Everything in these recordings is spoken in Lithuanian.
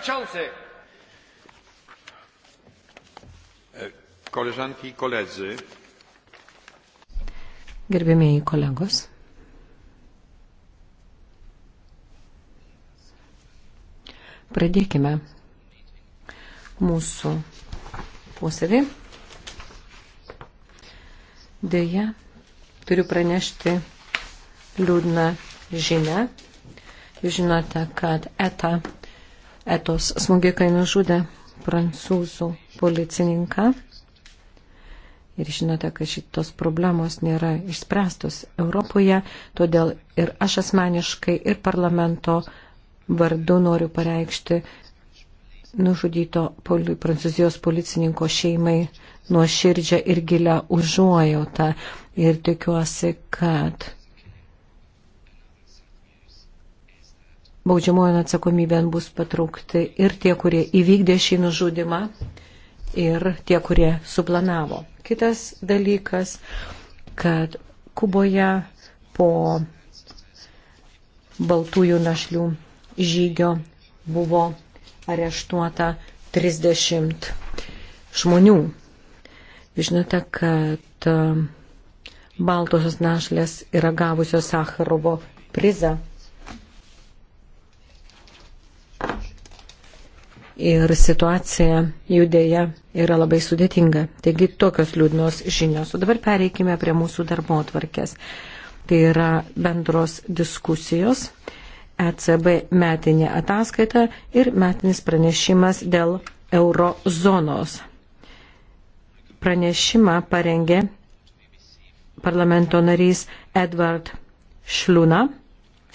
przewodniczący! E, koleżanki i koledzy. Gerbėmiai kolegos. Pradėkime mūsų posėdį. Deja, turiu pranešti liūdną žinę. Jūs žinote, kad ETA etos smogikai nužudė prancūzų policininką. Ir žinote, kad šitos problemos nėra išspręstos Europoje, todėl ir aš asmeniškai, ir parlamento vardu noriu pareikšti nužudyto poli, prancūzijos policininko šeimai nuoširdžią ir gilę užuojautą. Ir tikiuosi, kad baudžiamojo atsakomybėn bus patraukti ir tie, kurie įvykdė šį nužudimą, ir tie, kurie suplanavo. Kitas dalykas, kad Kuboje po baltųjų našlių žygio buvo areštuota 30 žmonių. Žinote, kad baltosios našlės yra gavusios Sakarovo prizą ir situacija jų dėja yra labai sudėtinga. Taigi tokios liūdnos žinios. O dabar pereikime prie mūsų darbo atvarkės. Tai yra bendros diskusijos, ECB metinė ataskaita ir metinis pranešimas dėl eurozonos. Pranešimą parengė parlamento narys Edward Šliūna,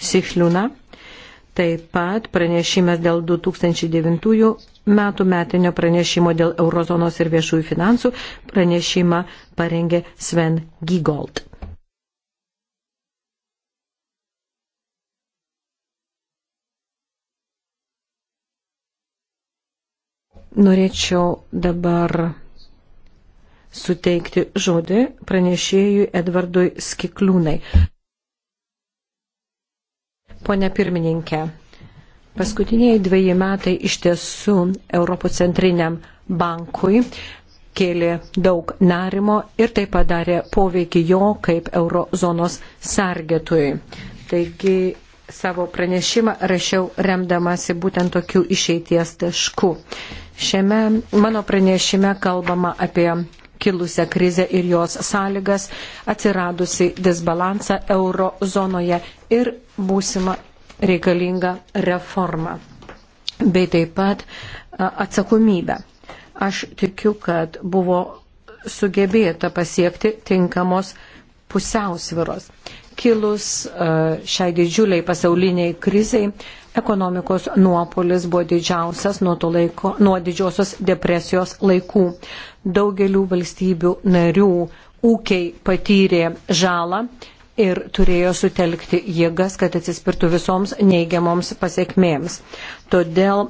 Sichliūna Taip pat pranešimas dėl 2009 metų metinio pranešimo dėl eurozonos ir viešųjų finansų pranešimą parengė Sven Gigold. Norėčiau dabar suteikti žodį pranešėjui Edvardui Skikliūnai. Pone pirmininkė, paskutiniai dviejai metai iš tiesų Europos centriniam bankui kėlė daug narimo ir tai padarė poveikį jo kaip eurozonos sargėtui. Taigi savo pranešimą rašiau remdamasi būtent tokių išeities taškų. Šiame mano pranešime kalbama apie kilusią krizę ir jos sąlygas, atsiradusi disbalansą euro zonoje ir būsimą reikalingą reformą, bei taip pat atsakomybę. Aš tikiu, kad buvo sugebėta pasiekti tinkamos pusiausviros. Kilus šiai didžiuliai pasauliniai kriziai, ekonomikos nuopolis buvo didžiausias nuo, laiko, nuo didžiosios depresijos laikų. Daugelių valstybių narių ūkiai patyrė žalą ir turėjo sutelkti jėgas, kad atsispirtų visoms neigiamoms pasiekmėms. Todėl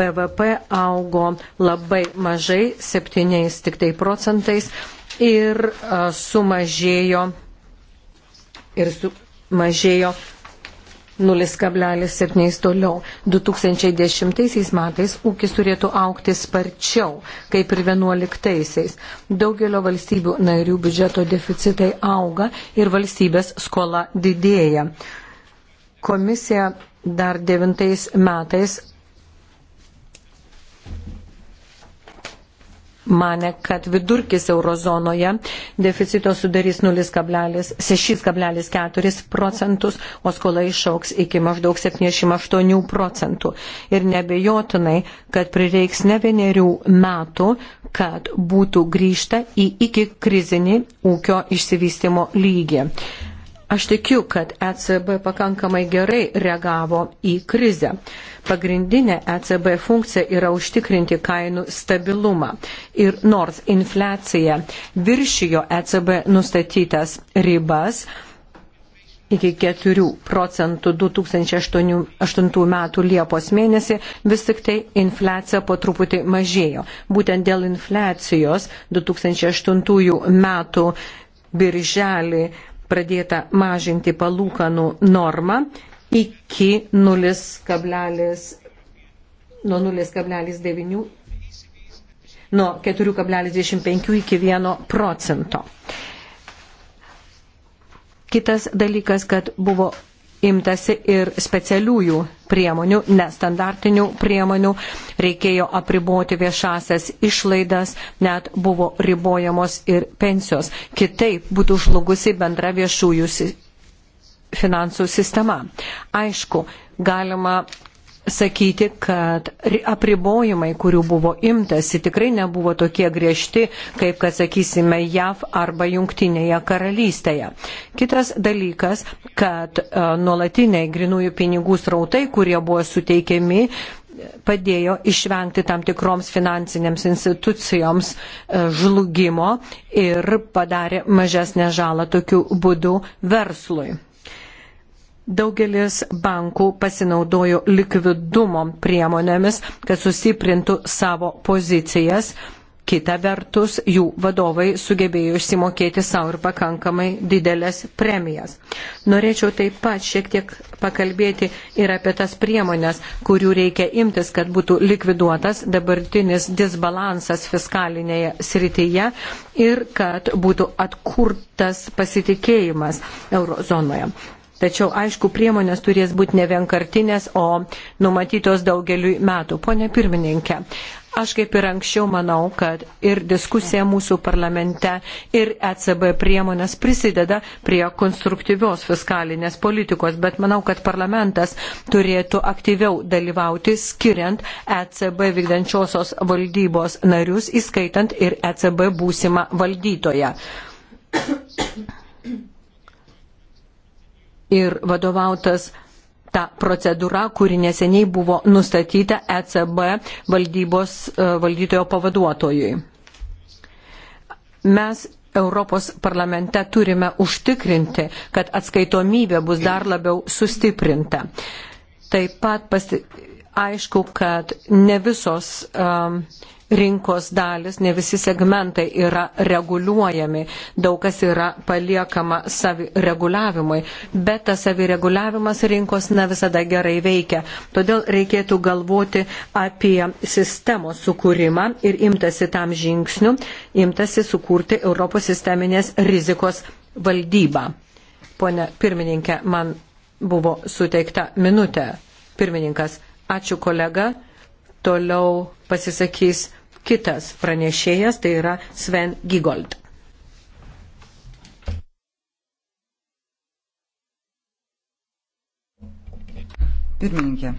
BVP augo labai mažai, septyniais tik tai procentais ir sumažėjo ir sumažėjo 0,7 toliau. 2010 metais ūkis turėtų aukti sparčiau, kaip ir 11-aisiais. Daugelio valstybių narių biudžeto deficitai auga ir valstybės skola didėja. Komisija dar 9 metais mane, kad vidurkis eurozonoje deficito sudarys 0,6,4 procentus, o skola išauks iki maždaug 78 procentų. Ir nebejotinai, kad prireiks ne vienerių metų, kad būtų grįžta į iki krizinį ūkio išsivystimo lygį. Aš tikiu, kad ECB pakankamai gerai reagavo į krizę. Pagrindinė ECB funkcija yra užtikrinti kainų stabilumą. Ir nors infliacija viršijo ECB nustatytas ribas, iki 4 procentų 2008 metų Liepos mėnesį, vis tik tai infliacija po truputį mažėjo. Būtent dėl infliacijos 2008 metų birželį pradėta mažinti palūkanų normą iki 0, nuo 0,9 nuo 4,25 iki 1 procento. Kitas dalykas, kad buvo imtasi ir specialiųjų priemonių, nestandartinių priemonių, reikėjo apriboti viešasias išlaidas, net buvo ribojamos ir pensijos. Kitaip būtų žlugusi bendra viešųjų finansų sistema. Aišku, galima sakyti, kad apribojimai, kurių buvo imtasi, tikrai nebuvo tokie griežti, kaip, kad sakysime, JAV arba Jungtinėje karalystėje. Kitas dalykas, kad e, nuolatiniai grinųjų pinigų srautai, kurie buvo suteikiami, padėjo išvengti tam tikroms finansinėms institucijoms e, žlugimo ir padarė mažesnę žalą tokiu būdu verslui. Daugelis bankų pasinaudojo likvidumo priemonėmis, kad sustiprintų savo pozicijas. Kita vertus, jų vadovai sugebėjo išsimokėti savo ir pakankamai didelės premijas. Norėčiau taip pat šiek tiek pakalbėti ir apie tas priemonės, kurių reikia imtis, kad būtų likviduotas dabartinis disbalansas fiskalinėje srityje ir kad būtų atkurtas pasitikėjimas eurozonoje. Tačiau, aišku, priemonės turės būti ne vienkartinės, o numatytos daugeliui metų. Pone pirmininkė, aš kaip ir anksčiau manau, kad ir diskusija mūsų parlamente, ir ECB priemonės prisideda prie konstruktyvios fiskalinės politikos, bet manau, kad parlamentas turėtų aktyviau dalyvauti, skiriant ECB vykdančiosios valdybos narius, įskaitant ir ECB būsimą valdytoją ir vadovautas ta procedūra, kuri neseniai buvo nustatyta ECB valdybos e, valdytojo pavaduotojui. Mes Europos parlamente turime užtikrinti, kad atskaitomybė bus dar labiau sustiprinta. Taip pat pasti... aišku, kad ne visos um, uh, rinkos dalis, ne visi segmentai yra reguliuojami, daug kas yra paliekama savireguliavimui, bet tas savireguliavimas rinkos ne visada gerai veikia. Todėl reikėtų galvoti apie sistemos sukūrimą ir imtasi tam žingsniu, imtasi sukurti Europos sisteminės rizikos valdybą. Pone pirmininkė, man buvo suteikta minutė. Pirmininkas, ačiū kolega. Toliau pasisakys kitas pranešėjas, tai yra Sven Gigold. Pirmininkė.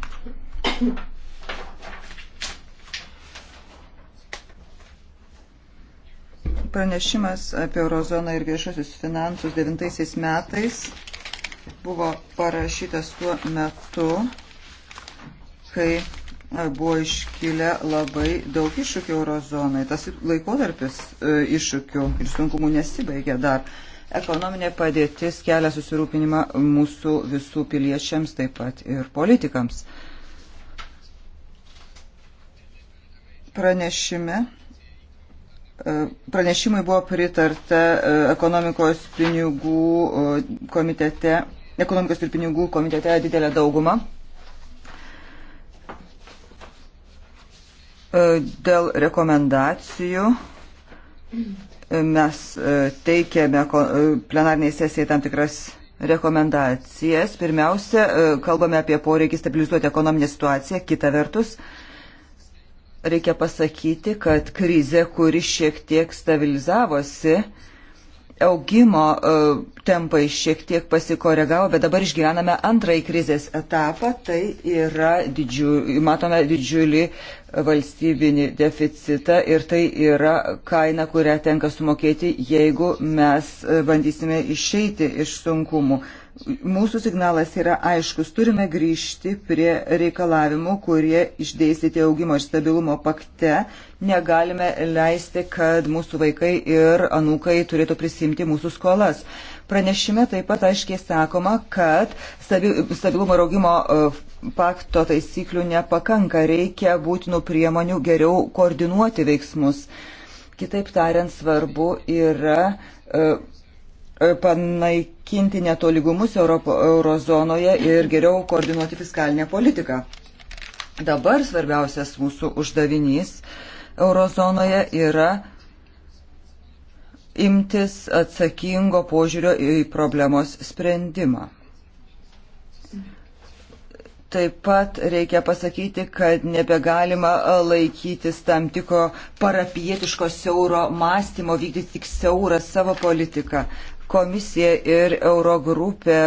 Pranešimas apie eurozoną ir viešosius finansus devintaisiais metais buvo parašytas tuo metu, kai buvo iškilę labai daug iššūkių eurozonai. Tas laikotarpis e, iššūkių ir sunkumų nesibaigė dar. Ekonominė padėtis kelia susirūpinimą mūsų visų piliečiams, taip pat ir politikams. Pranešime e, pranešimui buvo pritarta e, ekonomikos pinigų komitete, ekonomikos ir pinigų komitete didelė dauguma. E, dėl rekomendacijų e, mes e, teikėme plenarniai sesijai tam tikras rekomendacijas. Pirmiausia, kalbame apie poreikį stabilizuoti ekonominę situaciją. Kita vertus, reikia pasakyti, kad krizė, kuri šiek tiek stabilizavosi, augimo tempai šiek tiek pasikoregavo, bet dabar išgyvename antrąjį krizės etapą, tai yra didžiulį, matome didžiulį valstybinį deficitą ir tai yra kaina, kurią tenka sumokėti, jeigu mes e, bandysime išeiti iš sunkumų mūsų signalas yra aiškus. Turime grįžti prie reikalavimų, kurie išdėstyti augimo ir stabilumo pakte. Negalime leisti, kad mūsų vaikai ir anūkai turėtų prisimti mūsų skolas. Pranešime taip pat aiškiai sakoma, kad stabilumo ir augimo e, pakto taisyklių nepakanka, reikia būtinų priemonių geriau koordinuoti veiksmus. Kitaip tariant, svarbu yra e, e, panaikinti netoligumus Europo, eurozonoje ir geriau koordinuoti fiskalinę politiką. Dabar svarbiausias mūsų uždavinys eurozonoje yra imtis atsakingo požiūrio į problemos sprendimą. Taip pat reikia pasakyti, kad nebegalima laikytis tam tikro parapietiško siauro mąstymo, vykdyti tik siaurą savo politiką. Komisija ir Eurogrupė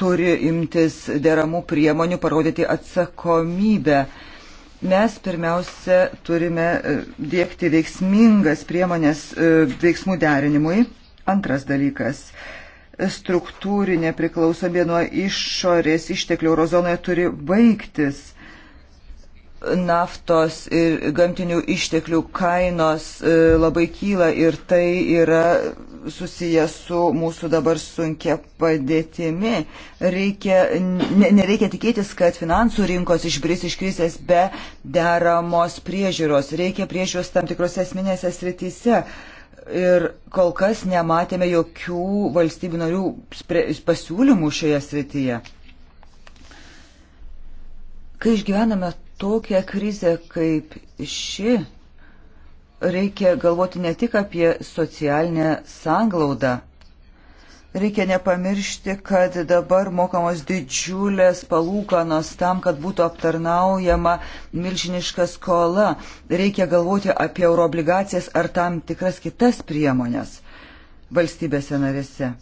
turi imtis deramų priemonių, parodyti atsakomybę Mes pirmiausia turime e, dėkti veiksmingas priemonės e, veiksmų derinimui. Antras dalykas struktūrinė priklausomybė nuo išorės išteklių eurozonoje turi baigtis naftos ir gamtinių išteklių kainos e, labai kyla ir tai yra susijęs su mūsų dabar sunkia padėtimi. Reikia, ne, nereikia tikėtis, kad finansų rinkos išbris iš krizės be deramos priežiūros. Reikia priežiūros tam tikrose esminėse srityse. Ir kol kas nematėme jokių valstybių narių pasiūlymų šioje srityje. Kai išgyvename tokią krizę kaip ši reikia galvoti ne tik apie socialinę sanglaudą. Reikia nepamiršti, kad dabar mokamos didžiulės palūkanos tam, kad būtų aptarnaujama milžiniška skola. Reikia galvoti apie euroobligacijas ar tam tikras kitas priemonės valstybėse narėse.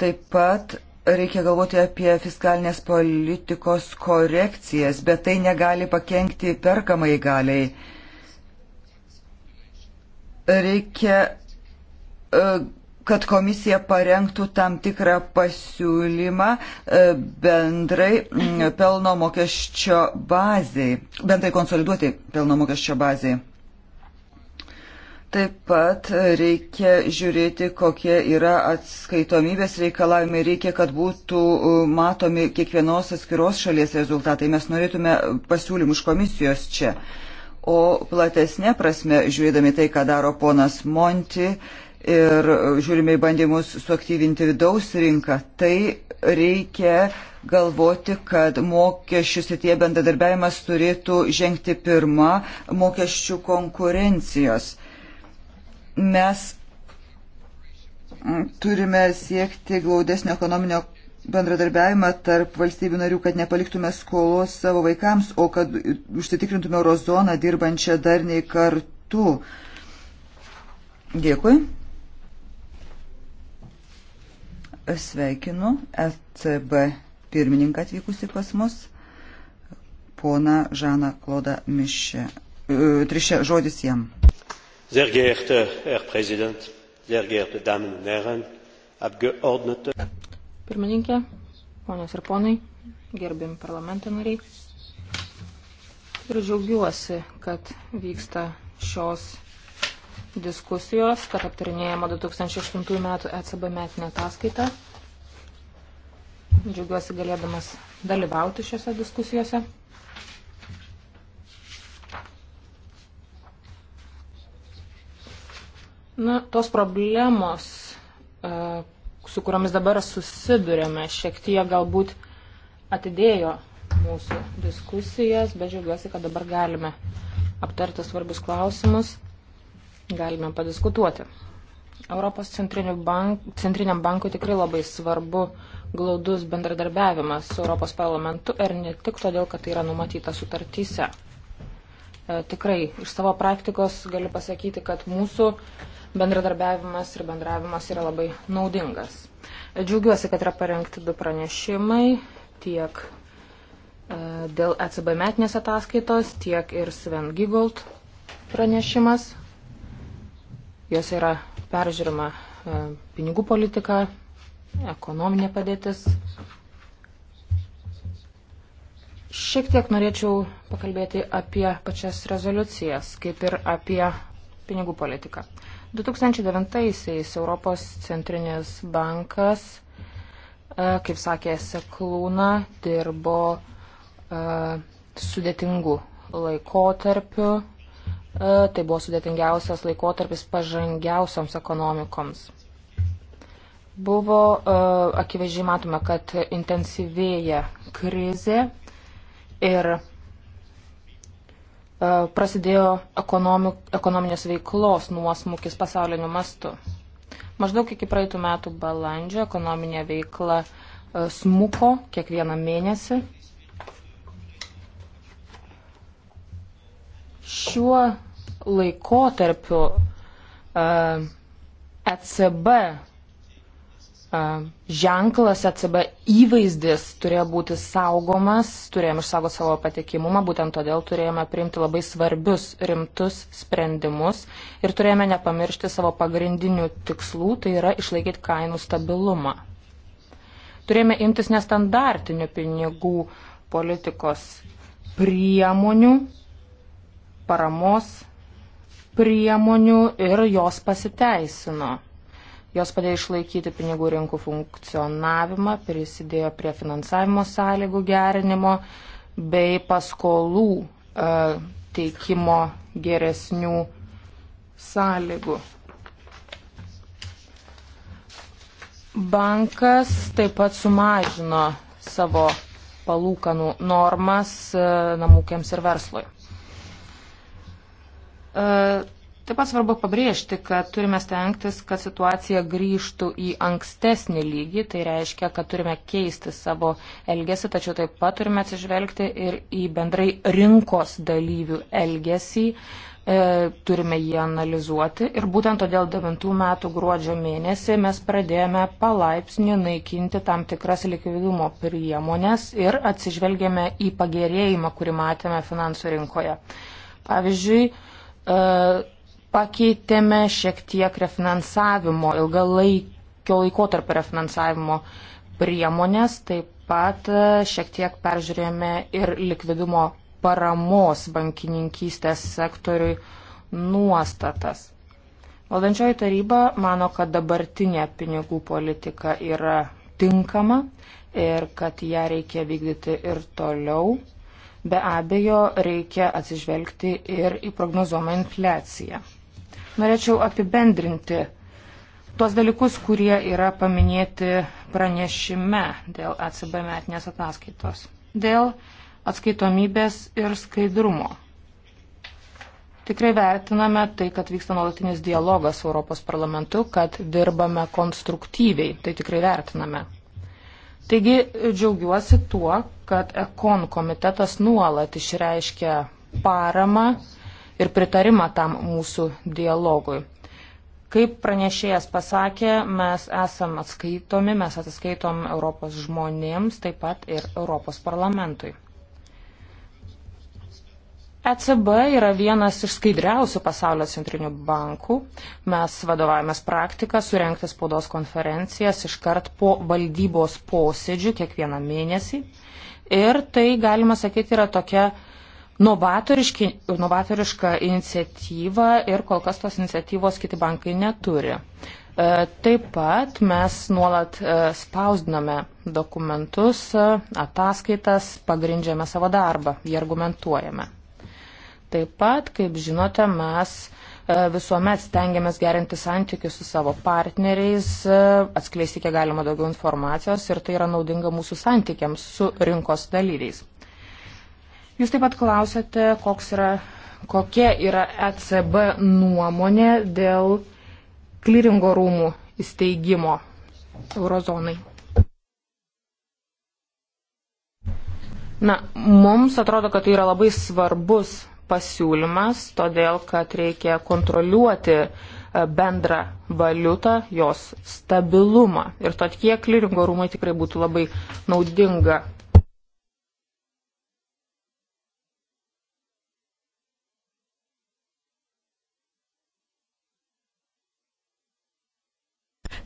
Taip pat reikia galvoti apie fiskalinės politikos korekcijas, bet tai negali pakengti perkamai galiai. Reikia, e, kad komisija parengtų tam tikrą pasiūlymą e, bendrai mm, pelno mokesčio baziai, bendrai konsoliduoti pelno mokesčio baziai. Taip pat reikia žiūrėti, kokie yra atskaitomybės reikalavimai, reikia, kad būtų e, matomi kiekvienos atskiros šalies rezultatai. Mes norėtume pasiūlymų iš komisijos čia. O platesnė prasme, žiūrėdami tai, ką daro ponas Monti ir žiūrime į bandymus suaktyvinti vidaus rinką, tai reikia galvoti, kad mokesčių srityje bendradarbiavimas turėtų žengti pirmą mokesčių konkurencijos mes mm, turime siekti glaudesnio ekonominio bendradarbiavimą tarp valstybių narių, kad nepaliktume skolos savo vaikams, o kad užsitikrintume eurozoną dirbančią darniai kartu. Dėkui. Sveikinu ECB pirmininką atvykusi pas mus, pona Žana Kloda Mišė. E, Trišė, žodis jam sehr geehrter herr präsident sehr geehrte damen und herren abgeordnete pirmininke ponios ir ponai gerbiami parlamento nariai ir džiaugiuosi kad vyksta šios diskusijos kad aptarinėjama 2008 metų ECB metinė ataskaita džiaugiuosi galėdamas dalyvauti šiose diskusijose Na, tos problemos, e, su kuriomis dabar susidurėme, šiek tiek galbūt atidėjo mūsų diskusijas, bet žiūrėsiu, kad dabar galime aptarti svarbius klausimus, galime padiskutuoti. Europos bank, centriniam bankui tikrai labai svarbu glaudus bendradarbiavimas su Europos parlamentu ir ne tik todėl, kad tai yra numatyta sutartyse. E, tikrai iš savo praktikos galiu pasakyti, kad mūsų bendradarbiavimas ir bendravimas yra labai naudingas. E, džiaugiuosi, kad yra parengti du pranešimai tiek e, dėl ECB metinės ataskaitos, tiek ir Sven Gigold pranešimas. Jos yra peržiūrima pinigų politika, ekonominė padėtis, Šiek tiek norėčiau pakalbėti apie pačias rezoliucijas, kaip ir apie pinigų politiką. 2009-aisiais Europos centrinis bankas, e, kaip sakė Seklūna, dirbo e, sudėtingų laikotarpių. E, tai buvo sudėtingiausias laikotarpis pažangiausioms ekonomikoms. Buvo akivaizdžiai matome, kad intensyvėja krizė ir e, prasidėjo ekonominės veiklos nuosmukis pasauliniu mastu. Maždaug iki praeitų metų balandžio ekonominė veikla e, smuko kiekvieną mėnesį. Šiuo laikotarpiu ECB e ženklas ECB įvaizdis turėjo būti saugomas, turėjom išsaugot savo patikimumą, būtent todėl turėjome priimti labai svarbius, rimtus sprendimus ir turėjome nepamiršti savo pagrindinių tikslų, tai yra išlaikyti kainų stabilumą. Turėjome imtis nestandartinių pinigų politikos priemonių, paramos priemonių ir jos pasiteisino. Jos padėjo išlaikyti pinigų rinkų funkcionavimą, prisidėjo prie finansavimo sąlygų gerinimo bei paskolų e, teikimo geresnių sąlygų. Bankas taip pat sumažino savo palūkanų normas e, namūkiams ir verslui. E, Taip pat svarbu pabrėžti, kad turime stengtis, kad situacija grįžtų į ankstesnį lygį, tai reiškia, kad turime keisti savo elgesį, tačiau taip pat turime atsižvelgti ir į bendrai rinkos dalyvių elgesį, e, turime jį analizuoti ir būtent todėl 9 metų gruodžio mėnesį mes pradėjome palaipsniui naikinti tam tikras likvidumo priemonės ir atsižvelgėme į pagerėjimą, kurį matėme finansų rinkoje. Pavyzdžiui, e, pakeitėme šiek tiek refinansavimo, ilgalaikio laikotarpio refinansavimo priemonės, taip pat e, šiek tiek peržiūrėjome ir likvidumo paramos bankininkystės sektoriui nuostatas. Valdančioji taryba mano, kad dabartinė pinigų politika yra tinkama ir kad ją reikia vykdyti ir toliau. Be abejo, reikia atsižvelgti ir į prognozuomą infliaciją. Norėčiau apibendrinti tuos dalykus, kurie yra paminėti pranešime dėl ECB metinės ataskaitos. Dėl atskaitomybės ir skaidrumo. Tikrai vertiname tai, kad vyksta nuolatinis dialogas su Europos parlamentu, kad dirbame konstruktyviai. Tai tikrai vertiname. Taigi džiaugiuosi tuo, kad Ekon komitetas nuolat išreiškia paramą ir pritarimą tam mūsų dialogui. Kaip pranešėjas pasakė, mes esam atskaitomi, mes atskaitom Europos žmonėms, taip pat ir Europos parlamentui. ECB yra vienas iš skaidriausių pasaulio centrinių bankų. Mes vadovavomės praktiką surenkti spaudos konferencijas iškart po valdybos posėdžių kiekvieną mėnesį. Ir tai, galima sakyti, yra tokia novatorišką iniciatyvą ir kol kas tos iniciatyvos kiti bankai neturi. E, taip pat mes nuolat e, spausdiname dokumentus, e, ataskaitas, pagrindžiame savo darbą, jį argumentuojame. Taip pat, kaip žinote, mes visuomet stengiamės gerinti santykius su savo partneriais, atskleisti kiek galima daugiau informacijos ir tai yra naudinga mūsų santykiams su rinkos dalyviais. Jūs taip pat klausėte, yra, kokia yra ECB nuomonė dėl klyringo rūmų įsteigimo eurozonai. Na, mums atrodo, kad tai yra labai svarbus pasiūlymas, todėl kad reikia kontroliuoti e, bendrą valiutą, jos stabilumą. Ir tad kiek kliringo rūmai tikrai būtų labai naudinga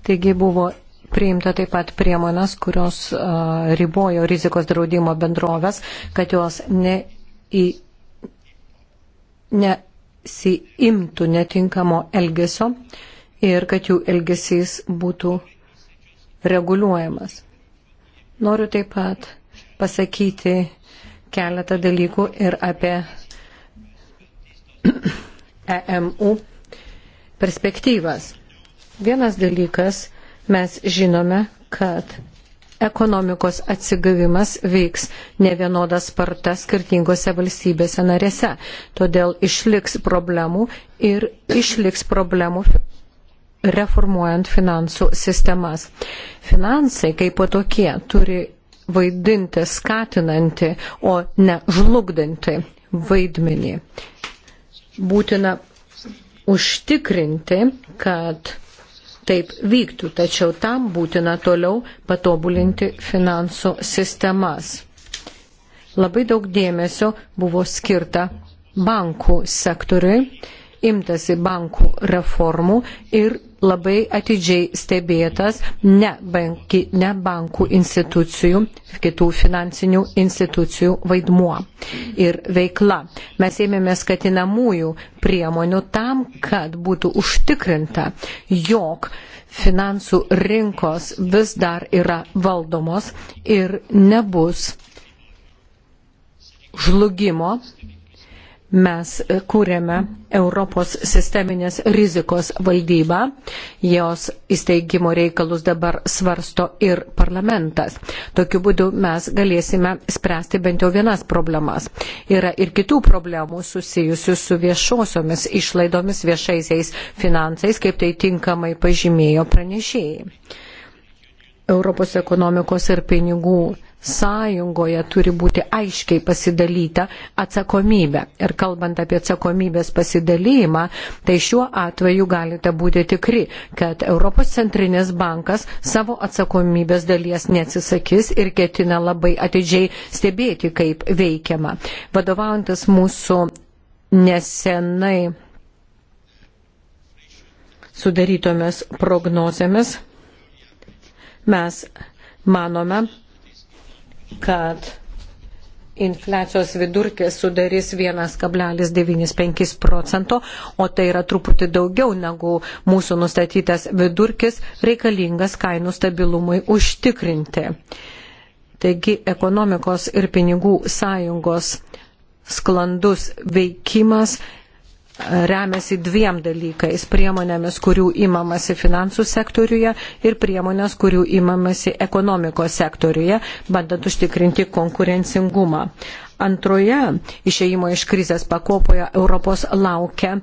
Taigi buvo priimta taip pat priemonės, kurios uh, ribojo rizikos draudimo bendrovės, kad jos ne į, nesiimtų netinkamo elgesio ir kad jų elgesys būtų reguliuojamas. Noriu taip pat pasakyti keletą dalykų ir apie EMU e perspektyvas. Vienas dalykas, mes žinome, kad ekonomikos atsigavimas vyks ne vienodas sparta skirtingose valstybėse narėse. Todėl išliks problemų ir išliks problemų reformuojant finansų sistemas. Finansai kaip po tokie turi vaidinti skatinanti, o ne žlugdanti vaidmenį. Būtina užtikrinti, kad taip vyktų, tačiau tam būtina toliau patobulinti finansų sistemas. Labai daug dėmesio buvo skirta bankų sektoriui, imtasi bankų reformų ir labai atidžiai stebėtas ne, banki, ne bankų institucijų, kitų finansinių institucijų vaidmuo ir veikla. Mes ėmėmės skatinamųjų priemonių tam, kad būtų užtikrinta, jog finansų rinkos vis dar yra valdomos ir nebus žlugimo mes e, kūrėme Europos sisteminės rizikos valdybą, jos įsteigimo reikalus dabar svarsto ir parlamentas. Tokiu būdu mes galėsime spręsti bent jau vienas problemas. Yra ir kitų problemų susijusių su viešosiomis išlaidomis, viešaisiais finansais, kaip tai tinkamai pažymėjo pranešėjai. Europos ekonomikos ir pinigų sąjungoje turi būti aiškiai pasidalyta atsakomybė. Ir kalbant apie atsakomybės pasidalymą, tai šiuo atveju galite būti tikri, kad Europos centrinis bankas savo atsakomybės dalies neatsisakys ir ketina labai atidžiai stebėti, kaip veikiama. Vadovaujantis mūsų nesenai sudarytomis prognozėmis, mes manome, kad infliacijos vidurkis sudarys 1,95 procento, o tai yra truputį daugiau negu mūsų nustatytas vidurkis reikalingas kainų stabilumui užtikrinti. Taigi ekonomikos ir pinigų sąjungos sklandus veikimas remiasi dviem dalykais - priemonėmis, kurių imamasi finansų sektoriuje ir priemonės, kurių imamasi ekonomikos sektoriuje, bandant užtikrinti konkurencingumą. Antroje išeimo iš krizės pakopoje Europos laukia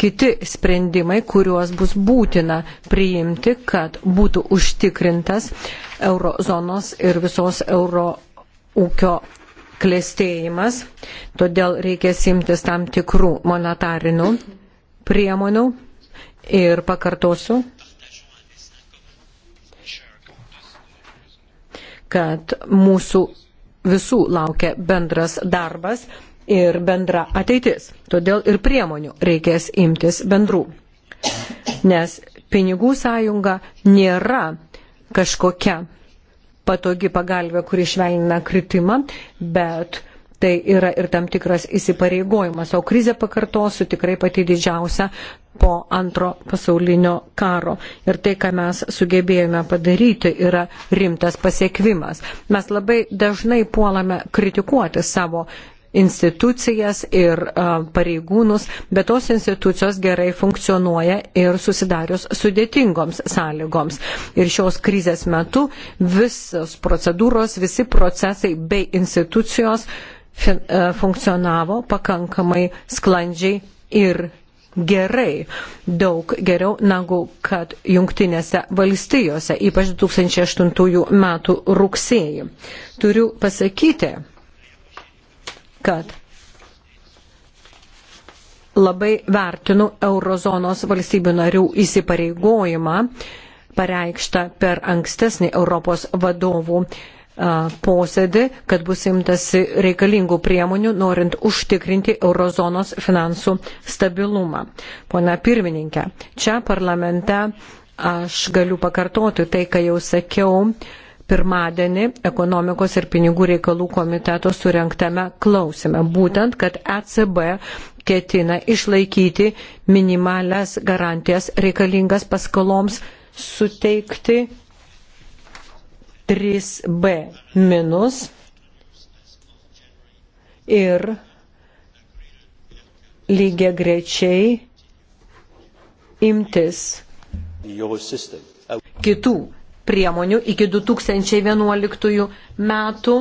kiti sprendimai, kuriuos bus būtina priimti, kad būtų užtikrintas eurozonos ir visos euro ūkio klėstėjimas, todėl reikia simtis tam tikrų monetarinių priemonių ir pakartosiu, kad mūsų visų laukia bendras darbas ir bendra ateitis. Todėl ir priemonių reikės imtis bendrų. Nes pinigų sąjunga nėra kažkokia patogi pagalbė, kuri švelnina kritimą, bet tai yra ir tam tikras įsipareigojimas. O krizė pakartosiu tikrai pati didžiausia po antro pasaulinio karo. Ir tai, ką mes sugebėjome padaryti, yra rimtas pasiekvimas. Mes labai dažnai puolame kritikuoti savo institucijas ir pareigūnus, bet tos institucijos gerai funkcionuoja ir susidarius sudėtingoms sąlygoms. Ir šios krizės metu visos procedūros, visi procesai bei institucijos funkcionavo pakankamai sklandžiai ir gerai, daug geriau negu kad jungtinėse valstijose, ypač 2008 metų rugsėjį. Turiu pasakyti, kad labai vertinu eurozonos valstybių narių įsipareigojimą pareikštą per ankstesnį Europos vadovų posėdį, kad bus imtasi reikalingų priemonių, norint užtikrinti eurozonos finansų stabilumą. Pone pirmininkė, čia parlamente aš galiu pakartoti tai, ką jau sakiau pirmadienį ekonomikos ir pinigų reikalų komiteto surinktame klausime. Būtent, kad ECB ketina išlaikyti minimalias garantijas reikalingas paskoloms suteikti 3B minus ir lygiai grečiai imtis kitų priemonių iki 2011 metų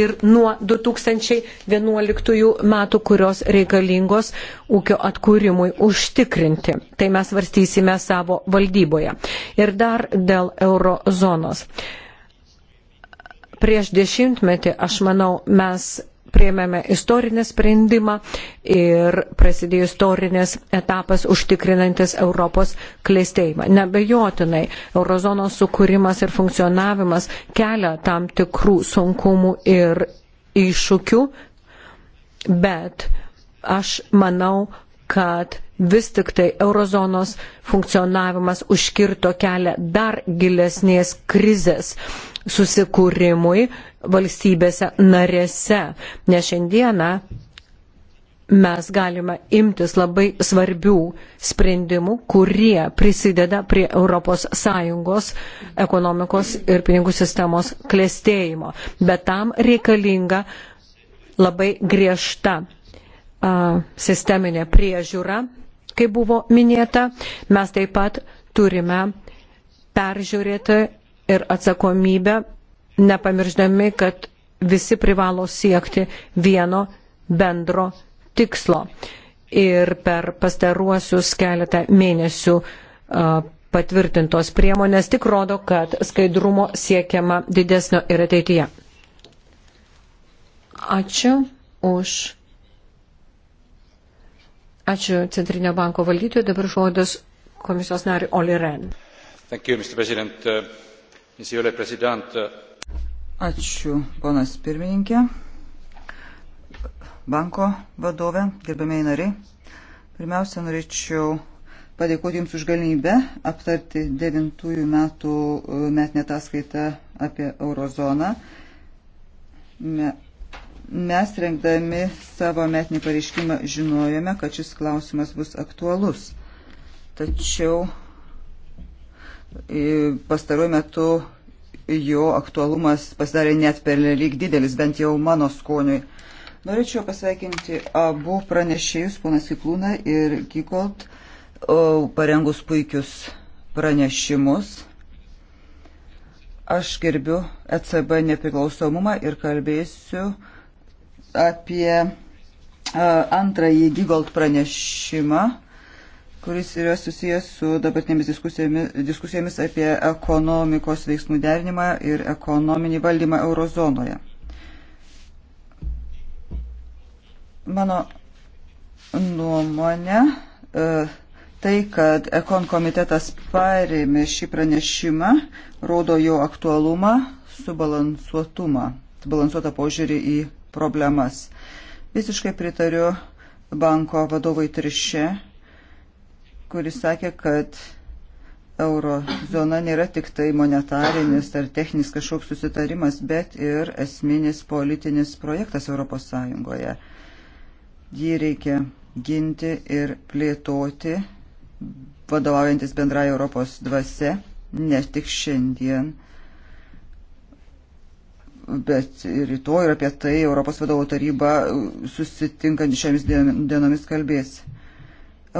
ir nuo 2011 metų, kurios reikalingos ūkio atkūrimui užtikrinti. Tai mes varstysime savo valdyboje. Ir dar dėl eurozonos. Prieš dešimtmetį, aš manau, mes prieimėme istorinį sprendimą ir prasidėjo istorinis etapas užtikrinantis Europos klėstėjimą. Nebejotinai, eurozonos sukūrimas ir funkcionavimas kelia tam tikrų sunkumų ir iššūkių, bet aš manau, kad vis tik tai eurozonos funkcionavimas užkirto kelią dar gilesnės krizės susikūrimui valstybėse narėse, nes šiandieną mes galime imtis labai svarbių sprendimų, kurie prisideda prie ES ekonomikos ir pinigų sistemos klėstėjimo. Bet tam reikalinga labai griežta a, sisteminė priežiūra, kaip buvo minėta. Mes taip pat turime peržiūrėti ir atsakomybę, nepamirždami, kad visi privalo siekti vieno bendro tikslo. Ir per pastaruosius keletą mėnesių patvirtintos priemonės tik rodo, kad skaidrumo siekiama didesnio ir ateityje. Ačiū už. Ačiū Centrinio banko valdytojui. Dabar žodis komisijos nariui Oli Ren. Thank you, Mr. President. Uh, Ačiū, ponas pirmininkė, banko vadovė, gerbėmiai nariai. Pirmiausia, norėčiau padėkoti Jums už galimybę aptarti devintųjų metų e, metinę ataskaitą apie eurozoną. Mes rengdami savo metinį pareiškimą žinojome, kad šis klausimas bus aktualus. Tačiau pastaruoju metu jo aktualumas pasidarė net per lyg didelis, bent jau mano skoniui. Norėčiau pasveikinti abu pranešėjus, ponas Kiklūną ir Kikolt, parengus puikius pranešimus. Aš gerbiu ECB nepriklausomumą ir kalbėsiu apie antrąjį Gigolt pranešimą kuris yra susijęs su dabartinėmis diskusijomis, diskusijomis apie ekonomikos veiksmų derinimą ir ekonominį valdymą eurozonoje. Mano nuomonė, e, tai, kad Ekon komitetas parėmė šį pranešimą, rodo jo aktualumą, subalansuotumą, subalansuotą požiūrį į problemas. Visiškai pritariu banko vadovai Trišė kuris sakė, kad eurozona nėra tik tai monetarinis ar techninis kažkoks susitarimas, bet ir esminis politinis projektas Europos Sąjungoje. Jį reikia ginti ir plėtoti, vadovaujantis bendrai Europos dvasia, ne tik šiandien, bet ir rytoj ir apie tai Europos vadovų taryba susitinkant šiomis dienomis kalbės.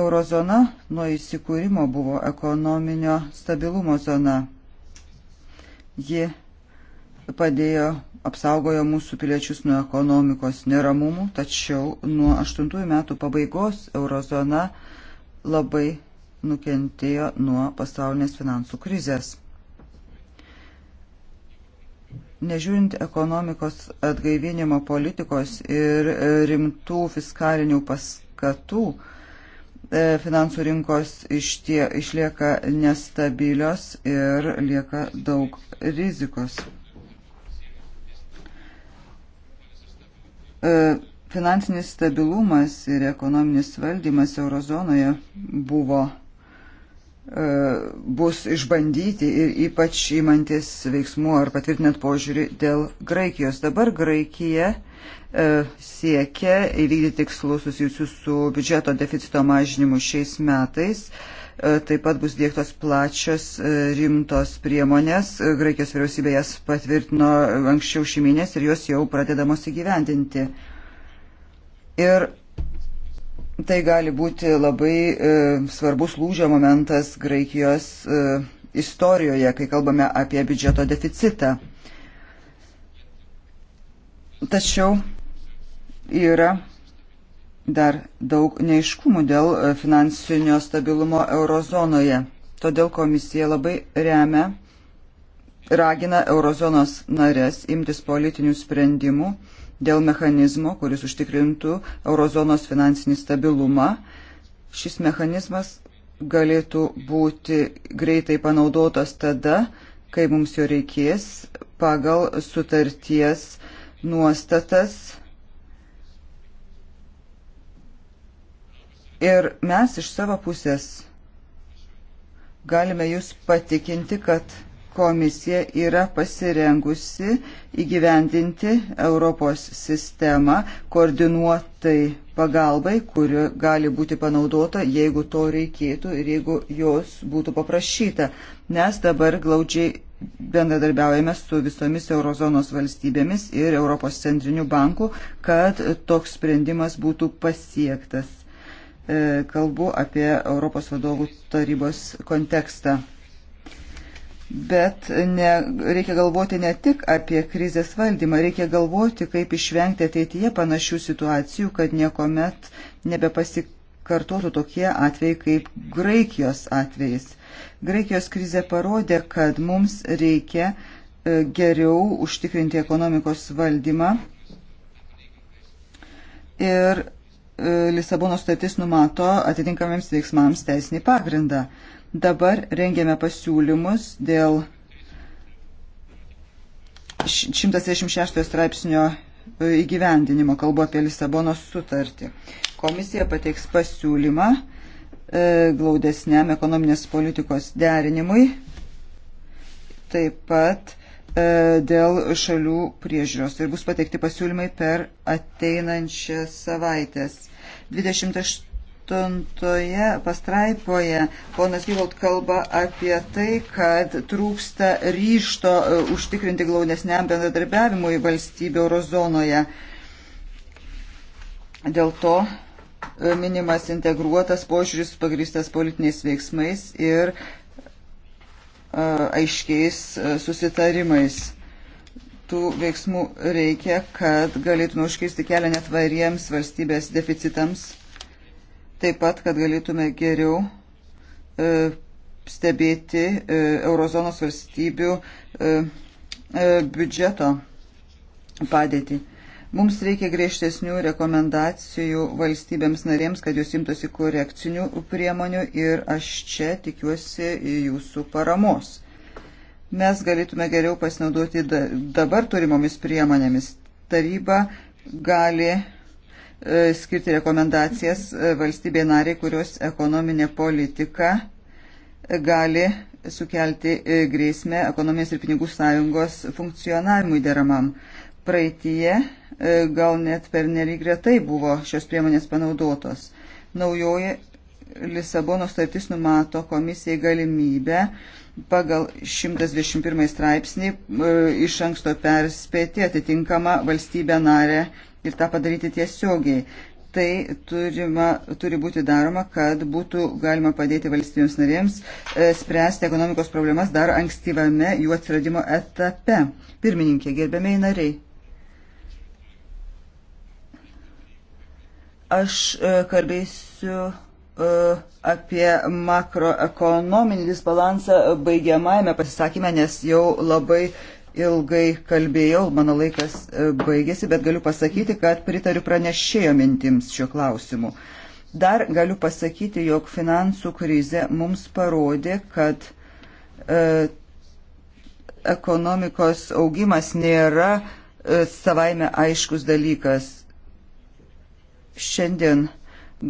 Eurozona nuo įsikūrimo buvo ekonominio stabilumo zona. Ji padėjo, apsaugojo mūsų piliečius nuo ekonomikos neramumų, tačiau nuo 8 metų pabaigos eurozona labai nukentėjo nuo pasaulinės finansų krizės. Nežiūrint ekonomikos atgaivinimo politikos ir rimtų fiskalinių paskatų, E, finansų rinkos ištie, išlieka nestabilios ir lieka daug rizikos. E, finansinis stabilumas ir ekonominis valdymas eurozonoje buvo e, bus išbandyti ir ypač įmantis veiksmų ar patvirtinant požiūrį dėl Graikijos. Dabar Graikija uh, E, siekia įvykdyti tikslus susijusius su biudžeto deficito mažinimu šiais metais. E, taip pat bus dėktos plačios e, rimtos priemonės. Graikijos vyriausybė jas patvirtino anksčiau šį mėnesį ir jos jau pradedamos įgyvendinti. Ir tai gali būti labai e, svarbus lūžio momentas Graikijos e, istorijoje, kai kalbame apie biudžeto deficitą. Tačiau yra dar daug neiškumų dėl e, finansinio stabilumo eurozonoje. Todėl komisija labai remia, ragina eurozonos narės imtis politinių sprendimų dėl mechanizmo, kuris užtikrintų eurozonos finansinį stabilumą. Šis mechanizmas galėtų būti greitai panaudotas tada, kai mums jo reikės pagal sutarties uh, nuostatas. Ir mes iš savo pusės galime jūs patikinti, kad komisija yra pasirengusi įgyvendinti Europos sistemą koordinuotai pagalbai, kuri gali būti panaudota, jeigu to reikėtų ir jeigu jos būtų paprašyta. Mes dabar glaudžiai bendradarbiaujame su visomis eurozonos valstybėmis ir Europos centriniu banku, kad toks sprendimas būtų pasiektas. E, kalbu apie Europos vadovų tarybos kontekstą. Bet ne, reikia galvoti ne tik apie krizės valdymą, reikia galvoti, kaip išvengti ateityje panašių situacijų, kad niekuomet nebepasikartotų tokie atvejai kaip Graikijos atvejais Graikijos krizė parodė, kad mums reikia e, geriau užtikrinti ekonomikos valdymą ir e, Lisabono sutartis numato atitinkamiems veiksmams teisinį pagrindą. Dabar rengiame pasiūlymus dėl 166 straipsnio e, įgyvendinimo, kalbu apie Lisabono sutartį. Komisija pateiks pasiūlymą E, glaudesniam ekonominės politikos derinimui, taip pat e, dėl šalių priežiūros. Ir bus pateikti pasiūlymai per ateinančias savaitės. 28 pastraipoje ponas Gyvolt kalba apie tai, kad trūksta ryšto e, užtikrinti glaudesniam bendradarbiavimui valstybių eurozonoje. Dėl to minimas integruotas požiūris pagristas politiniais veiksmais ir aiškiais susitarimais. Tų veiksmų reikia, kad galėtume užkirsti kelią netvariems valstybės deficitams, taip pat, kad galėtume geriau e, stebėti e, eurozonos valstybių e, biudžeto padėtį. Mums reikia griežtesnių rekomendacijų valstybėms narėms, kad jūs imtųsi korekcinių priemonių ir aš čia tikiuosi jūsų paramos. Mes galėtume geriau pasinaudoti dabar turimomis priemonėmis. Taryba gali e, skirti rekomendacijas e, valstybė nariai, kurios ekonominė politika e, gali sukelti grėsmę ekonomijos ir pinigų sąjungos funkcionavimui deramam praeitie e, gal net per nelik retai buvo šios priemonės panaudotos. Naujoji Lisabono startis numato komisijai galimybę pagal 121 straipsnį e, iš anksto perspėti atitinkamą valstybę narę ir tą padaryti tiesiogiai. Tai turima, turi būti daroma, kad būtų galima padėti valstybėms narėms e, spręsti ekonomikos problemas dar ankstyvame jų atsiradimo etape. Pirmininkė, gerbėmiai nariai. Aš e, kalbėsiu e, apie makroekonominį disbalansą baigiamajame pasisakymę, nes jau labai ilgai kalbėjau, mano laikas e, baigėsi, bet galiu pasakyti, kad pritariu pranešėjo mintims šiuo klausimu. Dar galiu pasakyti, jog finansų krize mums parodė, kad e, ekonomikos augimas nėra e, savaime aiškus dalykas Šiandien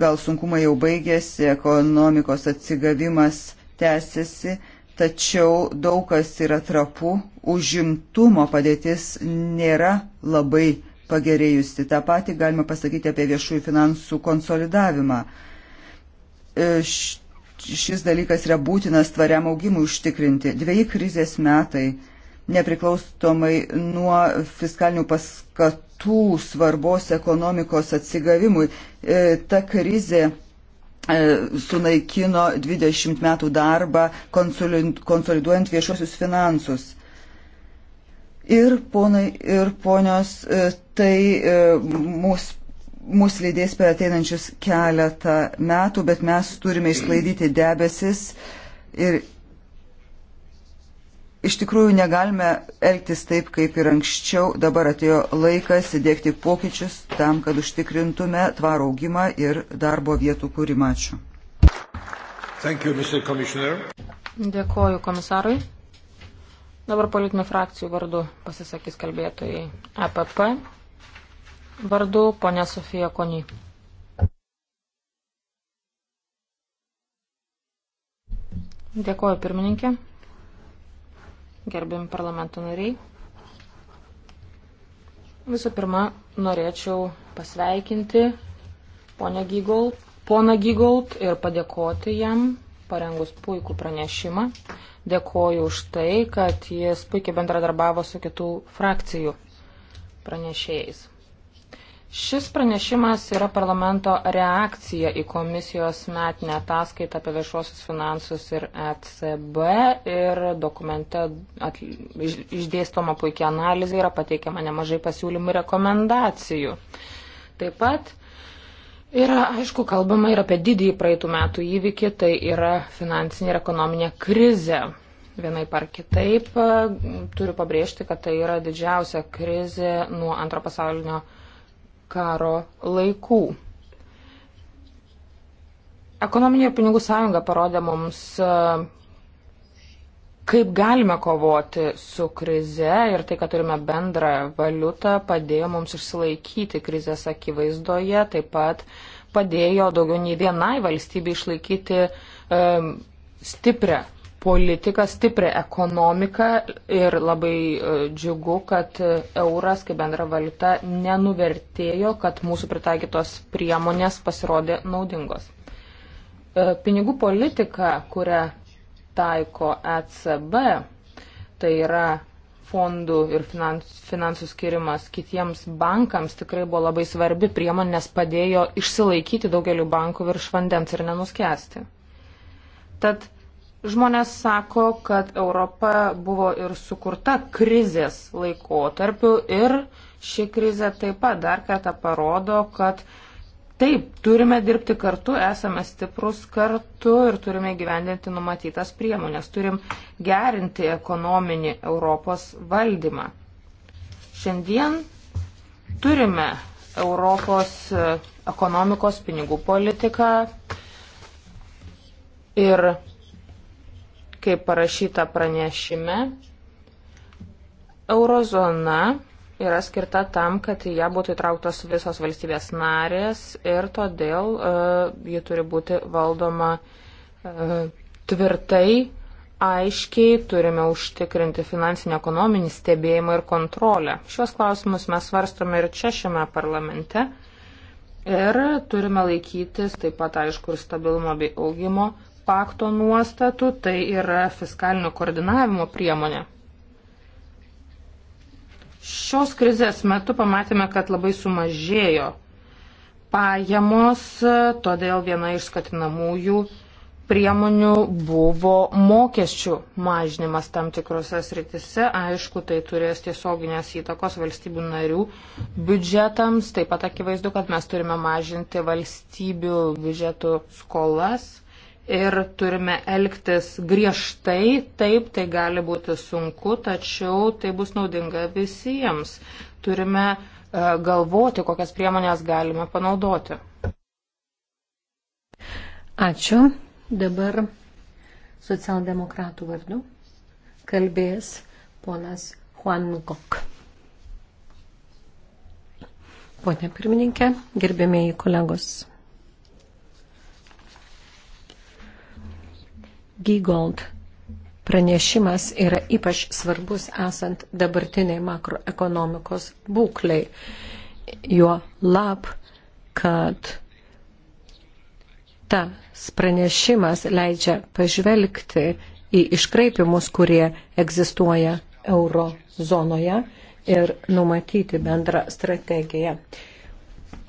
gal sunkumai jau baigėsi, ekonomikos atsigavimas tęsiasi, tačiau daug kas yra trapu, užimtumo padėtis nėra labai pagerėjusi. Ta pati galima pasakyti apie viešųjų finansų konsolidavimą. E, šis dalykas yra būtinas tvariam augimui užtikrinti. Dviejai krizės metai nepriklausomai nuo fiskalinių paskatų svarbos ekonomikos atsigavimui. E, ta krizė e, sunaikino 20 metų darbą konsoliduojant viešuosius finansus. Ir ponai ir ponios, e, tai mūsų mus lydės per ateinančius keletą metų, bet mes turime išsklaidyti debesis ir iš tikrųjų negalime elgtis taip, kaip ir anksčiau. Dabar atėjo laikas įdėkti pokyčius tam, kad užtikrintume tvarų augimą ir darbo vietų kūrimą. Ačiū. You, Dėkoju komisarui. Dabar politinių frakcijų vardu pasisakys kalbėtojai EPP. Vardu ponia Sofija Kony. Dėkoju pirmininkė gerbiami parlamento nariai. Visų pirma, norėčiau pasveikinti ponę Gygold, poną Gygold ir padėkoti jam parengus puikų pranešimą. Dėkoju už tai, kad jis puikiai bendradarbiavo su kitų frakcijų pranešėjais. Šis pranešimas yra parlamento reakcija į komisijos metinę ataskaitą apie viešuosius finansus ir ECB ir dokumente išdėstoma puikia analizė yra pateikiama nemažai pasiūlymų ir rekomendacijų. Taip pat yra, aišku, kalbama ir apie didįjį praeitų metų įvykį, tai yra finansinė ir ekonominė krizė vienai par kitaip. Turiu pabrėžti, kad tai yra didžiausia krizė nuo antro pasaulinio karo karo laikų. Ekonominė ir pinigų sąjunga parodė mums, e, kaip galime kovoti su krize ir tai, kad turime bendrą valiutą, padėjo mums išsilaikyti krizės akivaizdoje, taip pat padėjo daugiau nei vienai valstybei išlaikyti um, stiprią politiką, stiprią ekonomiką ir labai e, džiugu, kad e, euras kaip bendra valiuta nenuvertėjo, kad mūsų pritaikytos priemonės pasirodė naudingos. E, pinigų politika, kurią taiko ECB, tai yra fondų ir finansų skirimas kitiems bankams tikrai buvo labai svarbi priemonė, nes padėjo išsilaikyti daugeliu bankų virš vandens ir nenuskesti. Tad Žmonės sako, kad Europa buvo ir sukurta krizės laikotarpiu ir ši krizė taip pat dar kartą parodo, kad taip, turime dirbti kartu, esame stiprus kartu ir turime gyvendinti numatytas priemonės, turim gerinti ekonominį Europos valdymą. Šiandien turime Europos e, ekonomikos pinigų politiką ir kaip parašyta pranešime, eurozona yra skirta tam, kad į ją būtų įtrauktos visos valstybės narės ir todėl uh, ji turi būti valdoma uh, tvirtai, aiškiai, turime užtikrinti finansinį ekonominį stebėjimą ir kontrolę. Šios klausimus mes svarstome ir čia šiame parlamente. Ir turime laikytis taip pat aišku ir stabilumo bei augimo pakto nuostatų, tai yra fiskalinio koordinavimo priemonė. Šios krizės metu pamatėme, kad labai sumažėjo pajamos, todėl viena iš skatinamųjų priemonių buvo mokesčių mažinimas tam tikrose sritise. Aišku, tai turės tiesioginės įtakos valstybių narių biudžetams. Taip pat akivaizdu, kad mes turime mažinti valstybių biudžetų skolas ir turime elgtis griežtai, taip tai gali būti sunku, tačiau tai bus naudinga visiems. Turime e, galvoti, kokias priemonės galime panaudoti. Ačiū. Dabar socialdemokratų vardu kalbės ponas Juan Gok. Pone pirmininkė, gerbėmėjai kolegos. Gygold pranešimas yra ypač svarbus esant dabartiniai makroekonomikos būkliai. Jo lab, kad tas pranešimas leidžia pažvelgti į iškraipimus, kurie egzistuoja euro zonoje ir numatyti bendrą strategiją,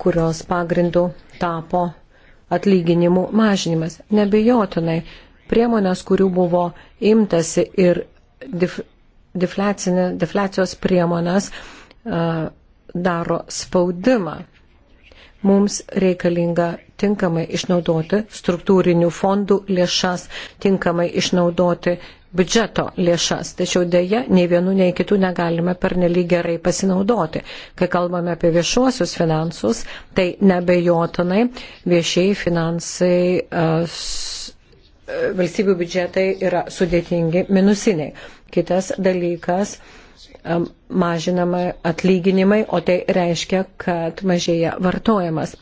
kurios pagrindų tapo atlyginimų mažinimas. Nebejotinai priemonės, kurių buvo imtasi ir dif, defliacijos priemonės uh, daro spaudimą. Mums reikalinga tinkamai išnaudoti struktūrinių fondų lėšas, tinkamai išnaudoti biudžeto lėšas. Tačiau dėja, nei vienu, nei kitų negalime pernelyg gerai pasinaudoti. Kai kalbame apie viešuosius finansus, tai nebejotinai viešieji finansai uh, E, valstybių biudžetai yra sudėtingi minusiniai. Kitas dalykas e, mažinama atlyginimai, o tai reiškia, kad mažėja vartojimas.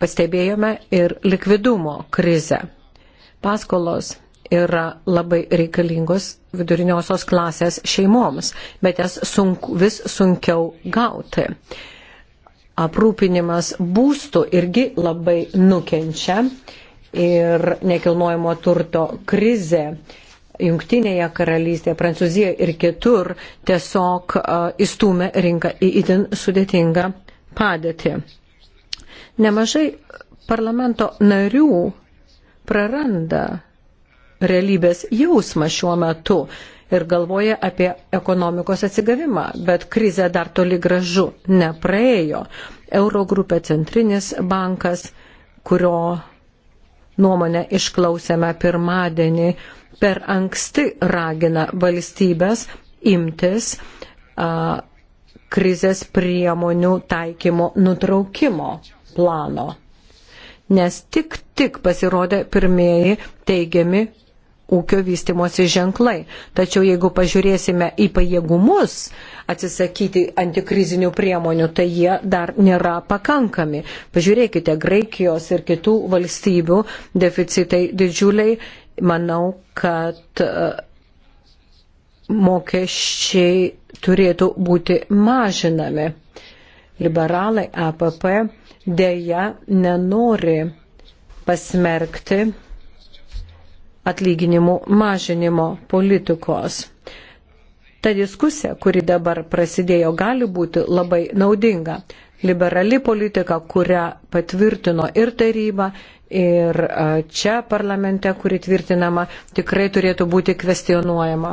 Pastebėjome ir likvidumo krizę. Paskolos yra labai reikalingos viduriniosios klasės šeimoms, bet jas sunku, vis sunkiau gauti. Aprūpinimas būstų irgi labai nukenčia ir nekilnojamo turto krizė Junktinėje karalystėje, Prancūzijoje ir kitur tiesiog įstumė rinką į itin sudėtingą padėtį. Nemažai parlamento narių praranda realybės jausmą šiuo metu ir galvoja apie ekonomikos atsigavimą, bet krizė dar toli gražu nepraėjo. Eurogrupė centrinis bankas, kurio nuomonę išklausėme pirmadienį, per anksti ragina valstybės imtis a, krizės priemonių taikymo nutraukimo plano. Nes tik tik pasirodė pirmieji teigiami ūkio vystimosi ženklai. Tačiau jeigu pažiūrėsime į pajėgumus atsisakyti antikrizinių priemonių, tai jie dar nėra pakankami. Pažiūrėkite, Graikijos ir kitų valstybių deficitai didžiuliai. Manau, kad e, mokesčiai turėtų būti mažinami. Liberalai APP dėja nenori pasmerkti atlyginimų mažinimo politikos. Ta diskusija, kuri dabar prasidėjo, gali būti labai naudinga. Liberali politika, kurią patvirtino ir taryba, ir čia parlamente, kuri tvirtinama, tikrai turėtų būti kvestionuojama.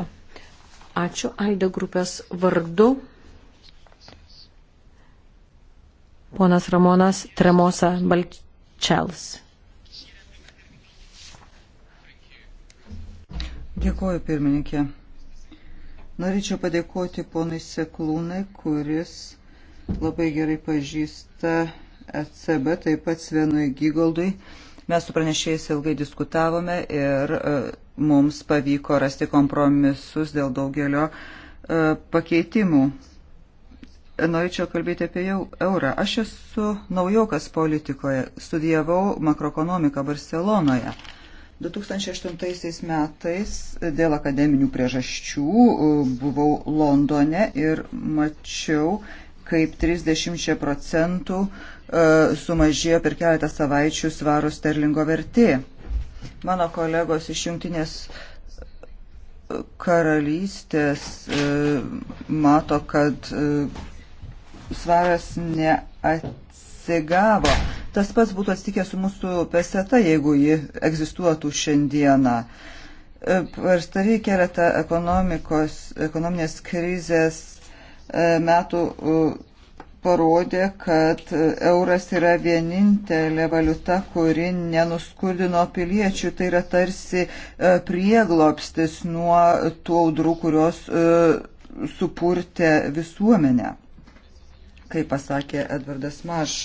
Ačiū Alde grupės vardu. Ponas Ramonas Tremosa Balčels. Dėkuoju, pirmininkė. Norėčiau padėkoti ponai Seklūnai, kuris labai gerai pažįsta ECB, taip pat Svenui Gygoldui. Mes su pranešėjais ilgai diskutavome ir e, mums pavyko rasti kompromisus dėl daugelio e, pakeitimų. Norėčiau kalbėti apie jau eurą. Aš esu naujokas politikoje, studijavau makroekonomiką Barcelonoje. 2008 metais dėl akademinių priežasčių e, buvau Londone ir mačiau, kaip 30 procentų e, sumažėjo per keletą savaičių svaro sterlingo vertė. Mano kolegos iš jungtinės karalystės e, mato, kad svaras neatsigavo Tas pats būtų atsitikę su mūsų peseta, jeigu ji egzistuotų šiandieną. E, Parstavė keletą ekonominės krizės e, metų parodė, kad euras yra vienintelė valiuta, kuri nenuskurdino piliečių. Tai yra tarsi e, prieglopstis nuo tų audrų, kurios supurtė visuomenę, kaip pasakė Edvardas Marš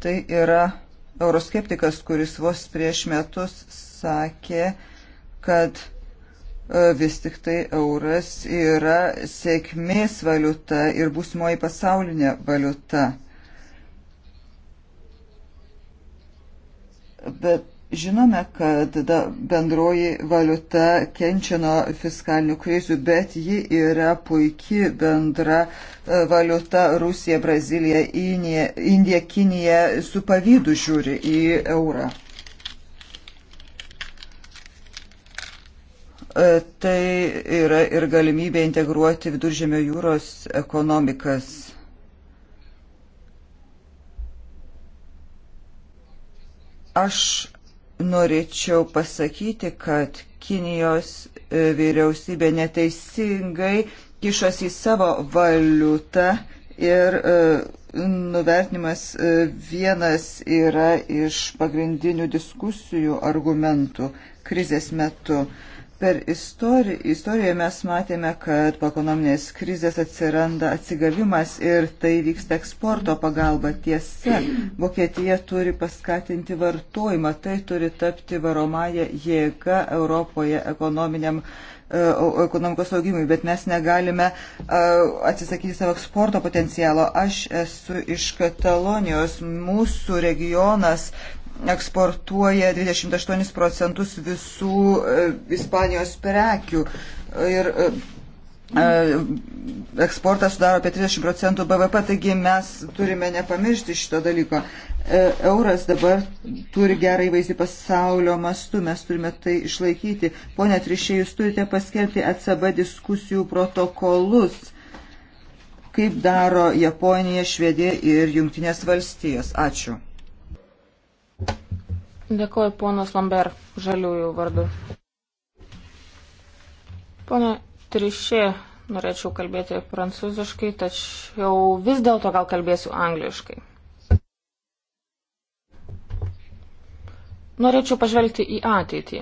tai yra euroskeptikas, kuris vos prieš metus sakė, kad e, vis tik tai euras yra sėkmės valiuta ir būsimoji pasaulinė valiuta. Bet Žinome, kad da, bendroji valiuta kenčia nuo fiskalinių krizių, bet ji yra puikia bendra e, valiuta. Rusija, Brazilija, Indija, Indija Kinija su pavydu žiūri į eurą. E, tai yra ir galimybė integruoti viduržėmio jūros ekonomikas. Aš norėčiau pasakyti, kad Kinijos e, vyriausybė neteisingai kišosi į savo valiutą ir e, nuvertinimas e, vienas yra iš pagrindinių diskusijų argumentų krizės metu. Per istoriją, istoriją mes matėme, kad po ekonominės krizės atsiranda atsigavimas ir tai vyksta eksporto pagalba. Tiesa, Vokietija turi paskatinti vartojimą, tai turi tapti varomąją jėgą Europoje ekonominiam e, ekonomikos augimui, bet mes negalime e, atsisakyti savo eksporto potencialo. Aš esu iš Katalonijos, mūsų regionas eksportuoja 28 procentus visų e, Ispanijos prekių ir e, e, eksportas sudaro apie 30 procentų BVP, taigi mes turime nepamiršti šito dalyko. Euras dabar turi gerą įvaizdį pasaulio mastu, mes turime tai išlaikyti. Pone Trišė, jūs turite paskelbti ECB diskusijų protokolus, kaip daro Japonija, Švedija ir Junktinės valstijos. Ačiū. Dėkuoju ponas Lambert žaliųjų vardu. Pone Trišė, norėčiau kalbėti prancūziškai, tačiau vis dėlto gal kalbėsiu angliškai. Norėčiau pažvelgti į ateitį.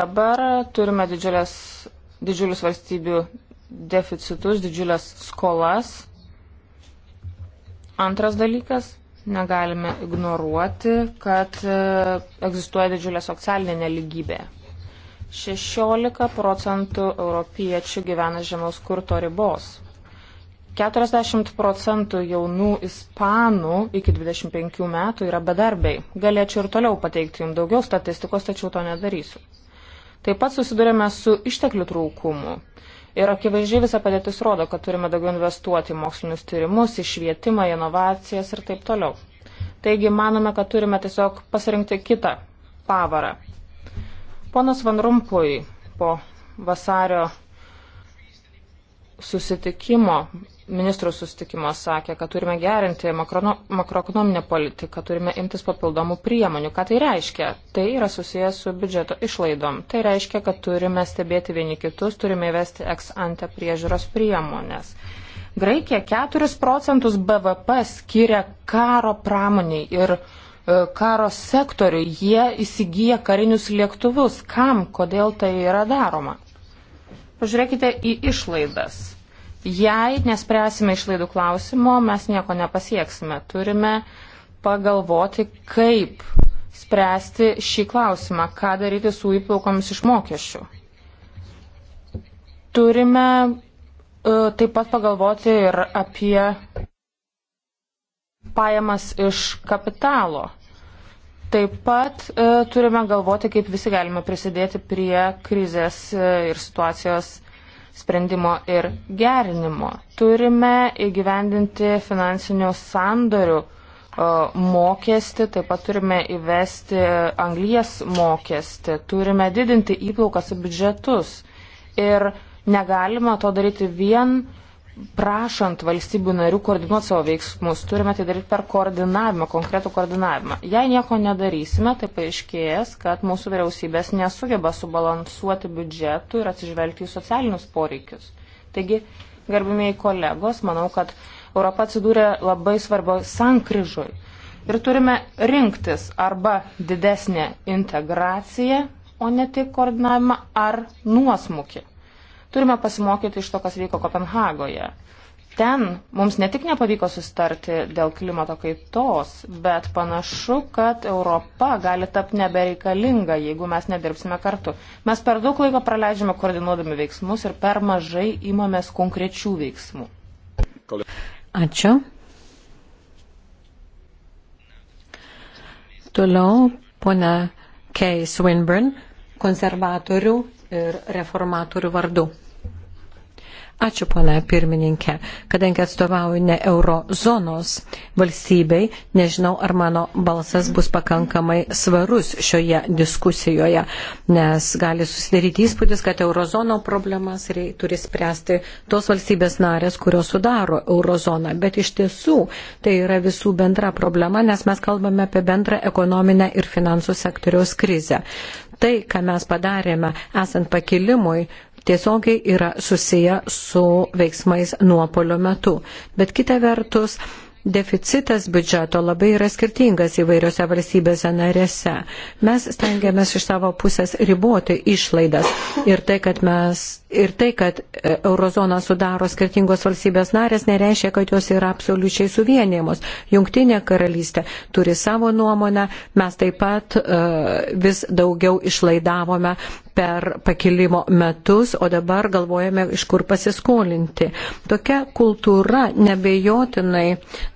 Dabar turime didžiulės, didžiulius valstybių deficitus, didžiulės skolas. Antras dalykas negalime ignoruoti, kad e, egzistuoja didžiulė socialinė neligybė. 16 procentų europiečių gyvena žemiaus kurto ribos. 40 procentų jaunų ispanų iki 25 metų yra bedarbiai. Galėčiau ir toliau pateikti jums daugiau statistikos, tačiau to nedarysiu. Taip pat susidurėme su išteklių trūkumu. Ir akivaizdžiai visa padėtis rodo, kad turime daugiau investuoti į mokslinius tyrimus, į švietimą, į inovacijas ir taip toliau. Taigi manome, kad turime tiesiog pasirinkti kitą pavarą. Ponas Van Rumpui po vasario susitikimo ministrų sustikimo sakė, kad turime gerinti makrono, makroekonominę politiką, turime imtis papildomų priemonių. Ką tai reiškia? Tai yra susijęs su biudžeto išlaidom. Tai reiškia, kad turime stebėti vieni kitus, turime įvesti ex ante priežiūros priemonės. Graikija 4 procentus BVP skiria karo pramoniai ir e, karo sektoriui. Jie įsigyja karinius lėktuvus. Kam, kodėl tai yra daroma? Pažiūrėkite į išlaidas Jei nespręsime išlaidų klausimo, mes nieko nepasieksime. Turime pagalvoti, kaip spręsti šį klausimą, ką daryti su įplaukomis iš mokesčių. Turime uh, taip pat pagalvoti ir apie pajamas iš kapitalo. Taip pat uh, turime galvoti, kaip visi galime prisidėti prie krizės uh, ir situacijos sprendimo ir gerinimo. Turime įgyvendinti finansinių sandorių mokestį, taip pat turime įvesti anglies mokestį, turime didinti įplaukas į biudžetus. Ir negalima to daryti vien prašant valstybių narių koordinuoti savo veiksmus, turime tai daryti per koordinavimą, konkretų koordinavimą. Jei nieko nedarysime, tai paaiškės, kad mūsų vyriausybės nesugeba subalansuoti biudžetų ir atsižvelgti į socialinius poreikius. Taigi, garbimieji kolegos, manau, kad Europa atsidūrė labai svarbio sankryžoj. Ir turime rinktis arba didesnę integraciją, o ne tik koordinavimą, ar nuosmukį. Turime pasimokyti iš to, kas vyko Kopenhagoje. Ten mums ne tik nepavyko sustarti dėl klimato kaitos, bet panašu, kad Europa gali tapti nebereikalinga, jeigu mes nedirbsime kartu. Mes per daug laiko praleidžiame koordinuodami veiksmus ir per mažai imamės konkrečių veiksmų. Ačiū. Toliau, ponia Kay Swinburne, konservatorių ir reformatorių vardu. Ačiū, pana pirmininkė. Kadangi atstovauju ne eurozonos valstybei, nežinau, ar mano balsas bus pakankamai svarus šioje diskusijoje, nes gali susidaryti įspūdis, kad eurozono problemas rei, turi spręsti tos valstybės narės, kurios sudaro eurozoną. Bet iš tiesų tai yra visų bendra problema, nes mes kalbame apie bendrą ekonominę ir finansų sektoriaus krizę tai, ką mes padarėme esant pakilimui, tiesiogiai yra susiję su veiksmais nuopolio metu. Bet kita vertus, deficitas biudžeto labai yra skirtingas įvairiose valstybėse narėse. Mes stengiamės iš savo pusės riboti išlaidas ir tai, kad mes Ir tai, kad e, eurozoną sudaro skirtingos valstybės narės, nereiškia, kad jos yra absoliučiai suvienėjamos. Jungtinė karalystė turi savo nuomonę, mes taip pat e, vis daugiau išlaidavome per pakilimo metus, o dabar galvojame, iš kur pasiskolinti. Tokia kultūra nebejotinai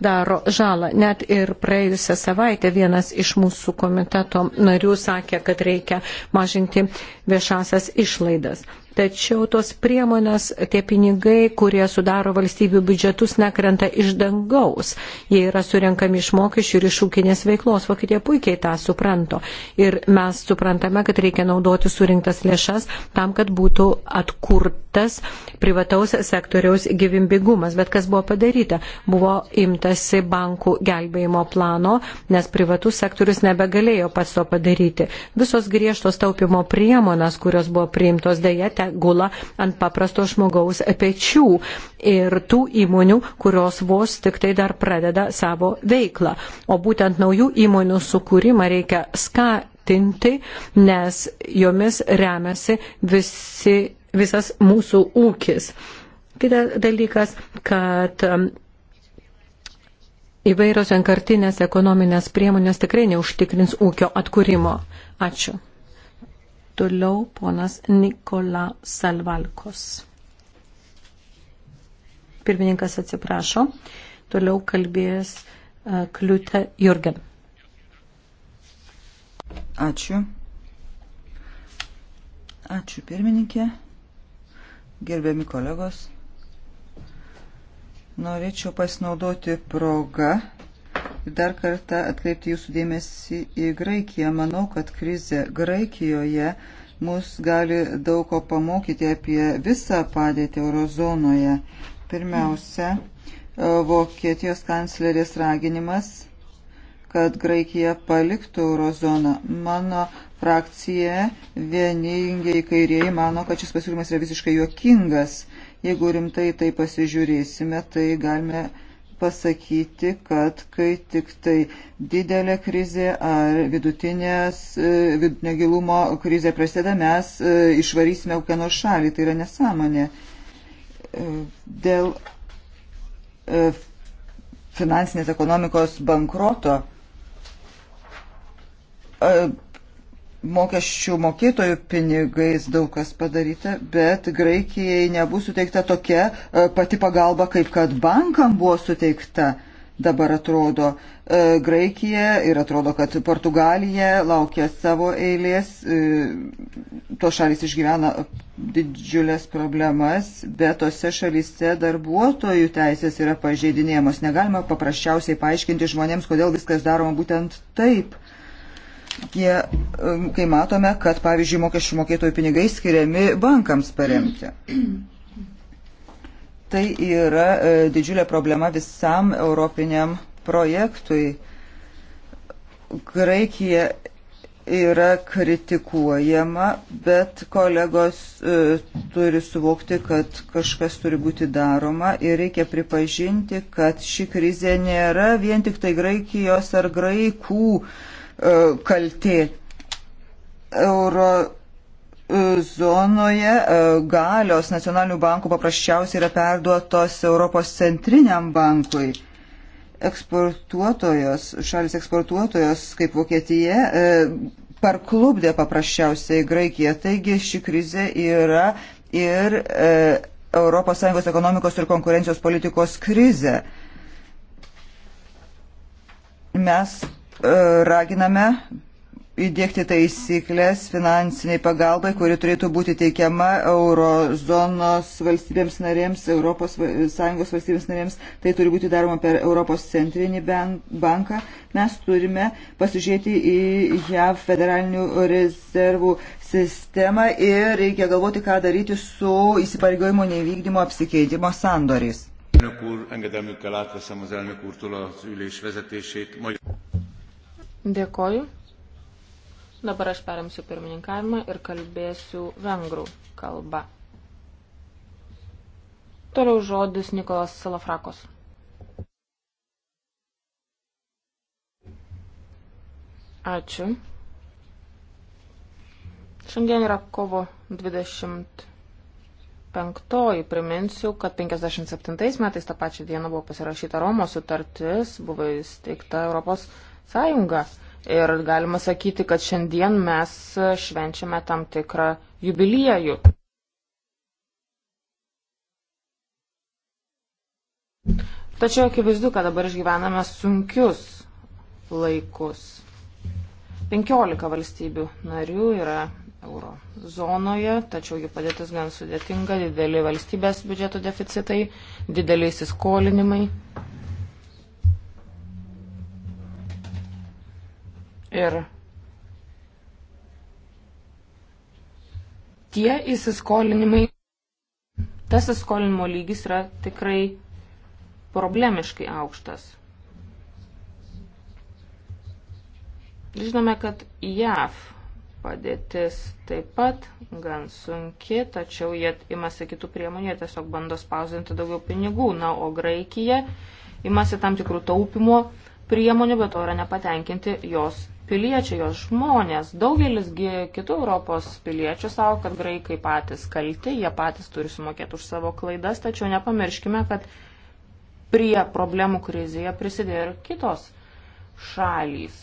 daro žalą. Net ir praėjusią savaitę vienas iš mūsų komiteto narių sakė, kad reikia mažinti viešasias išlaidas tačiau tos priemonės, tie pinigai, kurie sudaro valstybių biudžetus, nekrenta iš dangaus. Jie yra surinkami iš mokesčių ir iš ūkinės veiklos. Vokietija puikiai tą supranto. Ir mes suprantame, kad reikia naudoti surinktas lėšas tam, kad būtų atkurtas privataus sektoriaus gyvimbigumas. Bet kas buvo padaryta? Buvo imtasi bankų gelbėjimo plano, nes privatus sektorius nebegalėjo pats to padaryti. Visos griežtos taupimo priemonės, kurios buvo priimtos dėja, te gula ant paprasto žmogaus pečių ir tų įmonių, kurios vos tik tai dar pradeda savo veiklą. O būtent naujų įmonių sukūrimą reikia skatinti, nes jomis remiasi visi, visas mūsų ūkis. Kitas dalykas, kad um, įvairios vienkartinės ekonominės priemonės tikrai neužtikrins ūkio atkūrimo. Ačiū. Toliau ponas Nikola Salvalkos. Pirmininkas atsiprašo. Toliau kalbės e, Kliūtė Jurgen. Ačiū. Ačiū pirmininkė. Gerbiami kolegos. Norėčiau pasinaudoti progą Dar kartą atkreipti jūsų dėmesį į Graikiją. Manau, kad krizė Graikijoje mus gali daug ko pamokyti apie visą padėtį eurozonoje. Pirmiausia, e, Vokietijos kanclerės raginimas kad Graikija paliktų eurozoną. Mano frakcija vieningiai kairieji mano, kad šis pasiūlymas yra visiškai juokingas. Jeigu rimtai tai pasižiūrėsime, tai galime pasakyti, kad kai tik tai didelė krizė ar vidutinės, e, vidutinio gilumo krizė prasideda, mes e, išvarysime kokią nors šalį. Tai yra nesąmonė. E, dėl finansinės ekonomikos bankroto mokesčių mokėtojų pinigais daug kas padaryta, bet Graikijai nebus suteikta tokia e, pati pagalba, kaip kad bankam buvo suteikta. Dabar atrodo e, Graikija ir atrodo, kad Portugalija laukia savo eilės. E, to šalis išgyvena didžiulės problemas, bet tose šalise darbuotojų teisės yra pažeidinėjamos. Negalima paprasčiausiai paaiškinti žmonėms, kodėl viskas daroma būtent taip jie, um, kai matome, kad, pavyzdžiui, mokesčių mokėtojų pinigai skiriami bankams paremti. Tai yra e, didžiulė problema visam europiniam projektui. Graikija yra kritikuojama, bet kolegos e, turi suvokti, kad kažkas turi būti daroma ir reikia pripažinti, kad ši krizė nėra vien tik tai Graikijos ar Graikų E, kalti. Euro e, zonoje e, galios nacionalinių bankų paprasčiausiai yra perduotos Europos centriniam bankui. Eksportuotojos, šalis eksportuotojos kaip Vokietija parklubdė paprasčiausiai Graikiją. Taigi ši krizė yra ir ES ekonomikos ir konkurencijos politikos krizė. Mes raginame įdėkti taisyklės finansiniai pagalbai, kuri turėtų būti teikiama eurozonos valstybėms narėms, ES valstybėms narėms. Tai turi būti daroma per Europos centrinį banką. Mes turime pasižiūrėti į JAV federalinių rezervų sistemą ir reikia galvoti, ką daryti su įsipareigojimo nevykdymo apsikeitimo sandoriais. Elnök úr, engedelmükkel átveszem az elnök úrtól az ülés vezetését. Magyar... Dėkoju. Dabar aš perimsiu pirmininkavimą ir kalbėsiu vengrų kalba. Toliau žodis Nikolas Salafrakos. Ačiū. Šiandien yra kovo 25. Priminsiu, kad 57 metais tą pačią dieną buvo pasirašyta Romos sutartis, buvo įsteigta Europos sąjungą. Ir galima sakyti, kad šiandien mes švenčiame tam tikrą jubiliejų. Tačiau akivaizdu, kad dabar išgyvename sunkius laikus. 15 valstybių narių yra euro zonoje, tačiau jų padėtis gan sudėtinga, dideli valstybės biudžeto deficitai, dideliai įsiskolinimai. Ir tie įsiskolinimai, tas įskolinimo lygis yra tikrai problemiškai aukštas. Žinome, kad JAV padėtis taip pat gan sunki, tačiau jie imasi kitų priemonių, jie tiesiog bando spausinti daugiau pinigų. Na, o Graikija imasi tam tikrų taupimo priemonių, bet to yra nepatenkinti jos piliečiai, jos žmonės. Daugelis kitų Europos piliečių savo, kad graikai patys kalti, jie patys turi sumokėti už savo klaidas, tačiau nepamirškime, kad prie problemų krizėje prisidėjo ir kitos šalys.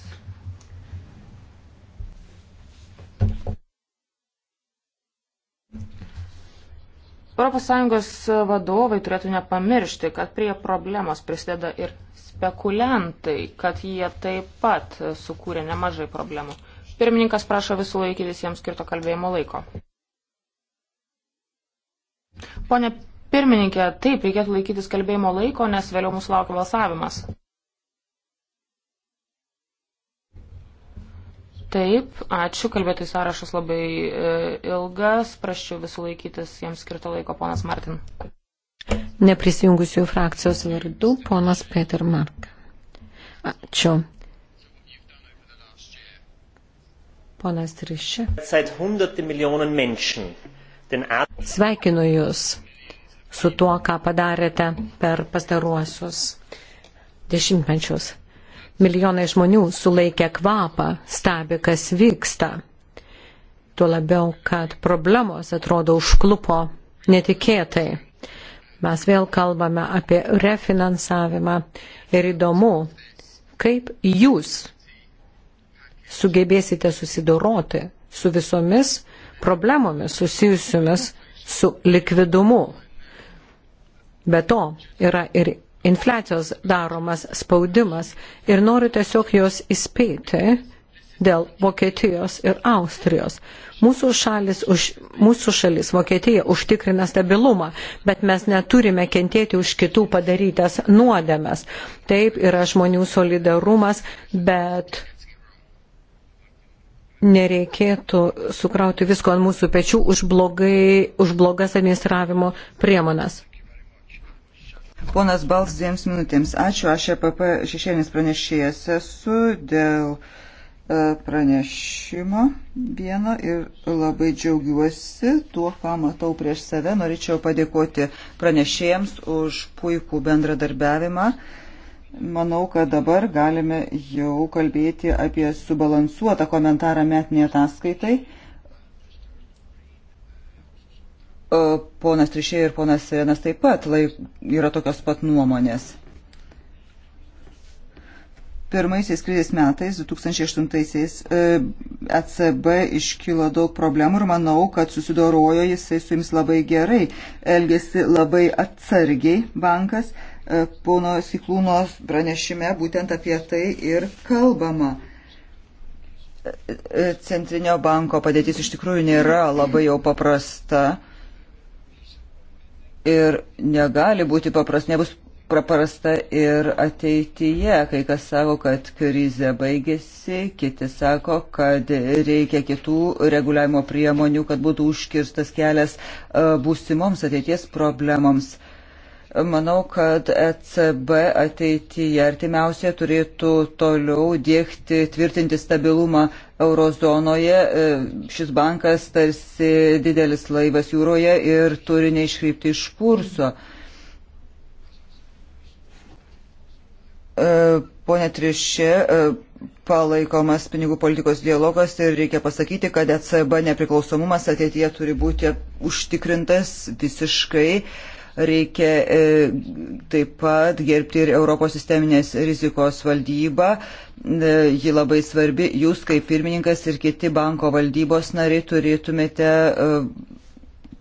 ES vadovai turėtų nepamiršti, kad prie problemos prisideda ir spekuliantai, kad jie taip pat sukūrė nemažai problemų. Pirmininkas prašo visų laikytis jiems skirto kalbėjimo laiko. Pone pirmininkė, taip, reikėtų laikytis kalbėjimo laiko, nes vėliau mūsų laukia balsavimas. Taip, ačiū, kalbėtojų sąrašas labai e, ilgas, praščiau visų laikytis jiems skirto laiko, ponas Martin neprisijungusių frakcijos vardu, ponas Peter Mark. Ačiū. Ponas Trišė. Sveikinu Jūs su tuo, ką padarėte per pastaruosius dešimtmečius. Milijonai žmonių sulaikė kvapą, stebi, kas vyksta. Tuo labiau, kad problemos atrodo užklupo netikėtai mes vėl kalbame apie refinansavimą ir įdomu, kaip jūs sugebėsite susidoroti su visomis problemomis susijusiamis su likvidumu. Be to yra ir infliacijos daromas spaudimas ir noriu tiesiog jos įspėti, dėl Vokietijos ir Austrijos. Mūsų šalis, už, mūsų šalis Vokietija užtikrina stabilumą, bet mes neturime kentėti už kitų padarytas nuodėmes. Taip yra žmonių solidarumas, bet nereikėtų sukrauti visko ant mūsų pečių už, blogai, už blogas administravimo priemonas. Ponas Balsdiems minutėms. Ačiū, aš EPP šešėlinis pranešėjas esu dėl E, pranešimo vieno ir labai džiaugiuosi tuo, ką matau prieš save. Norėčiau padėkoti pranešėjams už puikų bendradarbiavimą. Manau, kad dabar galime jau kalbėti apie subalansuotą komentarą metinėje ataskaitai. E, ponas Trišė ir ponas Serenas taip pat laik, yra tokios pat nuomonės. Pirmaisiais krizės metais, 2008-aisiais, ECB iškilo daug problemų ir manau, kad susidorojo jisai su jums labai gerai, elgėsi labai atsargiai bankas. E, pono Siklūnos pranešime būtent apie tai ir kalbama. E, e, centrinio banko padėtis iš tikrųjų nėra labai jau paprasta ir negali būti paprast, nebus paprasta ir ateityje. Kai kas sako, kad krize baigėsi, kiti sako, kad reikia kitų reguliavimo priemonių, kad būtų užkirstas kelias e, būsimoms ateities problemoms. Manau, kad ECB ateityje artimiausiai turėtų toliau dėkti, tvirtinti stabilumą eurozonoje. E, šis bankas tarsi didelis laivas jūroje ir turi neiškrypti iš kurso. Mm E, pone Trišė, e, palaikomas pinigų politikos dialogas ir reikia pasakyti, kad ECB nepriklausomumas ateityje turi būti užtikrintas visiškai. Reikia e, taip pat gerbti ir Europos sisteminės rizikos valdybą. E, ji labai svarbi. Jūs kaip pirmininkas ir kiti banko valdybos nariai turėtumėte e,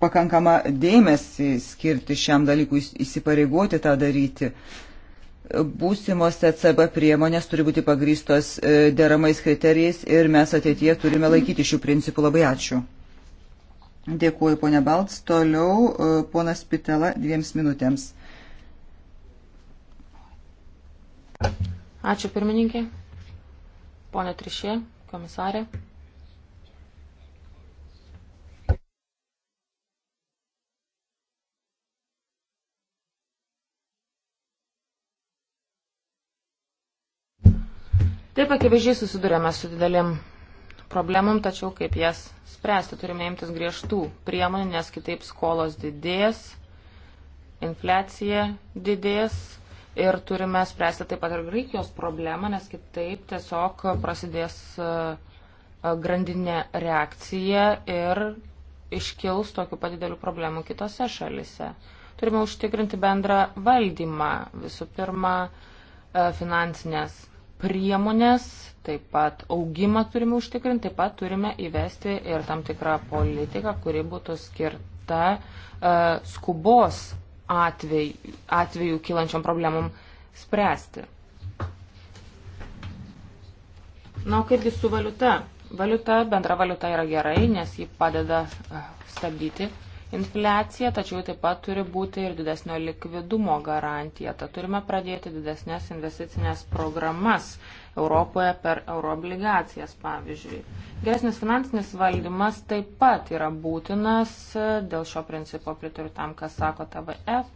pakankamą dėmesį skirti šiam dalykui, įsipareigoti tą daryti. E, Būsimos ECB priemonės turi būti pagrystos e, deramais kriterijais ir mes ateityje turime laikyti šių principų. Labai ačiū. Dėkuoju, ponia Balts. Toliau e, ponas Pitela dviems minutėms. Ačiū pirmininkė, ponė Trišė, komisarė. Taip akivaizdžiai susidurėme su didelim problemam, tačiau kaip jas spręsti, turime imtis griežtų priemonių, nes kitaip skolos didės, infliacija didės ir turime spręsti taip pat ir Graikijos problemą, nes kitaip tiesiog prasidės e, grandinė reakcija ir iškils tokių pat didelių problemų kitose šalise. Turime užtikrinti bendrą valdymą, visų pirma, e, finansinės priemonės, taip pat augimą turime užtikrinti, taip pat turime įvesti ir tam tikrą politiką, kuri būtų skirta uh, skubos atveju, atveju kylančiom problemom spręsti. Na, o kaipgi su valiuta? Valiuta, bendra valiuta yra gerai, nes ji padeda e, stabdyti infliaciją, tačiau taip pat turi būti ir didesnio likvidumo garantija. Tad turime pradėti didesnės investicinės programas Europoje per euroobligacijas, pavyzdžiui. Geresnis finansinis valdymas taip pat yra būtinas, dėl šio principo pritariu tam, kas sako TVF,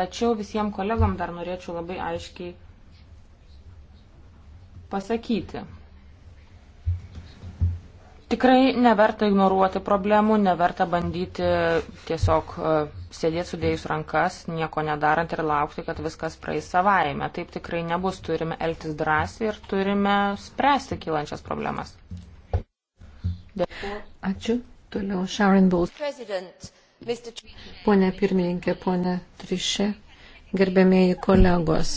tačiau visiems kolegom dar norėčiau labai aiškiai pasakyti Tikrai neverta ignoruoti problemų, neverta bandyti tiesiog e, sėdėti sudėjus rankas, nieko nedarant ir laukti, kad viskas praeis savaime. Taip tikrai nebus. Turime elgtis drąsiai ir turime spręsti kylančias problemas. Dėkui. Ačiū. Toliau Sharon Bowles. Pone pirmininkė, pone Trišė, gerbėmėjai kolegos.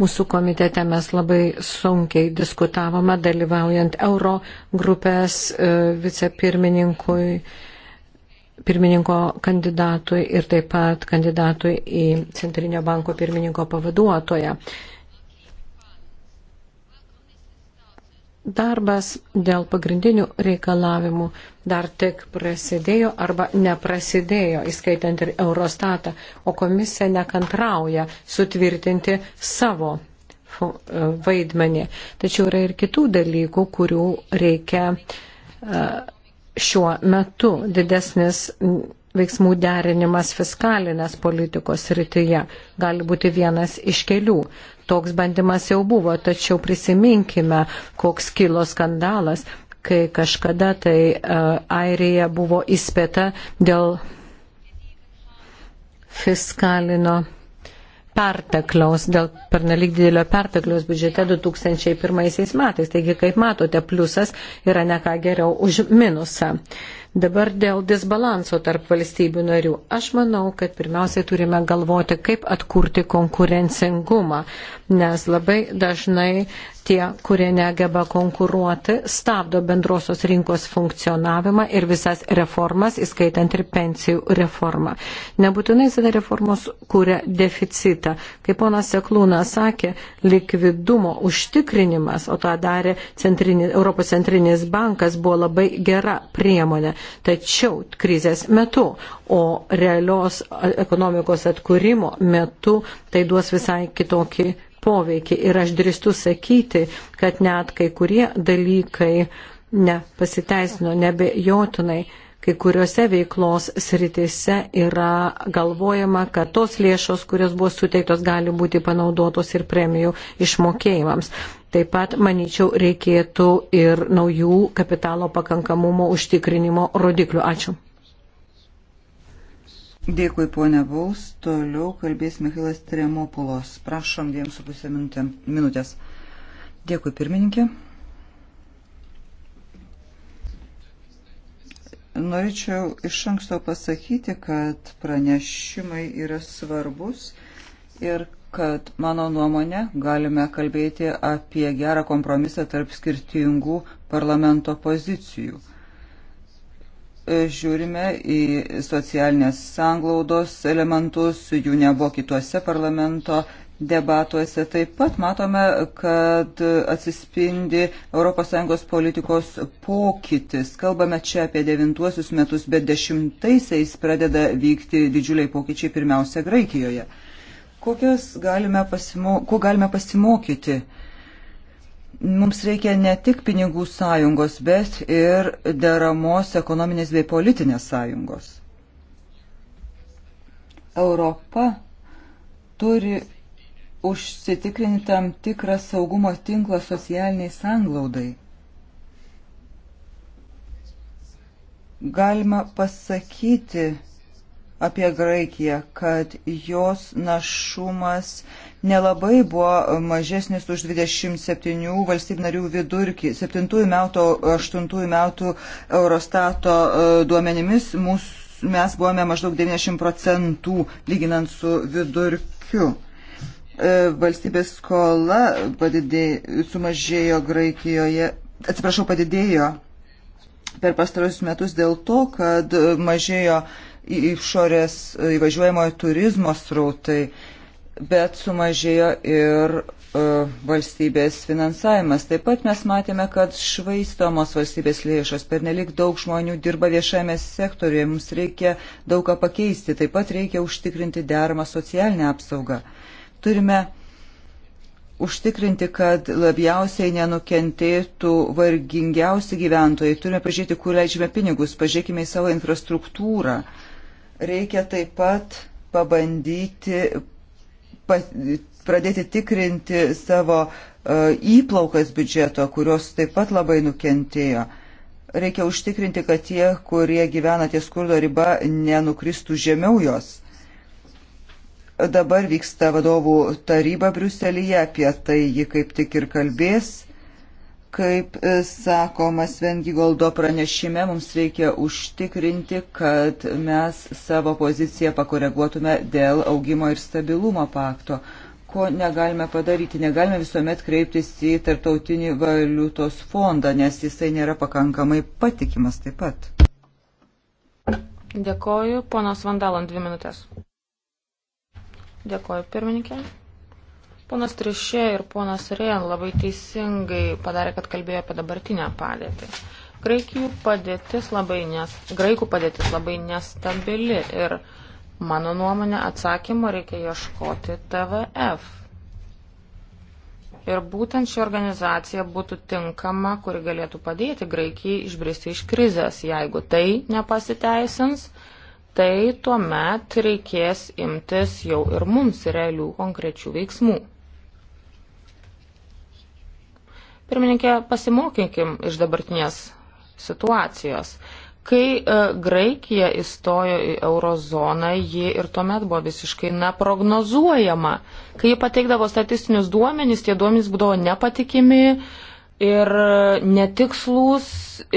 Mūsų komitete mes labai sunkiai diskutavome, dalyvaujant Euro grupės e, vicepirmininkui pirmininko kandidatui ir taip pat kandidatui į Centrinio banko pirmininko pavaduotoją. Darbas dėl pagrindinių reikalavimų dar tik prasidėjo arba neprasidėjo, įskaitant ir Eurostatą, o komisija nekantrauja sutvirtinti savo vaidmenį. Tačiau yra ir kitų dalykų, kurių reikia e, šiuo metu didesnis veiksmų derinimas fiskalinės politikos rytyje gali būti vienas iš kelių. Toks bandymas jau buvo, tačiau prisiminkime, koks kilo skandalas, kai kažkada tai uh, Airija buvo įspėta dėl fiskalino pertekliaus, dėl pernelyg didelio pertekliaus biudžete 2001 metais. Taigi, kaip matote, pliusas yra ne ką geriau už minusą. Dabar dėl disbalanso tarp valstybių narių. Aš manau, kad pirmiausiai turime galvoti, kaip atkurti konkurencingumą, nes labai dažnai tie, kurie negeba konkuruoti, stabdo bendrosios rinkos funkcionavimą ir visas reformas, įskaitant ir pensijų reformą. Nebūtinai visada reformos kūrė deficitą. Kaip ponas Seklūnas sakė, likvidumo užtikrinimas, o tą darė centrinis, Europos centrinis bankas, buvo labai gera priemonė. Tačiau krizės metu, o realios ekonomikos atkūrimo metu, tai duos visai kitokį poveikį. Ir aš drįstu sakyti, kad net kai kurie dalykai nepasiteisino, nebejotinai. Kai kuriuose veiklos sritise yra galvojama, kad tos lėšos, kurios buvo suteiktos, gali būti panaudotos ir premijų išmokėjimams. Taip pat, manyčiau, reikėtų ir naujų kapitalo pakankamumo užtikrinimo rodiklių. Ačiū. Dėkui, ponia Vauls. Toliau kalbės Mikhailas Tremopulos. Prašom dviem su pusė minutės. Dėkui, pirmininkė. Norėčiau iš anksto pasakyti, kad pranešimai yra svarbus ir kad mano nuomonė galime kalbėti apie gerą kompromisą tarp skirtingų parlamento pozicijų. E, žiūrime į socialinės sanglaudos elementus, jų nebuvo kituose parlamento debatuose. Taip pat matome, kad atsispindi ES politikos pokytis. Kalbame čia apie devintuosius metus, bet dešimtaisiais pradeda vykti didžiuliai pokyčiai pirmiausia Graikijoje. Kokias galime pasimo, ko galime pasimokyti? Mums reikia ne tik pinigų sąjungos, bet ir deramos ekonominės bei politinės sąjungos. Europa turi užsitikrinti tam tikrą saugumo tinklą socialiniai sanglaudai. Galima pasakyti apie Graikiją, kad jos našumas nelabai buvo mažesnis už 27 valstybių narių vidurkį. 7 metų, 8 metų Eurostato e, duomenimis mūsų, mes buvome maždaug 90 procentų lyginant su vidurkiu e, valstybės skola padidėjo, sumažėjo Graikijoje, atsiprašau, padidėjo per pastarosius metus dėl to, kad mažėjo išorės įvažiuojamojo turizmo srautai bet sumažėjo ir e, valstybės finansavimas. Taip pat mes matėme, kad švaistomos valstybės lėšos, per nelik daug žmonių dirba viešame sektoriuje, mums reikia daug ką pakeisti, taip pat reikia užtikrinti deramą socialinę apsaugą. Turime užtikrinti, kad labiausiai nenukentėtų vargingiausi gyventojai. Turime pažiūrėti, kur leidžiame pinigus, pažiūrėkime į savo infrastruktūrą. Reikia taip pat pabandyti pradėti tikrinti savo e, įplaukas biudžeto, kurios taip pat labai nukentėjo. Reikia užtikrinti, kad tie, kurie gyvena ties skurdo riba, nenukristų žemiau jos. Dabar vyksta vadovų taryba Briuselyje, apie tai ji kaip tik ir kalbės. Kaip e, sakoma Svengigoldo pranešime, mums reikia užtikrinti, kad mes savo poziciją pakoreguotume dėl augimo ir stabilumo pakto. Ko negalime padaryti? Negalime visuomet kreiptis į Tartautinį valiutos fondą, nes jisai nėra pakankamai patikimas taip pat. Dėkoju, ponas Vandalan, dvi minutės. Dėkoju, pirmininkė. Ponas Trišė ir ponas Rėn labai teisingai padarė, kad kalbėjo apie dabartinę padėtį. Graikijų padėtis labai nes, graikų padėtis labai nestabili ir mano nuomonė atsakymo reikia ieškoti TVF. Ir būtent ši organizacija būtų tinkama, kuri galėtų padėti Graikijai išbristi iš krizės. Jeigu tai nepasiteisins, tai tuomet reikės imtis jau ir mums realių konkrečių veiksmų. Pirmininkė, pasimokykim iš dabartinės situacijos. Kai e, Graikija įstojo į eurozoną, ji ir tuomet buvo visiškai neprognozuojama. Kai ji pateikdavo statistinius duomenys, tie duomenys būdavo nepatikimi ir e, netikslus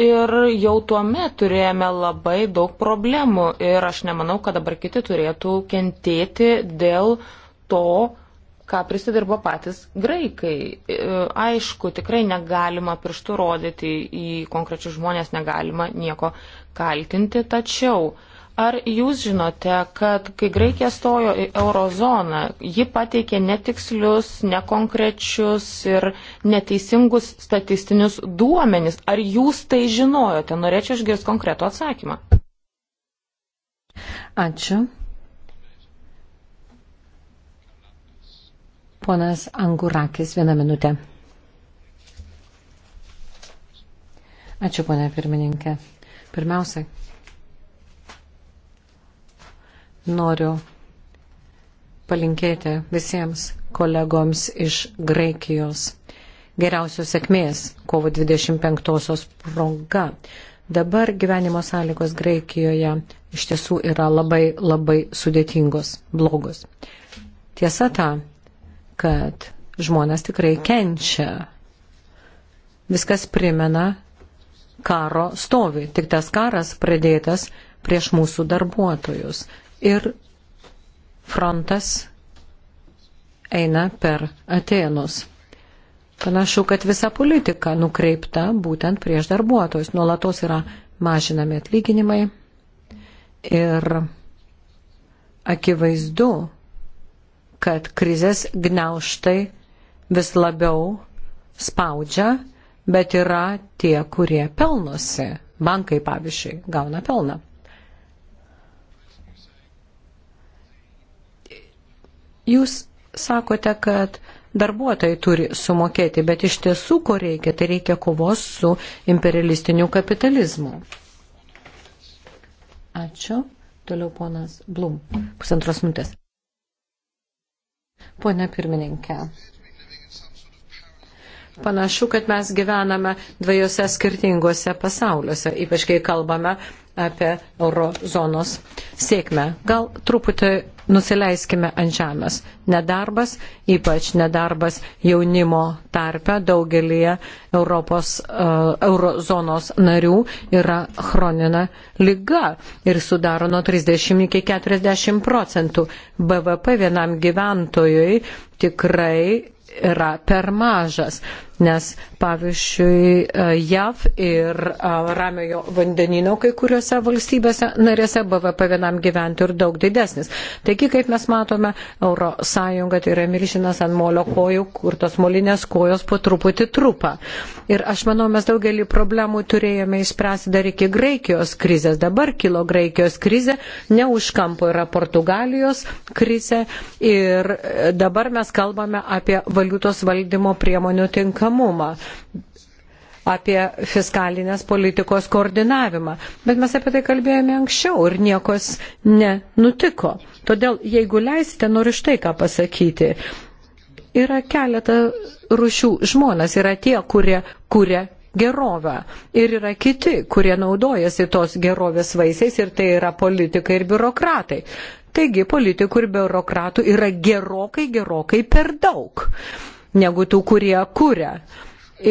ir jau tuomet turėjome labai daug problemų ir aš nemanau, kad dabar kiti turėtų kentėti dėl to, ką prisidirbo patys graikai. E, aišku, tikrai negalima pirštų rodyti į konkrečius žmonės, negalima nieko kaltinti, tačiau ar jūs žinote, kad kai Graikija stojo į eurozoną, ji pateikė netikslius, nekonkrečius ir neteisingus statistinius duomenis? Ar jūs tai žinojote? Norėčiau išgirsti konkretų atsakymą. Ačiū. Ponas Angurakis, vieną minutę. Ačiū, ponė pirmininkė. Pirmiausia, noriu palinkėti visiems kolegoms iš Graikijos geriausios sėkmės kovo 25-osios proga. Dabar gyvenimo sąlygos Graikijoje iš tiesų yra labai labai sudėtingos, blogos. Tiesa ta, kad žmonės tikrai kenčia. Viskas primena karo stovi, tik tas karas pradėtas prieš mūsų darbuotojus. Ir frontas eina per Atenus. Panašu, kad visa politika nukreipta būtent prieš darbuotojus. Nuolatos yra mažinami atlyginimai ir akivaizdu, kad krizės gneuštai vis labiau spaudžia, bet yra tie, kurie pelnosi. Bankai, pavyzdžiui, gauna pelną. Jūs sakote, kad darbuotojai turi sumokėti, bet iš tiesų ko reikia, tai reikia kovos su imperialistiniu kapitalizmu. Ačiū. Toliau ponas Blum. Pusantros minutės. Pone pirmininkė, Panašu, kad mes gyvename dviejose skirtingose pasauliuose, ypač kai kalbame apie eurozonos sėkmę. Gal truputį nusileiskime ant žemės. Nedarbas, ypač nedarbas jaunimo tarpe daugelie Europos uh, eurozonos narių yra chronina lyga ir sudaro nuo 30 iki 40 procentų. BVP vienam gyventojui tikrai yra per mažas nes pavyzdžiui e, JAV ir e, Ramiojo vandenino kai kuriuose valstybėse narėse BVP vienam gyventojui ir daug didesnis. Taigi, kaip mes matome, ES tai yra milžinas ant molio kojų, kur tos molinės kojos po truputį trupa. Ir aš manau, mes daugelį problemų turėjome išspręsti dar iki Graikijos krizės. Dabar kilo Graikijos krizė, ne už kampo yra Portugalijos krizė ir e, dabar mes kalbame apie valiutos valdymo priemonių tinkamą tinkamumą apie fiskalinės politikos koordinavimą. Bet mes apie tai kalbėjome anksčiau ir niekos nenutiko. Todėl, jeigu leisite, noriu štai ką pasakyti. Yra keletą rušių žmonės, yra tie, kurie kuria gerovę. Ir yra kiti, kurie naudojasi tos gerovės vaisiais ir tai yra politikai ir biurokratai. Taigi politikų ir biurokratų yra gerokai, gerokai per daug negu tų, kurie kūrė.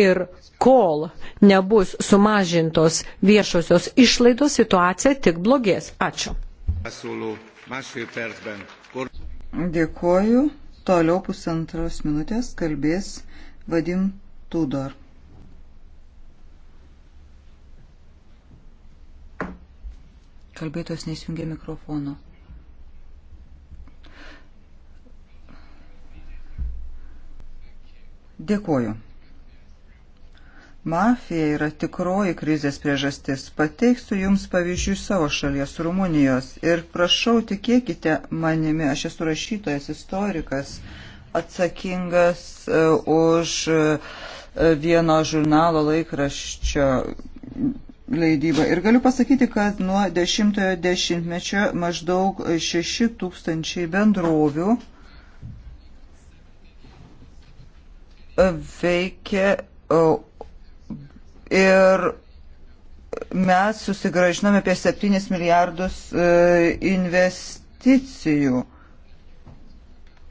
Ir kol nebus sumažintos viešosios išlaidos, situacija tik blogės. Ačiū. Dėkuoju. Toliau pusantros minutės kalbės Vadim Tudor. Kalbėtos nesijungia mikrofono. Dėkuoju. Mafija yra tikroji krizės priežastis. Pateiksiu Jums pavyzdžių savo šalies Rumunijos ir prašau tikėkite manimi, aš esu rašytojas, istorikas, atsakingas uh, už uh, vieno žurnalo laikraščio leidybą. Ir galiu pasakyti, kad nuo 10-ojo dešimtmečio maždaug 6 tūkstančiai bendrovių uh, veikia ir mes susigražinome apie 7 milijardus e, investicijų.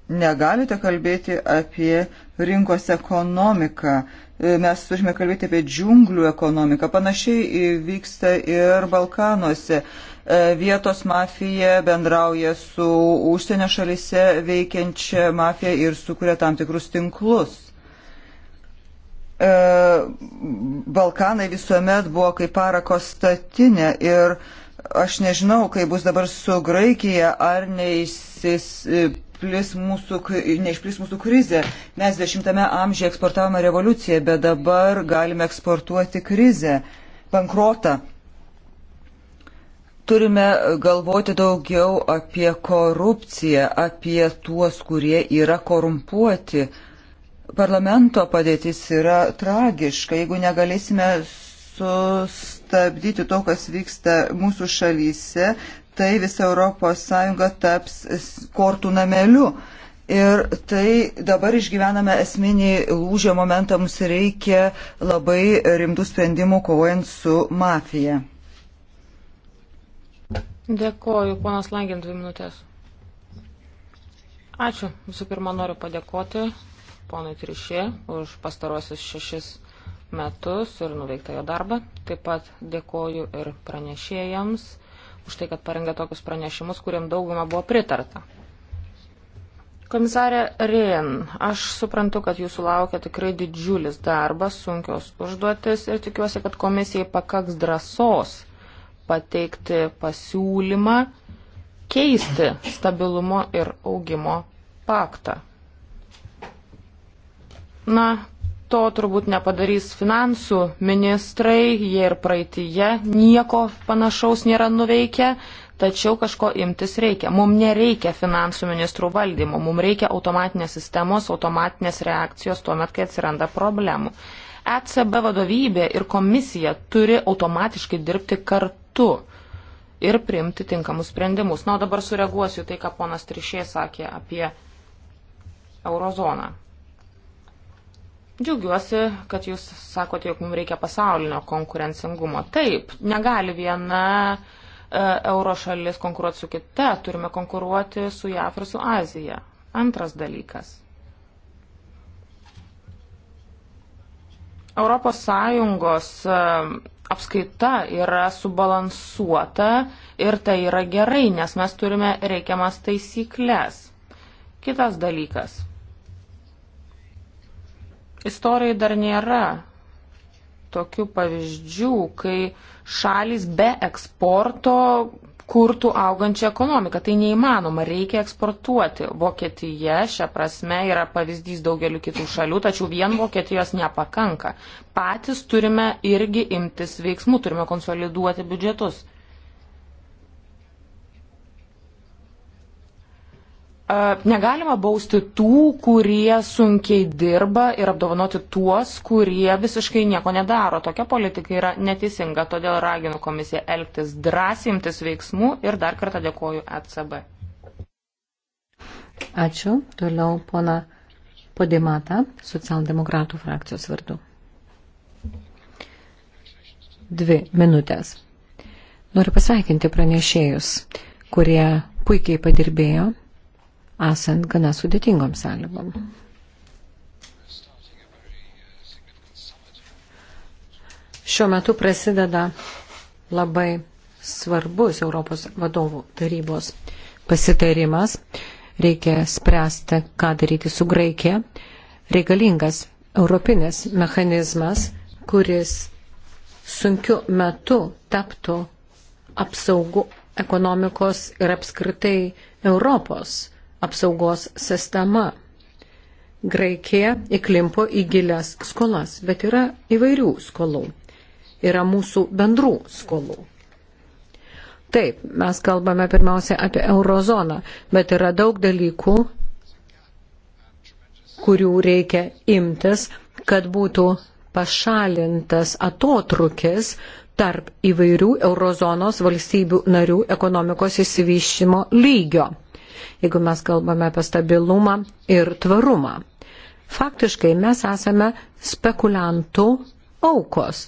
Negalite kalbėti apie rinkos ekonomiką. E, mes turime kalbėti apie džiunglių ekonomiką. Panašiai vyksta ir Balkanuose. E, vietos mafija bendrauja su užsienio šalise veikiančia mafija ir sukuria tam tikrus tinklus. E, Balkanai visuomet buvo kaip parako statinė ir aš nežinau, kaip bus dabar su Graikija, ar neišplis mūsų, neišplis mūsų krizė. Mes dešimtame amžiuje eksportavome revoliuciją, bet dabar galime eksportuoti krizę, bankrotą. Turime galvoti daugiau apie korupciją, apie tuos, kurie yra korumpuoti. Uh, parlamento padėtis yra tragiška, jeigu negalėsime sustabdyti to, kas vyksta mūsų šalyse, tai visa ES taps kortų nameliu. Ir tai dabar išgyvename esminį lūžio momentą, mums reikia labai rimtų sprendimų kovojant su mafija. Dėkoju, ponas Langin, dvi minutės. Ačiū. Visų pirma, noriu padėkoti ponui Trišė už pastarosius šešis metus ir nuveiktą jo darbą. Taip pat dėkoju ir pranešėjams už tai, kad parengė tokius pranešimus, kuriam daugumą buvo pritarta. Komisarė Rėn, aš suprantu, kad jūsų laukia tikrai didžiulis darbas, sunkios užduotis ir tikiuosi, kad komisijai pakaks drąsos pateikti pasiūlymą keisti stabilumo ir augimo paktą. Na, to turbūt nepadarys finansų ministrai, jie ir praeitįje nieko panašaus nėra nuveikę, tačiau kažko imtis reikia. Mums nereikia finansų ministrų valdymo, mums reikia automatinės sistemos, automatinės reakcijos tuo met, kai atsiranda problemų. ECB vadovybė ir komisija turi automatiškai dirbti kartu ir priimti tinkamus sprendimus. Na, o dabar sureaguosiu tai, ką ponas Trišė sakė apie eurozoną. Džiaugiuosi, kad jūs sakote, jog mums reikia pasaulinio konkurencingumo. Taip, negali viena e, euro šalis konkuruoti su kita, turime konkuruoti su JAF ir su Azija. Antras dalykas. Europos Sąjungos e, apskaita yra subalansuota ir tai yra gerai, nes mes turime reikiamas taisyklės. Kitas dalykas. Istorijai dar nėra tokių pavyzdžių, kai šalis be eksporto kurtų augančią ekonomiką. Tai neįmanoma, reikia eksportuoti. Vokietija šią prasme yra pavyzdys daugeliu kitų šalių, tačiau vien Vokietijos nepakanka. Patys turime irgi imtis veiksmų, turime konsoliduoti biudžetus. negalima bausti tų, kurie sunkiai dirba ir apdovanoti tuos, kurie visiškai nieko nedaro. Tokia politika yra neteisinga, todėl raginu komisiją elgtis drąsiai, imtis veiksmų ir dar kartą dėkoju ECB. Ačiū. Toliau pona Podimata, socialdemokratų frakcijos vardu. Dvi minutės. Noriu pasveikinti pranešėjus, kurie puikiai padirbėjo esant gana sudėtingom sąlygom. Šiuo metu prasideda labai svarbus Europos vadovų tarybos pasitarimas. Reikia spręsti, ką daryti su Graikija. Reikalingas europinis mechanizmas, kuris sunkiu metu taptų apsaugų ekonomikos ir apskritai Europos apsaugos sistema. Graikija įklimpo į gilias skolas, bet yra įvairių skolų. Yra mūsų bendrų skolų. Taip, mes kalbame pirmiausia apie eurozoną, bet yra daug dalykų, kurių reikia imtis, kad būtų pašalintas atotrukis tarp įvairių eurozonos valstybių narių ekonomikos įsivyšimo lygio jeigu mes kalbame apie stabilumą ir tvarumą. Faktiškai mes esame spekuliantų aukos.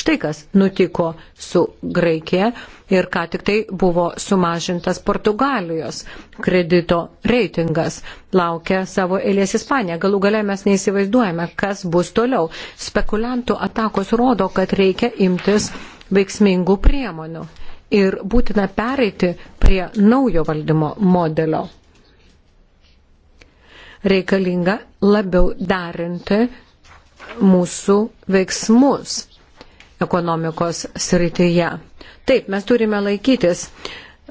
Štai kas nutiko su Graikija ir ką tik tai buvo sumažintas Portugalijos kredito reitingas. Laukia savo eilės Ispanija. Galų gale mes neįsivaizduojame, kas bus toliau. Spekuliantų atakos rodo, kad reikia imtis veiksmingų priemonių ir būtina pereiti prie naujo valdymo modelio. Reikalinga labiau darinti mūsų veiksmus ekonomikos srityje. Taip, mes turime laikytis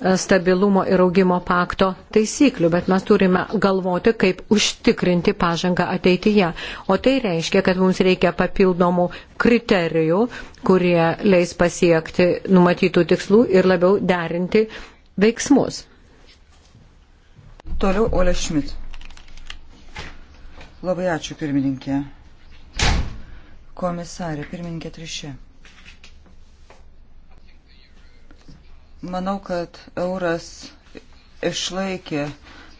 E, stabilumo ir augimo pakto taisyklių, bet mes turime galvoti, kaip užtikrinti pažangą ateityje. O tai reiškia, kad mums reikia papildomų kriterijų, kurie leis pasiekti numatytų tikslų ir labiau derinti veiksmus. Toliau Ole Šmit. Labai ačiū pirmininkė. Komisarė, pirmininkė Trišė. Manau, kad euras išlaikė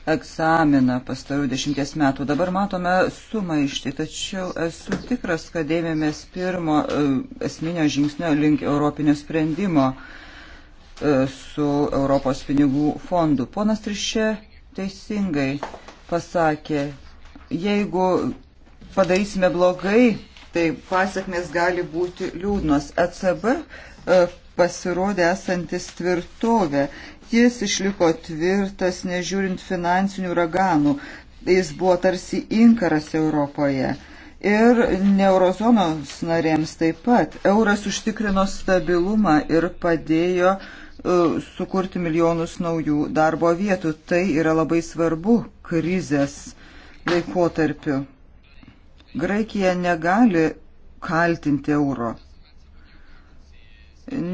egzaminą pastarų dešimties metų. Dabar matome sumaištį, tačiau esu tikras, kad ėmėmės pirmo e, esminio žingsnio link europinio sprendimo e, su Europos pinigų fondu. Ponas Trišė teisingai pasakė, jeigu padarysime blogai, tai pasiekmes gali būti liūdnos. ECB e, pasirodė esantis tvirtovė. Jis išliko tvirtas, nežiūrint finansinių raganų. Jis buvo tarsi inkaras Europoje. Ir neurozonos narėms taip pat. Euras užtikrino stabilumą ir padėjo uh, sukurti milijonus naujų darbo vietų. Tai yra labai svarbu krizės laikotarpiu. Graikija negali kaltinti euro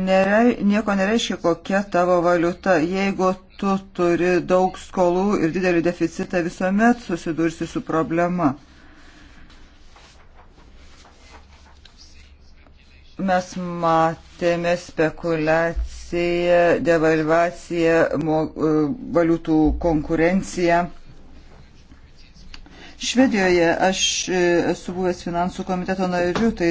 nėra, nieko nereiškia, kokia tavo valiuta. Jeigu tu turi daug skolų ir didelį deficitą, visuomet susidursi su problema. Mes matėme spekulaciją, devalvaciją, e, valiutų konkurenciją. Švedijoje aš e, esu buvęs finansų komiteto nariu, tai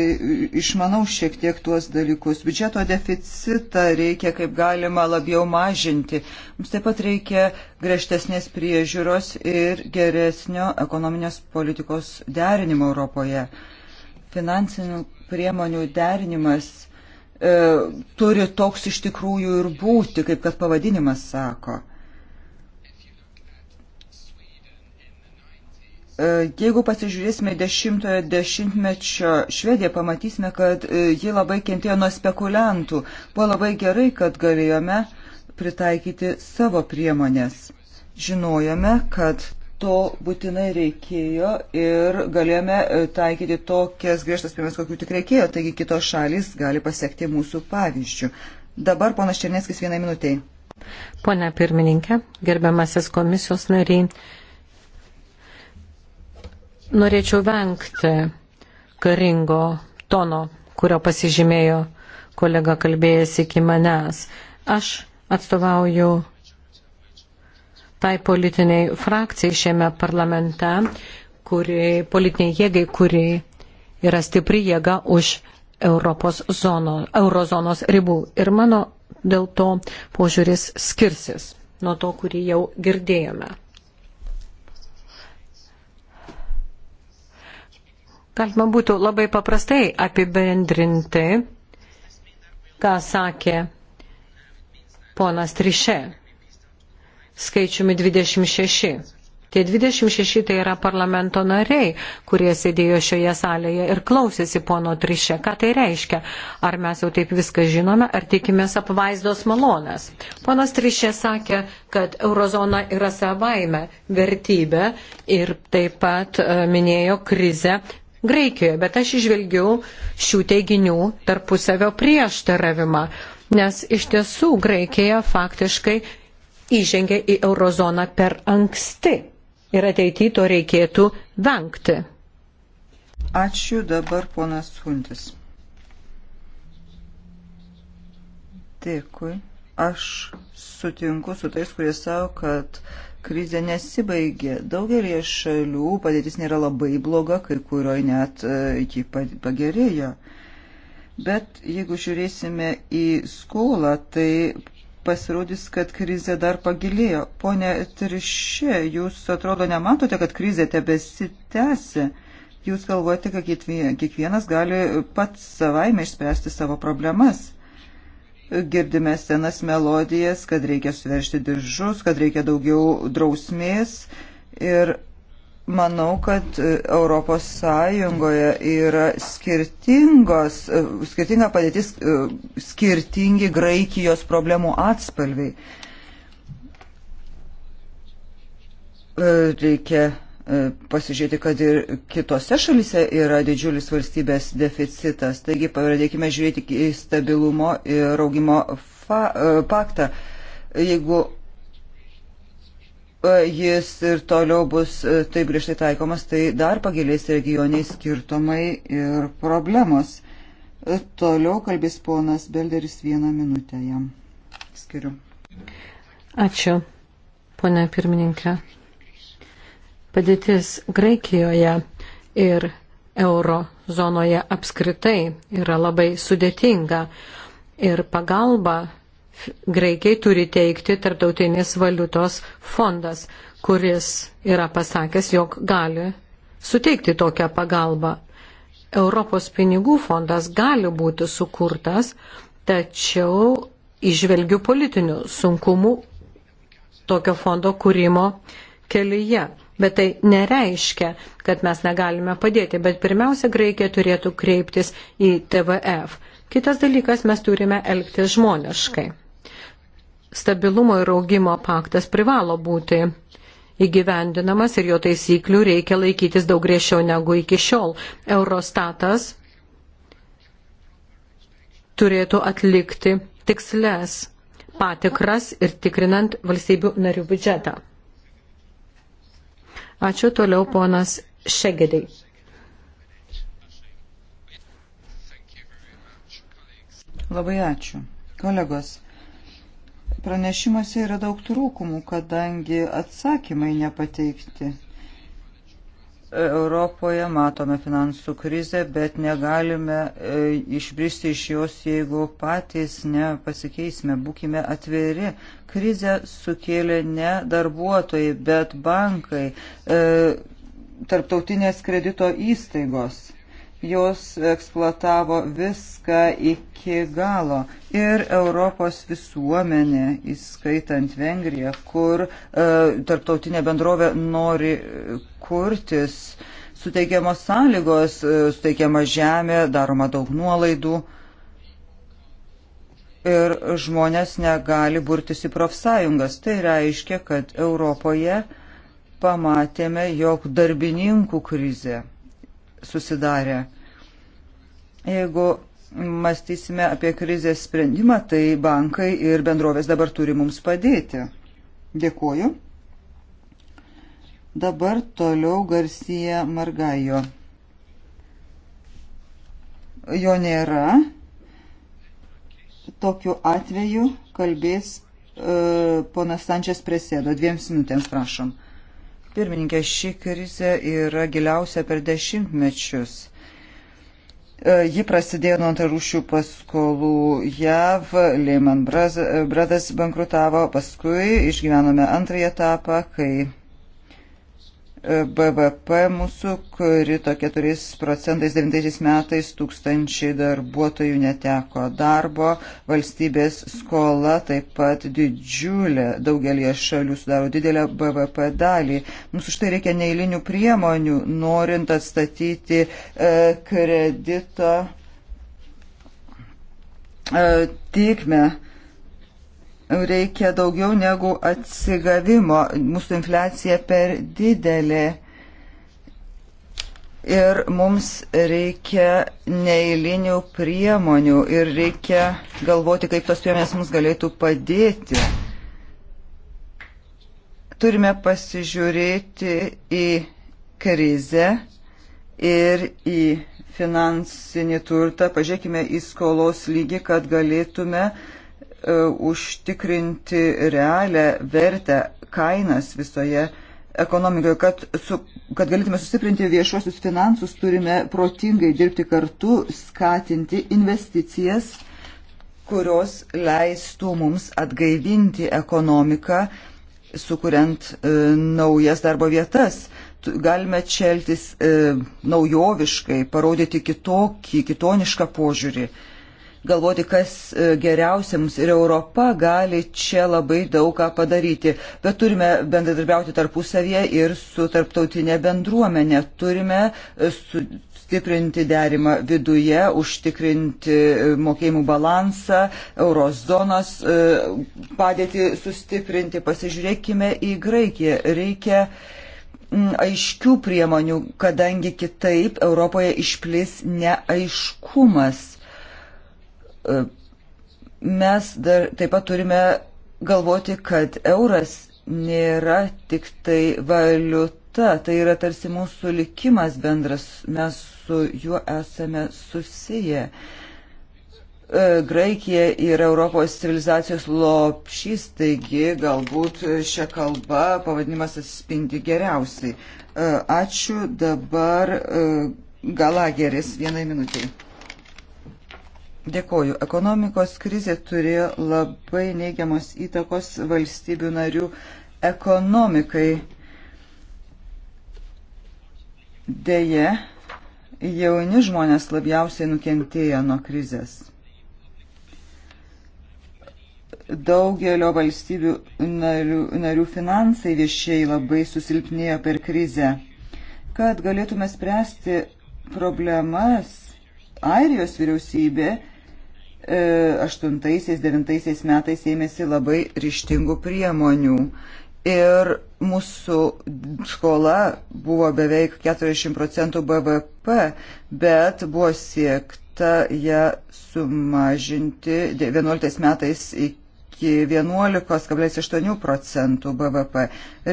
išmanau šiek tiek tuos dalykus. Biudžeto deficitą reikia kaip galima labiau mažinti. Mums taip pat reikia griežtesnės priežiūros ir geresnio ekonominės politikos derinimo Europoje. Finansinių priemonių derinimas e, turi toks iš tikrųjų ir būti, kaip kad pavadinimas sako E, jeigu pasižiūrėsime dešimtojo dešimtmečio Švediją, pamatysime, kad e, ji labai kentėjo nuo spekuliantų. Buvo labai gerai, kad galėjome pritaikyti savo priemonės. Žinojome, kad to būtinai reikėjo ir galėjome e, taikyti tokias griežtas priemonės, kokių tik reikėjo, taigi kitos šalis gali pasiekti mūsų pavyzdžių. Dabar ponas Černieskis vienai minutiai. Pone pirmininkė, gerbiamasis komisijos nariai norėčiau vengti karingo tono, kurio pasižymėjo kolega kalbėjęs iki manęs. Aš atstovauju tai politiniai frakcijai šiame parlamente, kuri, politiniai jėgai, kuri yra stipri jėga už Europos zono, eurozonos ribų. Ir mano dėl to požiūris skirsis nuo to, kurį jau girdėjome. Galima būtų labai paprastai apibendrinti, ką sakė ponas Trišė skaičiumi 26. Tie 26 tai yra parlamento nariai, kurie sėdėjo šioje salėje ir klausėsi pono Trišė. Ką tai reiškia? Ar mes jau taip viską žinome, ar tikimės apvaizdos malonės? Ponas Trišė sakė, kad eurozona yra savaime vertybė ir taip pat e, minėjo krizę Graikijoje, bet aš išvelgiu šių teiginių tarpusavio prieštaravimą, nes iš tiesų Graikija faktiškai įžengė į eurozoną per anksti ir ateityje to reikėtų vengti. Ačiū dabar ponas Huntis. Dėkui. Aš sutinku su tais, kurie savo, kad krizė nesibaigė. Daugelį šalių padėtis nėra labai bloga, kai kurioje net e, ji pagerėjo. Bet jeigu žiūrėsime į skolą, tai pasirodys, kad krizė dar pagilėjo. Pone Trišė, jūs atrodo nematote, kad krizė tebesitęsi. Jūs galvojate, kad kiekvienas gali pats savaime išspręsti savo problemas girdime senas melodijas, kad reikia suveršti diržus, kad reikia daugiau drausmės ir manau, kad e, Europos Sąjungoje yra skirtingos, e, skirtinga padėtis, e, skirtingi Graikijos problemų atspalviai. Reikia E, pasižiūrėti, kad ir kitose šalise yra didžiulis valstybės deficitas. Taigi pradėkime žiūrėti į stabilumo ir augimo fa, e, paktą. Jeigu e, jis ir toliau bus taip griežtai taikomas, tai dar pagilės regioniai skirtumai ir problemos. Toliau kalbės ponas Belderis vieną minutę jam. Skiriu. Ačiū, ponia pirmininkė. Padėtis Graikijoje ir euro zonoje apskritai yra labai sudėtinga ir pagalba Graikiai turi teikti Tartautinis valiutos fondas, kuris yra pasakęs, jog gali suteikti tokią pagalbą. Europos pinigų fondas gali būti sukurtas, tačiau išvelgiu politinių sunkumų tokio fondo kūrimo kelyje. Bet tai nereiškia, kad mes negalime padėti, bet pirmiausia, Graikija turėtų kreiptis į TVF. Kitas dalykas, mes turime elgtis žmoniškai. Stabilumo ir augimo paktas privalo būti įgyvendinamas ir jo taisyklių reikia laikytis daug griežčiau negu iki šiol. Eurostatas turėtų atlikti tiksles patikras ir tikrinant valstybių narių biudžetą. Ačiū toliau ponas Šegedai. Labai ačiū. Kolegos, pranešimuose yra daug trūkumų, kadangi atsakymai nepateikti. Europoje matome finansų krizę, bet negalime e, išbristi iš jos, jeigu patys nepasikeisime. Būkime atviri. Krizę sukėlė ne darbuotojai, bet bankai, e, tarptautinės kredito įstaigos jos eksploatavo viską iki galo. Ir Europos visuomenė, įskaitant Vengriją, kur e, tarptautinė bendrovė nori kurtis, suteikiamos sąlygos, e, suteikiama žemė, daroma daug nuolaidų. Ir žmonės negali burtis į profsąjungas. Tai reiškia, kad Europoje pamatėme, jog darbininkų krizė susidarę. Jeigu mąstysime apie krizės sprendimą, tai bankai ir bendrovės dabar turi mums padėti. Dėkuoju. Dabar toliau Garcija Margajo. Jo nėra. Tokiu atveju kalbės e, ponas Sančias Presėdo. Dviems minutėms prašom. Pirmininkė, ši krizė yra giliausia per dešimtmečius. E, ji prasidėjo nuo antrarūšių paskolų JAV, Lehman Brothers bankrutavo, paskui išgyvenome antrąją etapą, kai BVP mūsų krito 4 procentais 9 metais, tūkstančiai darbuotojų neteko darbo, valstybės skola taip pat didžiulė, daugelie šalių sudaro didelę BVP dalį. Mums už tai reikia neįlinių priemonių, norint atstatyti e, kreditą e, tikmę. E, reikia daugiau negu atsigavimo. Mūsų infliacija per didelė. Ir mums reikia neįlinių priemonių ir reikia galvoti, kaip tos priemonės mums galėtų padėti. Turime pasižiūrėti į krizę ir į finansinį turtą, pažiūrėkime į skolos lygį, kad galėtume uh, E, užtikrinti realią vertę kainas visoje ekonomikoje, kad, su, kad galėtume sustiprinti viešuosius finansus, turime protingai dirbti kartu, skatinti investicijas, kurios leistų mums atgaivinti ekonomiką, sukuriant e, naujas darbo vietas. Galime čia elgtis e, naujoviškai, parodyti kitokį, kitonišką požiūrį. E, galvoti, kas e, geriausia mums ir Europa gali čia labai daug ką padaryti. Bet turime bendradarbiauti tarpusavyje ir su tarptautinė bendruomenė. Turime e, su stiprinti derimą viduje, užtikrinti e, mokėjimų balansą, eurozonos padėti sustiprinti. Pasižiūrėkime į Graikiją. Reikia aiškių priemonių, kadangi kitaip Europoje išplis neaiškumas. E, mes dar taip pat turime galvoti, kad euras nėra tik tai valiuta, tai yra tarsi mūsų likimas bendras, mes su juo esame susiję. E, Graikija yra Europos civilizacijos lopšys, taigi galbūt šią kalbą pavadinimas atspindi geriausiai. E, ačiū dabar Galageris vienai minutiai. Dėkoju. Ekonomikos krizė turėjo labai neigiamos įtakos valstybių narių ekonomikai. Deja, jauni žmonės labiausiai nukentėjo nuo krizės daugelio valstybių narių, narių finansai viešiai labai susilpnėjo per krizę. Kad galėtume spręsti problemas, Airijos vyriausybė 8-9 e, metais ėmėsi labai ryštingų priemonių. Ir mūsų skola buvo beveik 40 procentų BVP, bet buvo siekta ją sumažinti 11 metais iki iki 11,8 procentų BVP.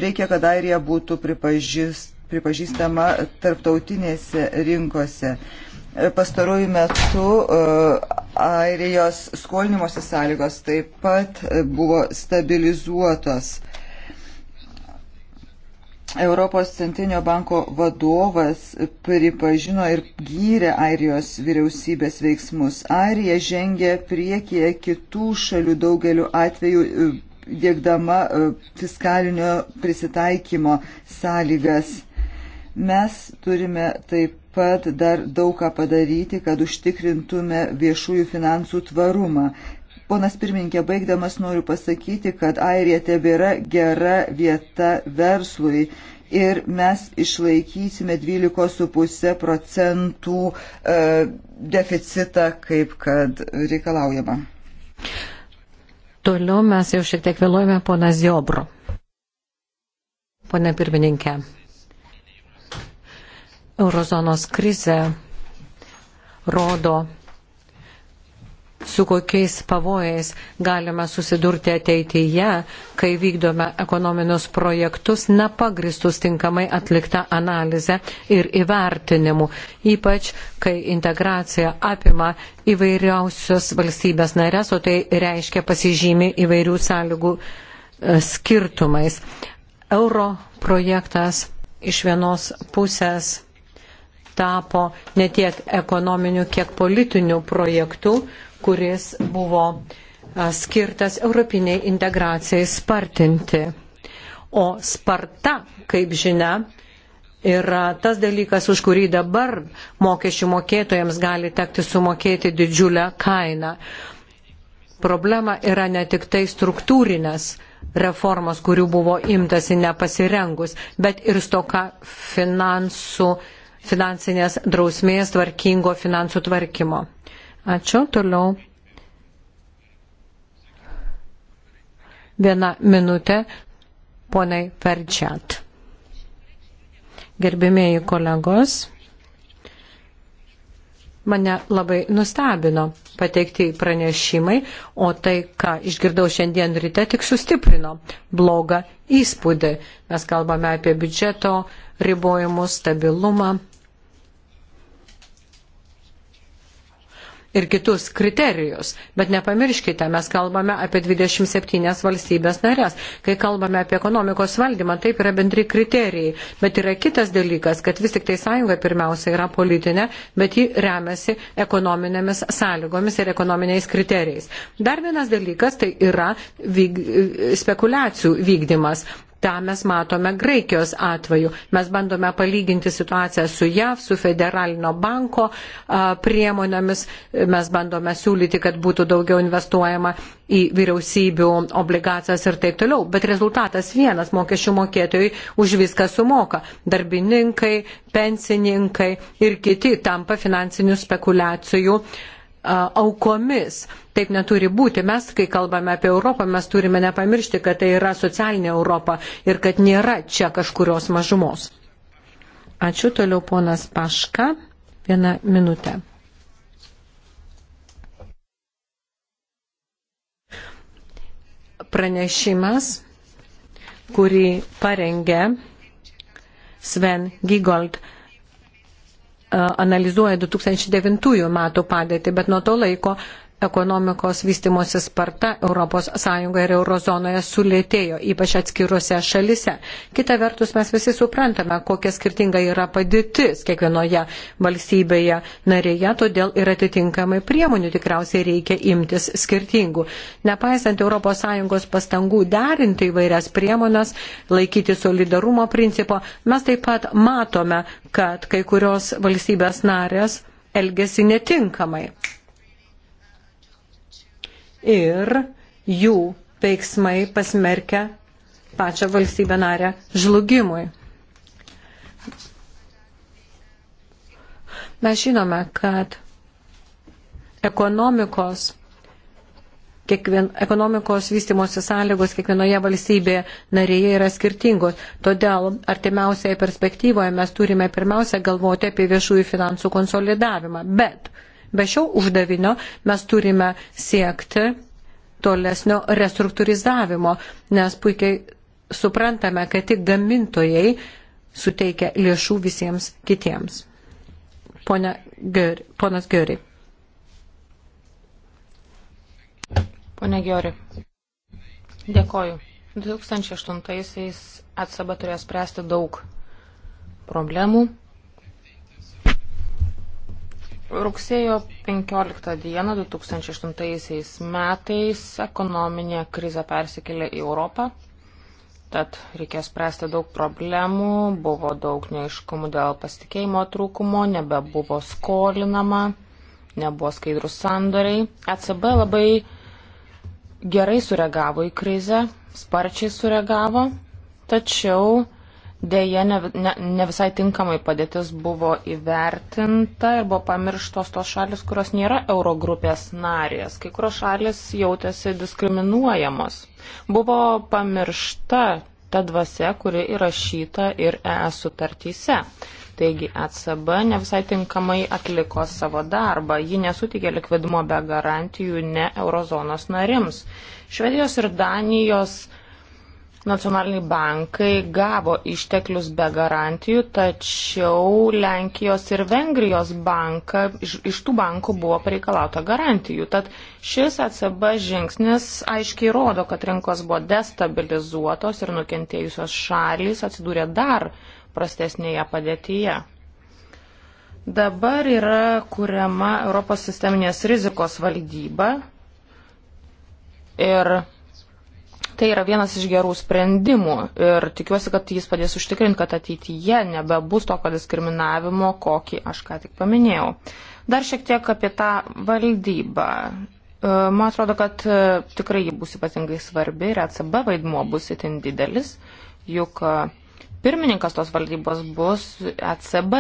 Reikia, kad Airija būtų pripažįstama tarptautinėse rinkose pastarųjų metų e, Airijos skolinimosi sąlygos taip pat e, buvo stabilizuotos. Europos centrinio banko vadovas pripažino ir gyrė Airijos vyriausybės veiksmus. Airija žengė priekyje kitų šalių daugeliu atveju e, dėkdama fiskalinio prisitaikymo sąlygas. Mes turime taip pat dar daug ką padaryti, kad užtikrintume viešųjų finansų tvarumą. Ponas pirmininkė, baigdamas noriu pasakyti, kad Airija tebėra gera vieta verslui ir mes išlaikysime 12,5 procentų e, deficitą, kaip kad reikalaujama. Toliau mes jau šiek tiek vėluojame ponas Ziobro. Pone pirmininkė. Eurozonos krize rodo, su kokiais pavojais galime susidurti ateityje, kai vykdome ekonominius projektus nepagristus tinkamai atlikta analizė ir įvertinimu, ypač kai integracija apima įvairiausios valstybės narės, o tai reiškia pasižymi įvairių sąlygų e, skirtumais. Euro projektas iš vienos pusės tapo ne tiek ekonominiu, kiek politiniu projektu, kuris buvo skirtas europiniai integracijai spartinti. O sparta, kaip žinia, yra tas dalykas, už kurį dabar mokesčių mokėtojams gali tekti sumokėti didžiulę kainą. Problema yra ne tik tai struktūrinės reformos, kurių buvo imtasi nepasirengus, bet ir stoka finansų finansinės drausmės tvarkingo finansų tvarkymo. Ačiū. Toliau. Viena minutė ponai Verčiat. Gerbimieji kolegos mane labai nustebino pateikti pranešimai, o tai, ką išgirdau šiandien ryte, tik sustiprino blogą įspūdį. Mes kalbame apie biudžeto ribojimus, stabilumą, ir kitus kriterijus. Bet nepamirškite, mes kalbame apie 27 valstybės narės. Kai kalbame apie ekonomikos valdymą, taip yra bendri kriterijai. Bet yra kitas dalykas, kad vis tik tai sąjunga pirmiausia yra politinė, bet ji remiasi ekonominėmis sąlygomis ir ekonominiais kriterijais. Dar vienas dalykas tai yra vyg, spekulacijų vykdymas tą mes matome Graikijos atveju. Mes bandome palyginti situaciją su JAV, su federalinio banko priemonėmis, mes bandome siūlyti, kad būtų daugiau investuojama į vyriausybių obligacijas ir taip toliau. Bet rezultatas vienas - mokesčių mokėtojai už viską sumoka. Darbininkai, pensininkai ir kiti tampa finansinių spekulacijų aukomis. Taip neturi būti. Mes, kai kalbame apie Europą, mes turime nepamiršti, kad tai yra socialinė Europa ir kad nėra čia kažkurios mažumos. Ačiū toliau ponas Paška. Vieną minutę. Pranešimas, kurį parengė Sven Gigold e, analizuoja 2009 metų padėtį, bet nuo to laiko ekonomikos vystimosi sparta ES ir eurozonoje sulėtėjo, ypač atskiruose šalise. Kita vertus, mes visi suprantame, kokia skirtinga yra padėtis kiekvienoje valstybėje narėje, todėl ir atitinkamai priemonių tikriausiai reikia imtis skirtingų. Nepaisant ES pastangų derinti įvairias priemonės, laikyti solidarumo principo, mes taip pat matome, kad kai kurios valstybės narės elgesi netinkamai ir jų veiksmai pasmerkia pačią valstybę narę žlugimui. Mes žinome, kad ekonomikos, kiekvien, ekonomikos vystimosi sąlygos kiekvienoje valstybėje narėje yra skirtingos. Todėl artimiausioje perspektyvoje mes turime pirmiausia galvoti apie viešųjų finansų konsolidavimą. Bet Be šio uždavinio mes turime siekti tolesnio restruktūrizavimo, nes puikiai suprantame, kad tik gamintojai suteikia lėšų visiems kitiems. Pone Geri, ponas Geri. Pone Geri, dėkoju. 2008-aisiais atsaba turėjo spręsti daug problemų Rugsėjo 15 dieną 2008 metais ekonominė krize persikėlė į Europą, tad reikės spręsti daug problemų, buvo daug neiškumų dėl pasitikėjimo trūkumo, nebebuvo skolinama, nebuvo skaidrus sandoriai. ECB labai gerai sureagavo į krizę, sparčiai sureagavo, tačiau Deja, ne, ne, ne visai tinkamai padėtis buvo įvertinta ir buvo pamirštos tos šalis, kurios nėra Eurogrupės narės. Kai kurios šalis jautėsi diskriminuojamos. Buvo pamiršta ta dvasia, kuri įrašyta ir ES sutartyse. Taigi ECB ne visai tinkamai atliko savo darbą. Ji nesutikė likvidumo be garantijų ne eurozonos narims. Švedijos ir Danijos Nacionaliniai bankai gavo išteklius be garantijų, tačiau Lenkijos ir Vengrijos banka, iš, iš tų bankų buvo pareikalauta garantijų. Tad šis ECB žingsnis aiškiai rodo, kad rinkos buvo destabilizuotos ir nukentėjusios šalys atsidūrė dar prastesnėje padėtyje. Dabar yra kuriama Europos sisteminės rizikos valdyba ir tai yra vienas iš gerų sprendimų ir tikiuosi, kad jis padės užtikrinti, kad ateityje nebebus tokio diskriminavimo, kokį aš ką tik paminėjau. Dar šiek tiek apie tą valdybą. E, man atrodo, kad e, tikrai ji bus ypatingai svarbi ir ECB vaidmuo bus itin didelis, juk e, pirmininkas tos valdybos bus ECB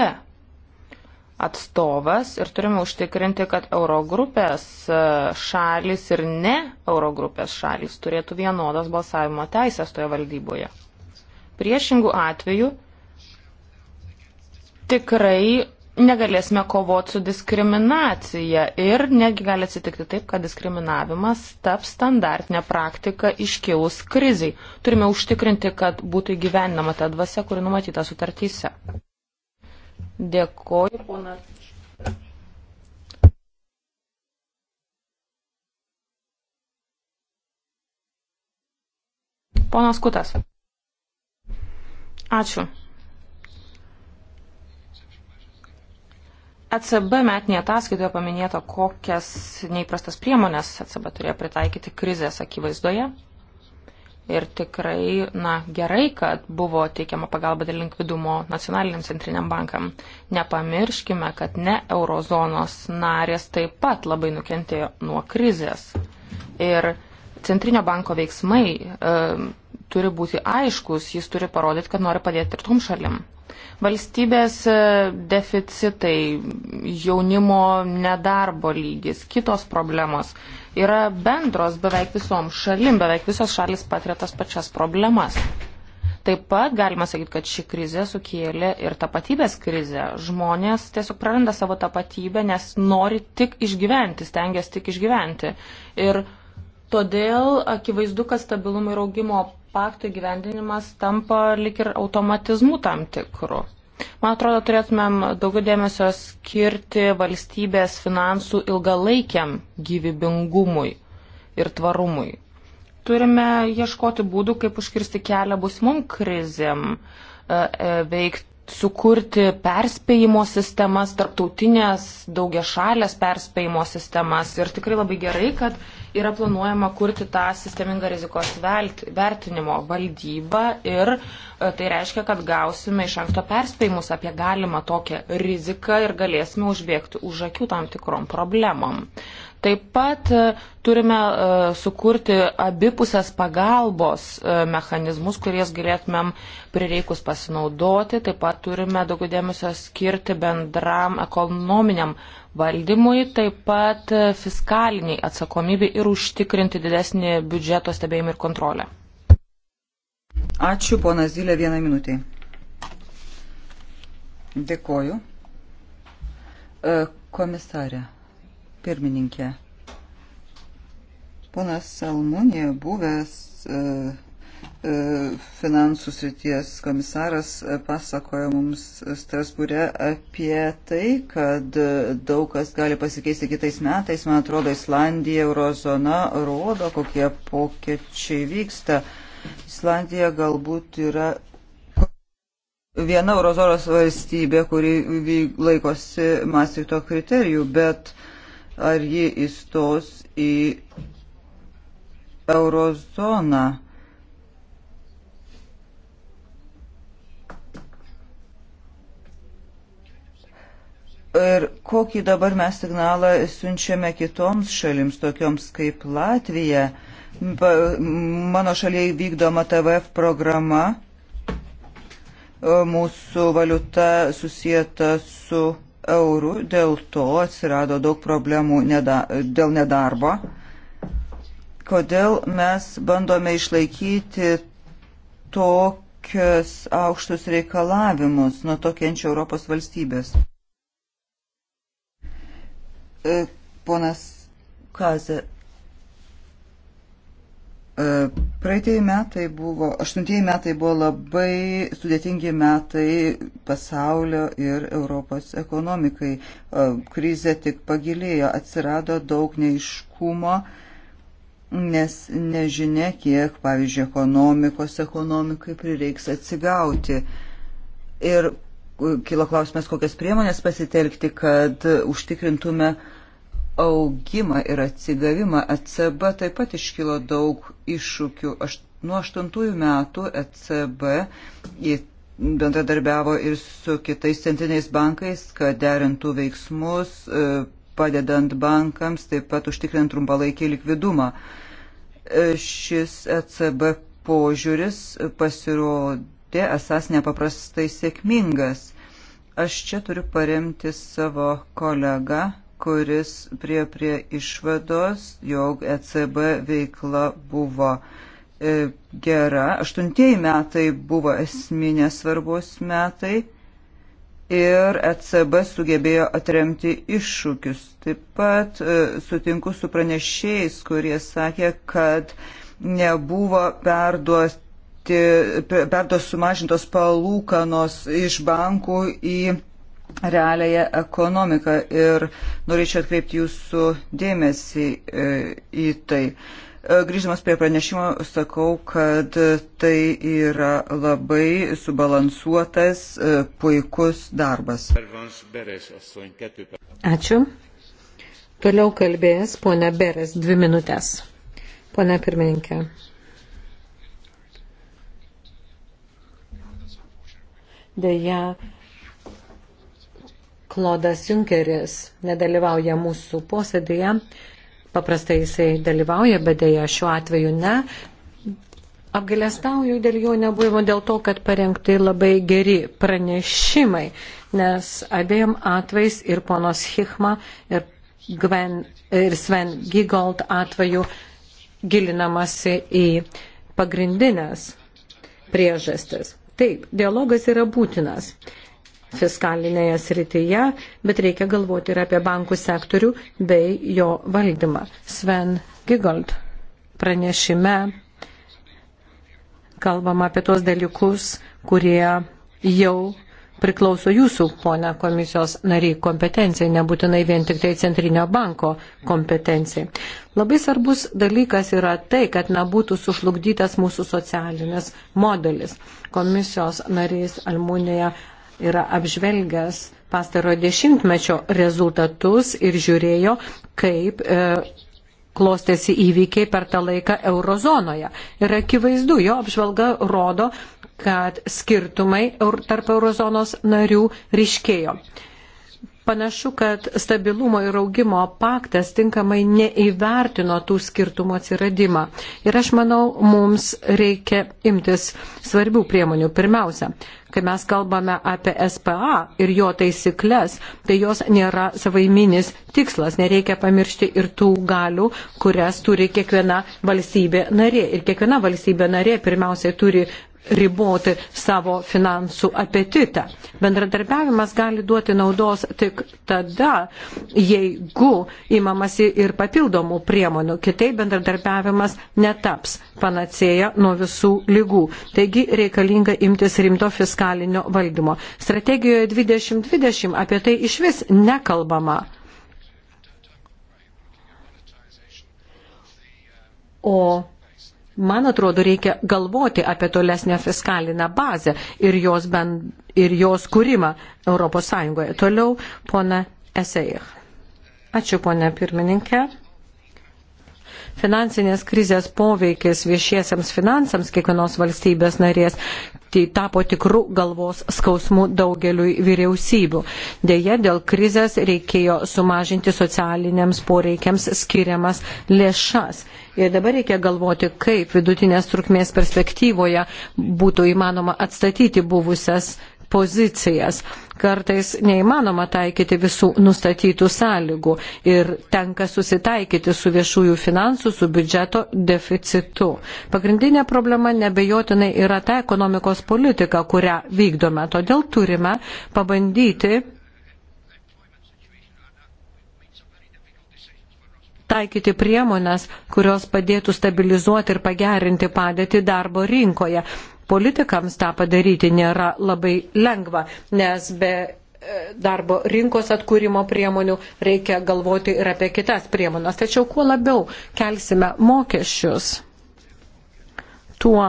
atstovas ir turime užtikrinti, kad Eurogrupės e, šalis ir ne Eurogrupės šalis turėtų vienodas balsavimo teisės toje valdyboje. Priešingų atveju tikrai negalėsime kovoti su diskriminacija ir netgi gali atsitikti taip, kad diskriminavimas taps standartinė praktika iškilus kriziai. Turime užtikrinti, kad būtų įgyvendinama ta dvasia, kuri numatyta sutartyse. Dėkoju, ponas. Ponas Kutas. Ačiū. ECB metinėje ataskaitoje paminėta, kokias neįprastas priemonės ECB turėjo pritaikyti krizės akivaizdoje. Ir tikrai, na, gerai, kad buvo teikiama pagalba dėl likvidumo nacionaliniam centriniam bankam. Nepamirškime, kad ne eurozonos narės taip pat labai nukentėjo nuo krizės. Ir centrinio banko veiksmai e, turi būti aiškus, jis turi parodyti, kad nori padėti ir tom šalim. Valstybės e, deficitai, jaunimo nedarbo lygis, kitos problemos yra bendros beveik visom šalim, beveik visos šalis patiria tas pačias problemas. Taip pat galima sakyti, kad ši krizė sukėlė ir tapatybės krizę. Žmonės tiesiog praranda savo tapatybę, nes nori tik išgyventi, stengiasi tik išgyventi. Ir Todėl akivaizdu, kad stabilumo ir augimo pakto įgyvendinimas tampa lik ir automatizmu tam tikru. Man atrodo, turėtumėm daugiau dėmesio skirti valstybės finansų ilgalaikiam gyvybingumui ir tvarumui. Turime ieškoti būdų, kaip užkirsti kelią busimum krizėm, e, e, veikti sukurti perspėjimo sistemas, tarptautinės daugia šalės perspėjimo sistemas. Ir tikrai labai gerai, kad uh, yra planuojama kurti tą sistemingą rizikos vertinimo valdybą ir e, tai reiškia, kad gausime iš anksto perspėjimus apie galimą tokią riziką ir galėsime užbėgti už akių tam tikrom problemom. Taip pat e, turime e, sukurti abipusės pagalbos mechanizmus, kuriais galėtumėm prireikus pasinaudoti. Taip pat turime daugiau dėmesio skirti bendram ekonominiam valdymui, taip pat fiskaliniai atsakomybė ir užtikrinti didesnį biudžeto stebėjimą ir kontrolę. Ačiū, ponas Zylė, vieną minutį. Dėkoju. E, komisarė, pirmininkė. Ponas Salmonė, buvęs e, E, finansų srities komisaras e, pasakojo mums Strasbūre apie tai, kad e, daug kas gali pasikeisti kitais metais. Man atrodo, Islandija, Eurozona rodo, kokie pokėčiai vyksta. Islandija galbūt yra viena Eurozonos valstybė, kuri laikosi Maastrichto kriterijų, bet ar ji įstos į Eurozoną? Ir kokį dabar mes signalą siunčiame kitoms šalims, tokioms kaip Latvija. Mano šaliai vykdoma TVF programa. Mūsų valiuta susijęta su eurų, dėl to atsirado daug problemų neda, dėl nedarbo. Kodėl mes bandome išlaikyti tokius aukštus reikalavimus nuo to kenčia Europos valstybės? E, ponas Kazė. E, praeitieji metai buvo, aštuntieji metai buvo labai sudėtingi metai pasaulio ir Europos ekonomikai. E, Krize tik pagilėjo, atsirado daug neiškumo, nes nežinia, kiek, pavyzdžiui, ekonomikos ekonomikai prireiks atsigauti. Ir kilo klausimas, kokias priemonės pasitelkti, kad užtikrintume augimą ir atsigavimą. ECB taip pat iškilo daug iššūkių. Aš, nuo aštuntųjų metų ECB bendradarbiavo ir su kitais centriniais bankais, kad derintų veiksmus, e, padedant bankams, taip pat užtikrinant trumpalaikį likvidumą. E, šis ECB požiūris pasirodė projekte esas nepaprastai sėkmingas. Aš čia turiu paremti savo kolegą, kuris prie prie išvados, jog ECB veikla buvo e, gera. Aštuntieji metai buvo esminės svarbos metai ir ECB sugebėjo atremti iššūkius. Taip pat e, sutinku su pranešėjais, kurie sakė, kad nebuvo perduoti perduoti, perduos sumažintos palūkanos iš bankų į realiąją ekonomiką ir norėčiau atkreipti jūsų dėmesį e, į tai. E, grįždamas prie pranešimo, sakau, kad tai yra labai subalansuotas, e, puikus darbas. Ačiū. Toliau kalbės ponia Beres, dvi minutės. Pone pirmininkė, Deja, Klodas Junkeris nedalyvauja mūsų posėdėje. Paprastai jisai dalyvauja, bet deja šiuo atveju ne. Apgalėstauju dėl jo nebuvimo, dėl to, kad parengti labai geri pranešimai, nes abiem atvejais ir ponos Hichma ir, Gwen, ir Sven Gigold atveju gilinamasi į pagrindinės priežastis. Taip, dialogas yra būtinas fiskalinėje srityje, bet reikia galvoti ir apie bankų sektorių bei jo valdymą. Sven Gigold pranešime kalbama apie tos dalykus, kurie jau priklauso jūsų, ponia komisijos nariai, kompetencijai, nebūtinai vien tik tai Centrinio banko kompetencijai. Labai svarbus dalykas yra tai, kad nebūtų sužlugdytas mūsų socialinis modelis. Komisijos narys Almūnėje yra apžvelgęs pastaro dešimtmečio rezultatus ir žiūrėjo, kaip. E, klostėsi įvykiai per tą laiką eurozonoje. Ir akivaizdu, jo apžvalga rodo, kad skirtumai tarp eurozonos narių ryškėjo. Panašu, kad stabilumo ir augimo paktas tinkamai neįvertino tų skirtumų atsiradimą. Ir aš manau, mums reikia imtis svarbių priemonių. Pirmiausia, kai mes kalbame apie SPA ir jo taisyklės, tai jos nėra savaiminis tikslas. Nereikia pamiršti ir tų galių, kurias turi kiekviena valstybė narė. Ir kiekviena valstybė narė pirmiausiai turi riboti savo finansų apetitą. Bendradarbiavimas gali duoti naudos tik tada, jeigu imamasi ir papildomų priemonių. Kitai bendradarbiavimas netaps panacėja nuo visų lygų. Taigi reikalinga imtis rimto fiskalinio valdymo. Strategijoje 2020 apie tai iš vis nekalbama. O man atrodo, reikia galvoti apie tolesnę fiskalinę bazę ir jos, ben, ir jos kūrimą Europos Sąjungoje. Toliau, pona Eseich. Ačiū, pone pirmininkė finansinės krizės poveikis viešiesiams finansams kiekvienos valstybės narės tai tapo tikrų galvos skausmų daugeliui vyriausybių. Deja, dėl krizės reikėjo sumažinti socialiniams poreikiams skiriamas lėšas. Ir dabar reikia galvoti, kaip vidutinės trukmės perspektyvoje būtų įmanoma atstatyti buvusias pozicijas. Kartais neįmanoma taikyti visų nustatytų sąlygų ir tenka susitaikyti su viešųjų finansų, su biudžeto deficitu. Pagrindinė problema nebejotinai yra ta ekonomikos politika, kurią vykdome. Todėl turime pabandyti taikyti priemonės, kurios padėtų stabilizuoti ir pagerinti padėtį darbo rinkoje politikams tą padaryti nėra labai lengva, nes be e, darbo rinkos atkūrimo priemonių reikia galvoti ir apie kitas priemonas. Tačiau kuo labiau kelsime mokesčius, tuo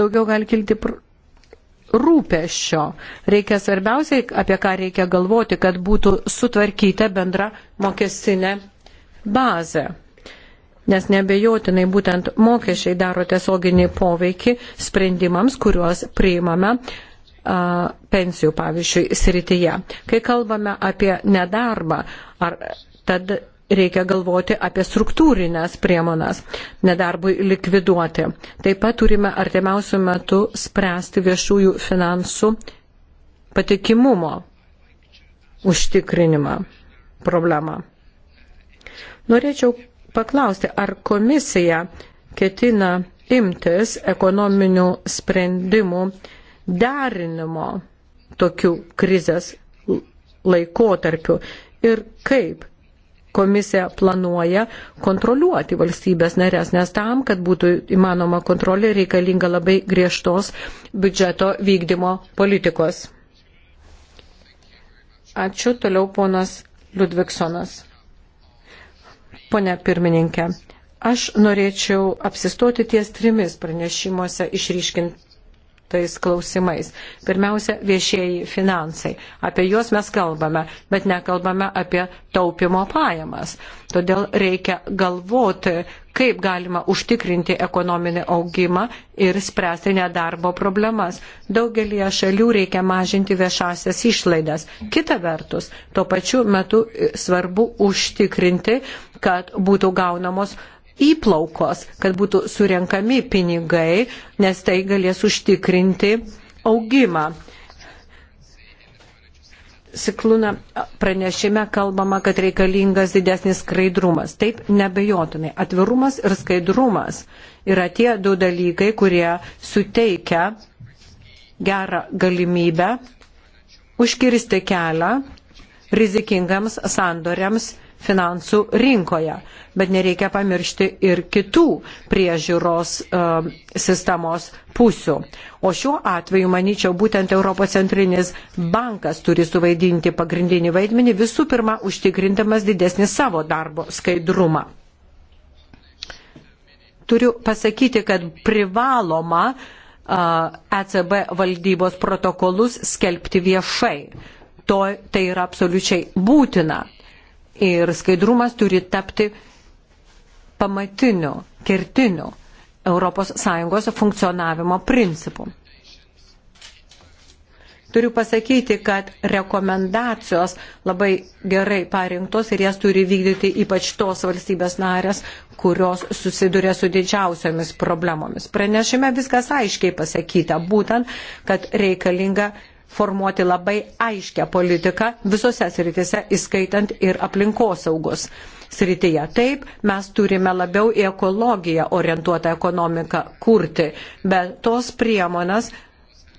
daugiau gali kilti rūpešio. Reikia svarbiausiai, apie ką reikia galvoti, kad būtų sutvarkyta bendra mokestinė bazė nes nebejotinai būtent mokesčiai daro tiesioginį poveikį sprendimams, kuriuos priimame pensijų, pavyzdžiui, srityje. Kai kalbame apie nedarbą, ar tad reikia galvoti apie struktūrinės priemonas nedarbui likviduoti. Taip pat turime artimiausių metų spręsti viešųjų finansų patikimumo užtikrinimą problemą. Norėčiau paklausti, ar komisija ketina imtis ekonominių sprendimų derinimo tokių krizės laikotarpių ir kaip komisija planuoja kontroliuoti valstybės narės, nes tam, kad būtų įmanoma kontrolė, reikalinga labai griežtos biudžeto vykdymo politikos. Ačiū, toliau ponas Ludviksonas. Pone pirmininkė, aš norėčiau apsistoti ties trimis pranešimuose išryškint tais klausimais. Pirmiausia, viešieji finansai. Apie juos mes kalbame, bet nekalbame apie taupimo pajamas. Todėl reikia galvoti, kaip galima užtikrinti ekonominį augimą ir spręsti nedarbo problemas. Daugelie šalių reikia mažinti viešasias išlaidas. Kita vertus, tuo pačiu metu svarbu užtikrinti, kad būtų gaunamos uh, įplaukos, kad būtų surenkami pinigai, nes tai galės užtikrinti augimą. Siklūna pranešime kalbama, kad reikalingas didesnis skaidrumas. Taip, nebejotinai. Atvirumas ir skaidrumas yra tie du dalykai, kurie suteikia gerą galimybę užkirsti kelią rizikingams sandoriams finansų rinkoje. Bet nereikia pamiršti ir kitų priežiūros uh, sistemos pusių. O šiuo atveju, manyčiau, būtent Europos centrinis bankas turi suvaidinti pagrindinį vaidmenį, visų pirma, užtikrindamas didesnį savo darbo skaidrumą. Turiu pasakyti, kad privaloma uh, e, ECB valdybos protokolus skelbti viešai to tai yra absoliučiai būtina ir skaidrumas turi tapti pamatiniu, kertiniu ES funkcionavimo principu. Turiu pasakyti, kad rekomendacijos labai gerai parinktos ir jas turi vykdyti ypač tos valstybės narės, kurios susiduria su didžiausiomis problemomis. Pranešime viskas aiškiai pasakyta, būtent, kad reikalinga formuoti labai aiškę politiką visose sritise, įskaitant ir aplinkosaugos srityje. Taip, mes turime labiau į ekologiją orientuotą ekonomiką kurti, bet tos priemonės,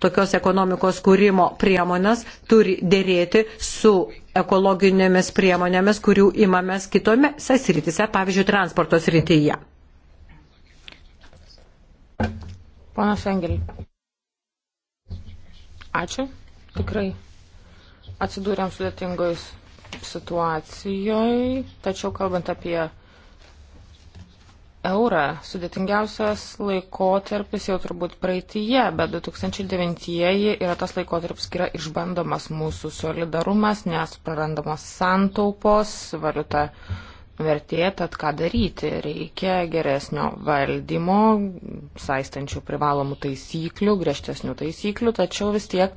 tokios ekonomikos kūrimo priemonės turi dėrėti su ekologinėmis priemonėmis, kurių imamės kitome sritise, pavyzdžiui, transporto srityje. Pana Šengel. Ačiū. Tikrai atsidūrėm sudėtingoj situacijoje, tačiau kalbant apie eurą, sudėtingiausias laikotarpis jau turbūt praeitįje, bet 2009-ieji yra tas laikotarpis, kai yra išbandomas mūsų solidarumas, nes prarandamos santaupos, valiuta vertė, tad ką daryti? Reikia geresnio valdymo, saistančių privalomų taisyklių, griežtesnių taisyklių, tačiau vis tiek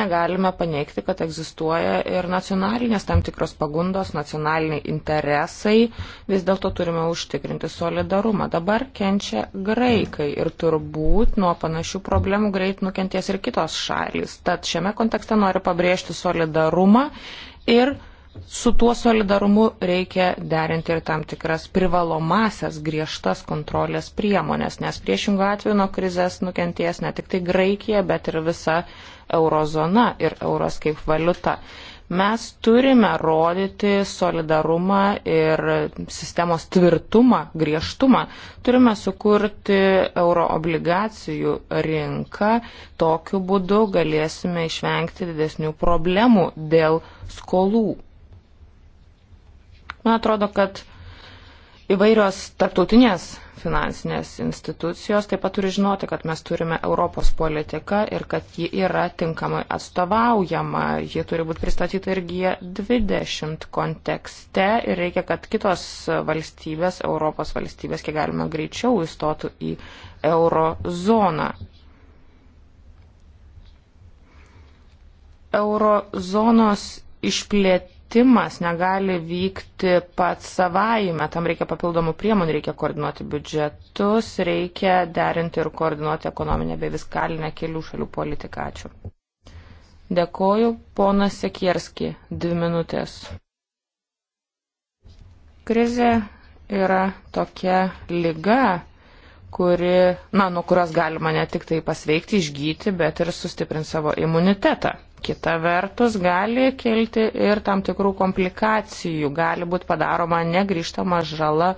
negalime paneigti, kad egzistuoja ir nacionalinės tam tikros pagundos, nacionaliniai interesai, vis dėlto turime užtikrinti solidarumą. Dabar kenčia graikai ir turbūt nuo panašių problemų greit nukenties ir kitos šalis. Tad šiame kontekste noriu pabrėžti solidarumą ir su tuo solidarumu reikia derinti ir tam tikras privalomasias griežtas kontrolės priemonės, nes priešingų atveju nuo krizės nukenties ne tik tai Graikija, bet ir visa eurozona ir euros kaip valiuta. Mes turime rodyti solidarumą ir sistemos tvirtumą, griežtumą. Turime sukurti euro obligacijų rinką. Tokiu būdu galėsime išvengti didesnių problemų dėl skolų. Man atrodo, kad įvairios tarptautinės finansinės institucijos taip pat turi žinoti, kad mes turime Europos politiką ir kad ji yra tinkamai atstovaujama. Ji turi būti pristatyta ir G20 kontekste ir reikia, kad kitos valstybės, Europos valstybės, kiek galima greičiau įstotų į eurozoną. Eurozonos išplėtimas keitimas negali vykti pats savaime, tam reikia papildomų priemonių, reikia koordinuoti biudžetus, reikia derinti ir koordinuoti ekonominę bei viskalinę kelių šalių politiką. Ačiū. Dėkoju, ponas Sekierski, dvi minutės. Krizė yra tokia lyga, kuri, na, nuo kurios galima ne tik tai pasveikti, išgyti, bet ir sustiprinti savo imunitetą. Kita vertus, gali kilti ir tam tikrų komplikacijų, gali būti padaroma negryžtama žala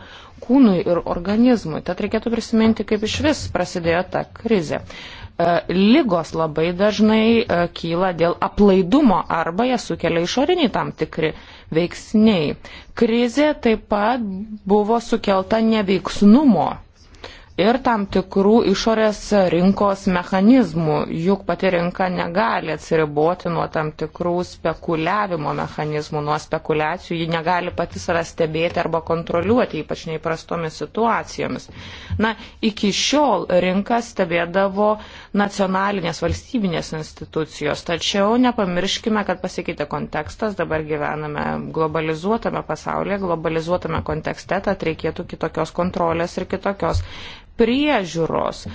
kūnui ir organizmui. Tad reikėtų prisiminti, kaip iš vis prasidėjo ta krizė. E, Lygos labai dažnai e, kyla dėl aplaidumo arba jas sukelia išoriniai tam tikri veiksniai. Krizė taip pat buvo sukelta neveiksnumo ir tam tikrų išorės rinkos mechanizmų, juk pati rinka negali atsiriboti nuo tam tikrų spekuliavimo mechanizmų, nuo spekulacijų, ji negali pati savęs stebėti arba kontroliuoti, ypač neįprastomis situacijomis. Na, iki šiol rinką stebėdavo nacionalinės valstybinės institucijos, tačiau nepamirškime, kad pasikeitė kontekstas, dabar gyvename globalizuotame pasaulyje, globalizuotame kontekste, tad reikėtų kitokios kontrolės ir kitokios priežiūros. E,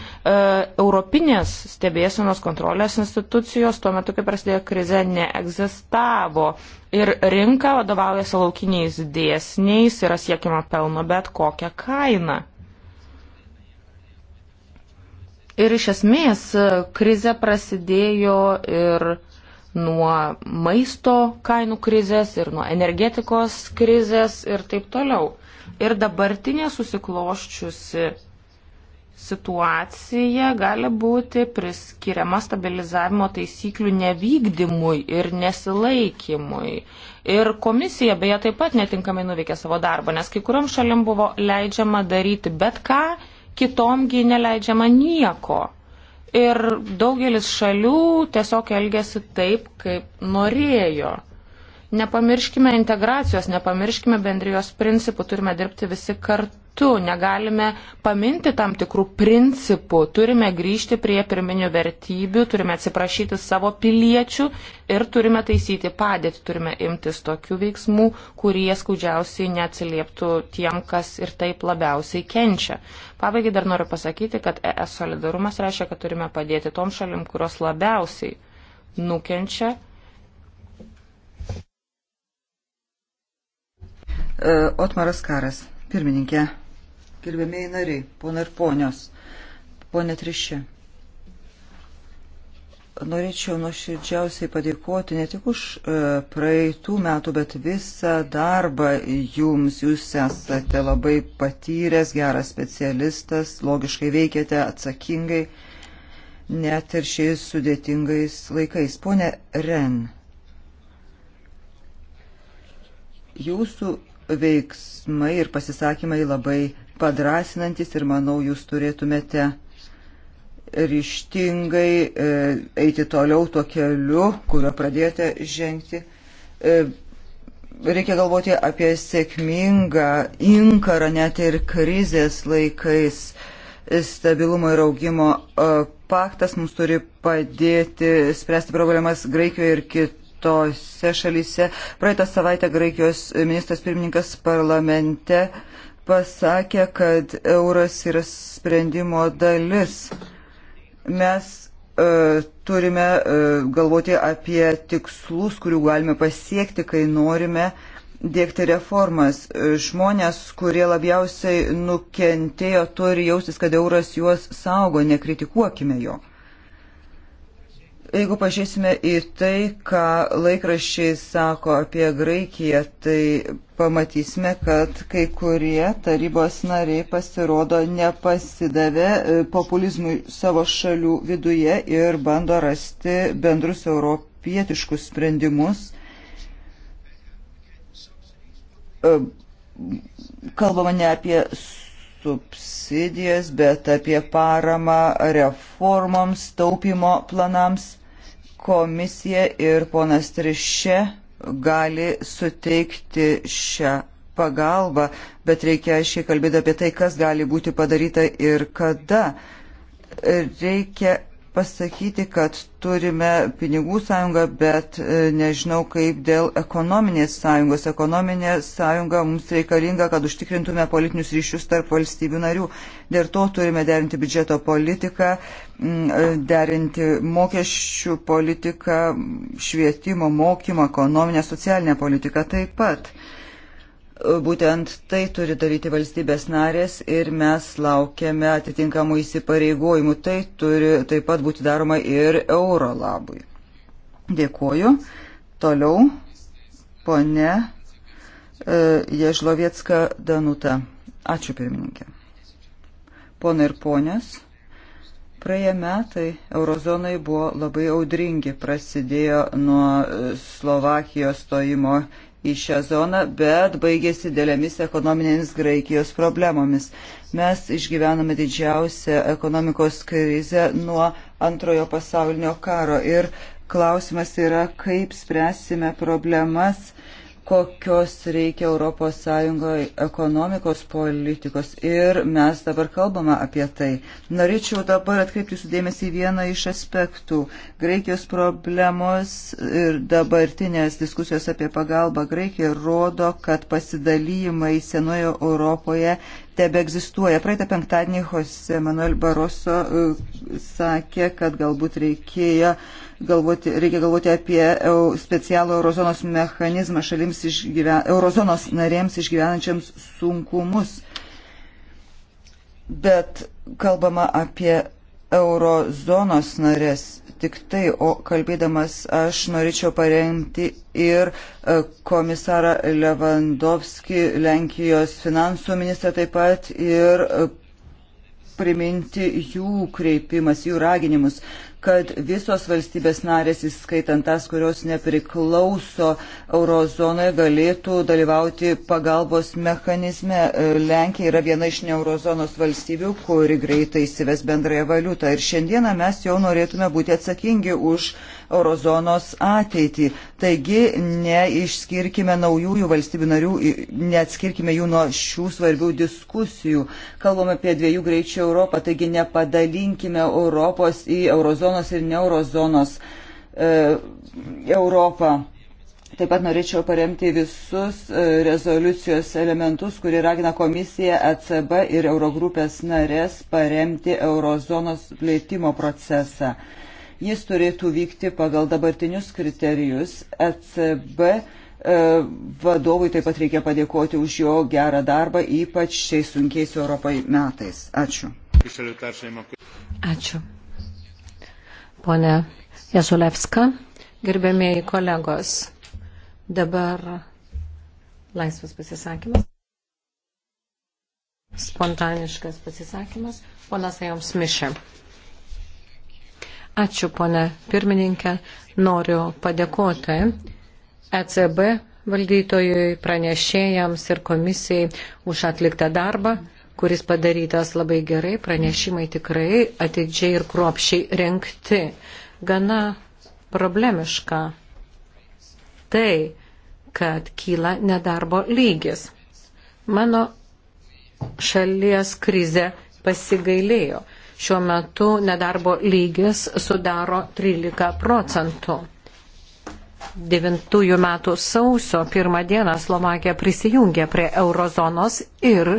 Europinės stebėsenos kontrolės institucijos tuo metu, kai prasidėjo krize, neegzistavo. Ir rinka vadovaujasi laukiniais dėsniais, yra siekiama pelno bet kokią kainą. Ir iš esmės e, krize prasidėjo ir nuo maisto kainų krizės, ir nuo energetikos krizės ir taip toliau. Ir dabartinė susikloščiusi situacija gali būti priskiriama stabilizavimo taisyklių nevykdymui ir nesilaikymui. Ir komisija beje taip pat netinkamai nuveikė savo darbą, nes kai kuriam šalim buvo leidžiama daryti bet ką, kitomgi neleidžiama nieko. Ir daugelis šalių tiesiog elgėsi taip, kaip norėjo. Nepamirškime integracijos, nepamirškime bendrijos principų, turime dirbti visi kartu metu negalime paminti tam tikrų principų, turime grįžti prie pirminių vertybių, turime atsiprašyti savo piliečių ir turime taisyti padėtį, turime imtis tokių veiksmų, kurie skaudžiausiai neatsilieptų tiem, kas ir taip labiausiai kenčia. Pabaigai dar noriu pasakyti, kad ES solidarumas reiškia, kad turime padėti tom šalim, kurios labiausiai nukenčia e, Otmaras Karas, pirmininkė gerbėmiai nariai, pona ir ponios, ponė Trišė. Norėčiau nuoširdžiausiai padėkoti ne tik už e, praeitų metų, bet visą darbą jums. Jūs esate labai patyręs, geras specialistas, logiškai veikiate, atsakingai, net ir šiais sudėtingais laikais. Pone Ren, jūsų veiksmai ir pasisakymai labai padrasinantis ir manau jūs turėtumėte ryštingai e, eiti toliau tuo keliu, kurio pradėjote žengti. E, reikia galvoti apie sėkmingą inkarą net ir krizės laikais. Stabilumo ir augimo e, paktas mums turi padėti spręsti problemas Graikijoje ir kitose šalyse. Praeitą savaitę Graikijos ministras pirmininkas parlamente uh, pasakė, kad euras yra sprendimo dalis. Mes e, turime e, galvoti apie tikslus, kurių galime pasiekti, kai norime dėkti reformas. Žmonės, kurie labiausiai nukentėjo, turi jaustis, kad euras juos saugo, nekritikuokime jo. Jeigu pažiūrėsime į tai, ką laikraščiai sako apie Graikiją, tai pamatysime, kad kai kurie tarybos nariai pasirodo nepasidavę e, populizmui savo šalių viduje ir bando rasti bendrus europietiškus sprendimus. E, kalbama ne apie subsidijas, bet apie paramą reformoms, taupimo planams komisija ir ponas Trišė gali suteikti šią pagalbą, bet reikia aiškiai kalbėti apie tai, kas gali būti padaryta ir kada. Reikia pasakyti, kad turime pinigų sąjungą, bet e, nežinau kaip dėl ekonominės sąjungos. Ekonominė sąjunga mums reikalinga, kad užtikrintume politinius ryšius tarp valstybių narių. Dėl to turime derinti biudžeto politiką, e, derinti mokesčių politiką, švietimo, mokymo, ekonominę, socialinę politiką taip pat. Būtent tai turi daryti valstybės narės ir mes laukiame atitinkamų įsipareigojimų. Tai turi taip pat būti daroma ir euro labui. Dėkuoju. Toliau, ponė e, Ježlovietska Danuta. Ačiū pirmininkė. Pona ir ponės. Praėję metai eurozonai buvo labai audringi, prasidėjo nuo Slovakijos stojimo į šią zoną, bet baigėsi dėlėmis ekonominėmis Graikijos problemomis. Mes išgyvename didžiausią ekonomikos krizę nuo antrojo pasaulinio karo ir klausimas yra, kaip spręsime problemas kokios reikia ES ekonomikos politikos ir mes dabar kalbame apie tai. Norėčiau dabar atkreipti jūsų dėmesį į vieną iš aspektų. Graikijos problemos ir dabartinės diskusijos apie pagalbą Graikijai rodo, kad pasidalymai senojo Europoje tebe egzistuoja. Praeitą penktadienį Jose Manuel Baroso uh, e, sakė, kad galbūt reikėjo uh, galvoti, reikia galvoti apie specialų eurozonos mechanizmą šalims išgyven, eurozonos narėms išgyvenančiams sunkumus. Bet kalbama apie eurozonos narės tik tai, o kalbėdamas aš norėčiau paremti ir e, komisarą Levandovskį, Lenkijos finansų ministrą taip pat ir e, priminti jų kreipimas, jų raginimus kad visos valstybės narės, įskaitant tas, kurios nepriklauso eurozonoje, galėtų dalyvauti pagalbos mechanizme. Lenkija yra viena iš neurozonos valstybių, kuri greitai įsives bendrąją valiutą. Ir šiandieną mes jau norėtume būti atsakingi už uh, eurozonos ateitį. Taigi neišskirkime naujųjų valstybių narių, neatskirkime jų nuo šių svarbių diskusijų. Kalbame apie dviejų greičių Europą, taigi nepadalinkime Europos į eurozonos ir neurozonos e, Europą. Taip pat norėčiau paremti visus e, rezoliucijos elementus, kurie ragina komisiją, ECB ir Eurogrupės narės paremti eurozonos plėtimo procesą. Jis turėtų vykti pagal dabartinius kriterijus. ECB e, vadovui taip pat reikia padėkoti už jo gerą darbą, ypač šiais sunkiais Europai metais. Ačiū. Ačiū. Pone Jesulevska, gerbėmėjai kolegos, dabar laisvas pasisakymas. Spontaniškas pasisakymas. Ponas Ajoms Mišė. Ačiū, ponė pirmininkė. Noriu padėkoti ECB valdytojui, pranešėjams ir komisijai už atliktą darbą, kuris padarytas labai gerai, pranešimai tikrai atidžiai ir kruopšiai renkti. Gana problemiška tai, kad kyla nedarbo lygis. Mano šalies krize pasigailėjo Šiuo metu nedarbo lygis sudaro 13 procentų. 2009 metų sausio pirmą dieną Slovakija prisijungė prie eurozonos ir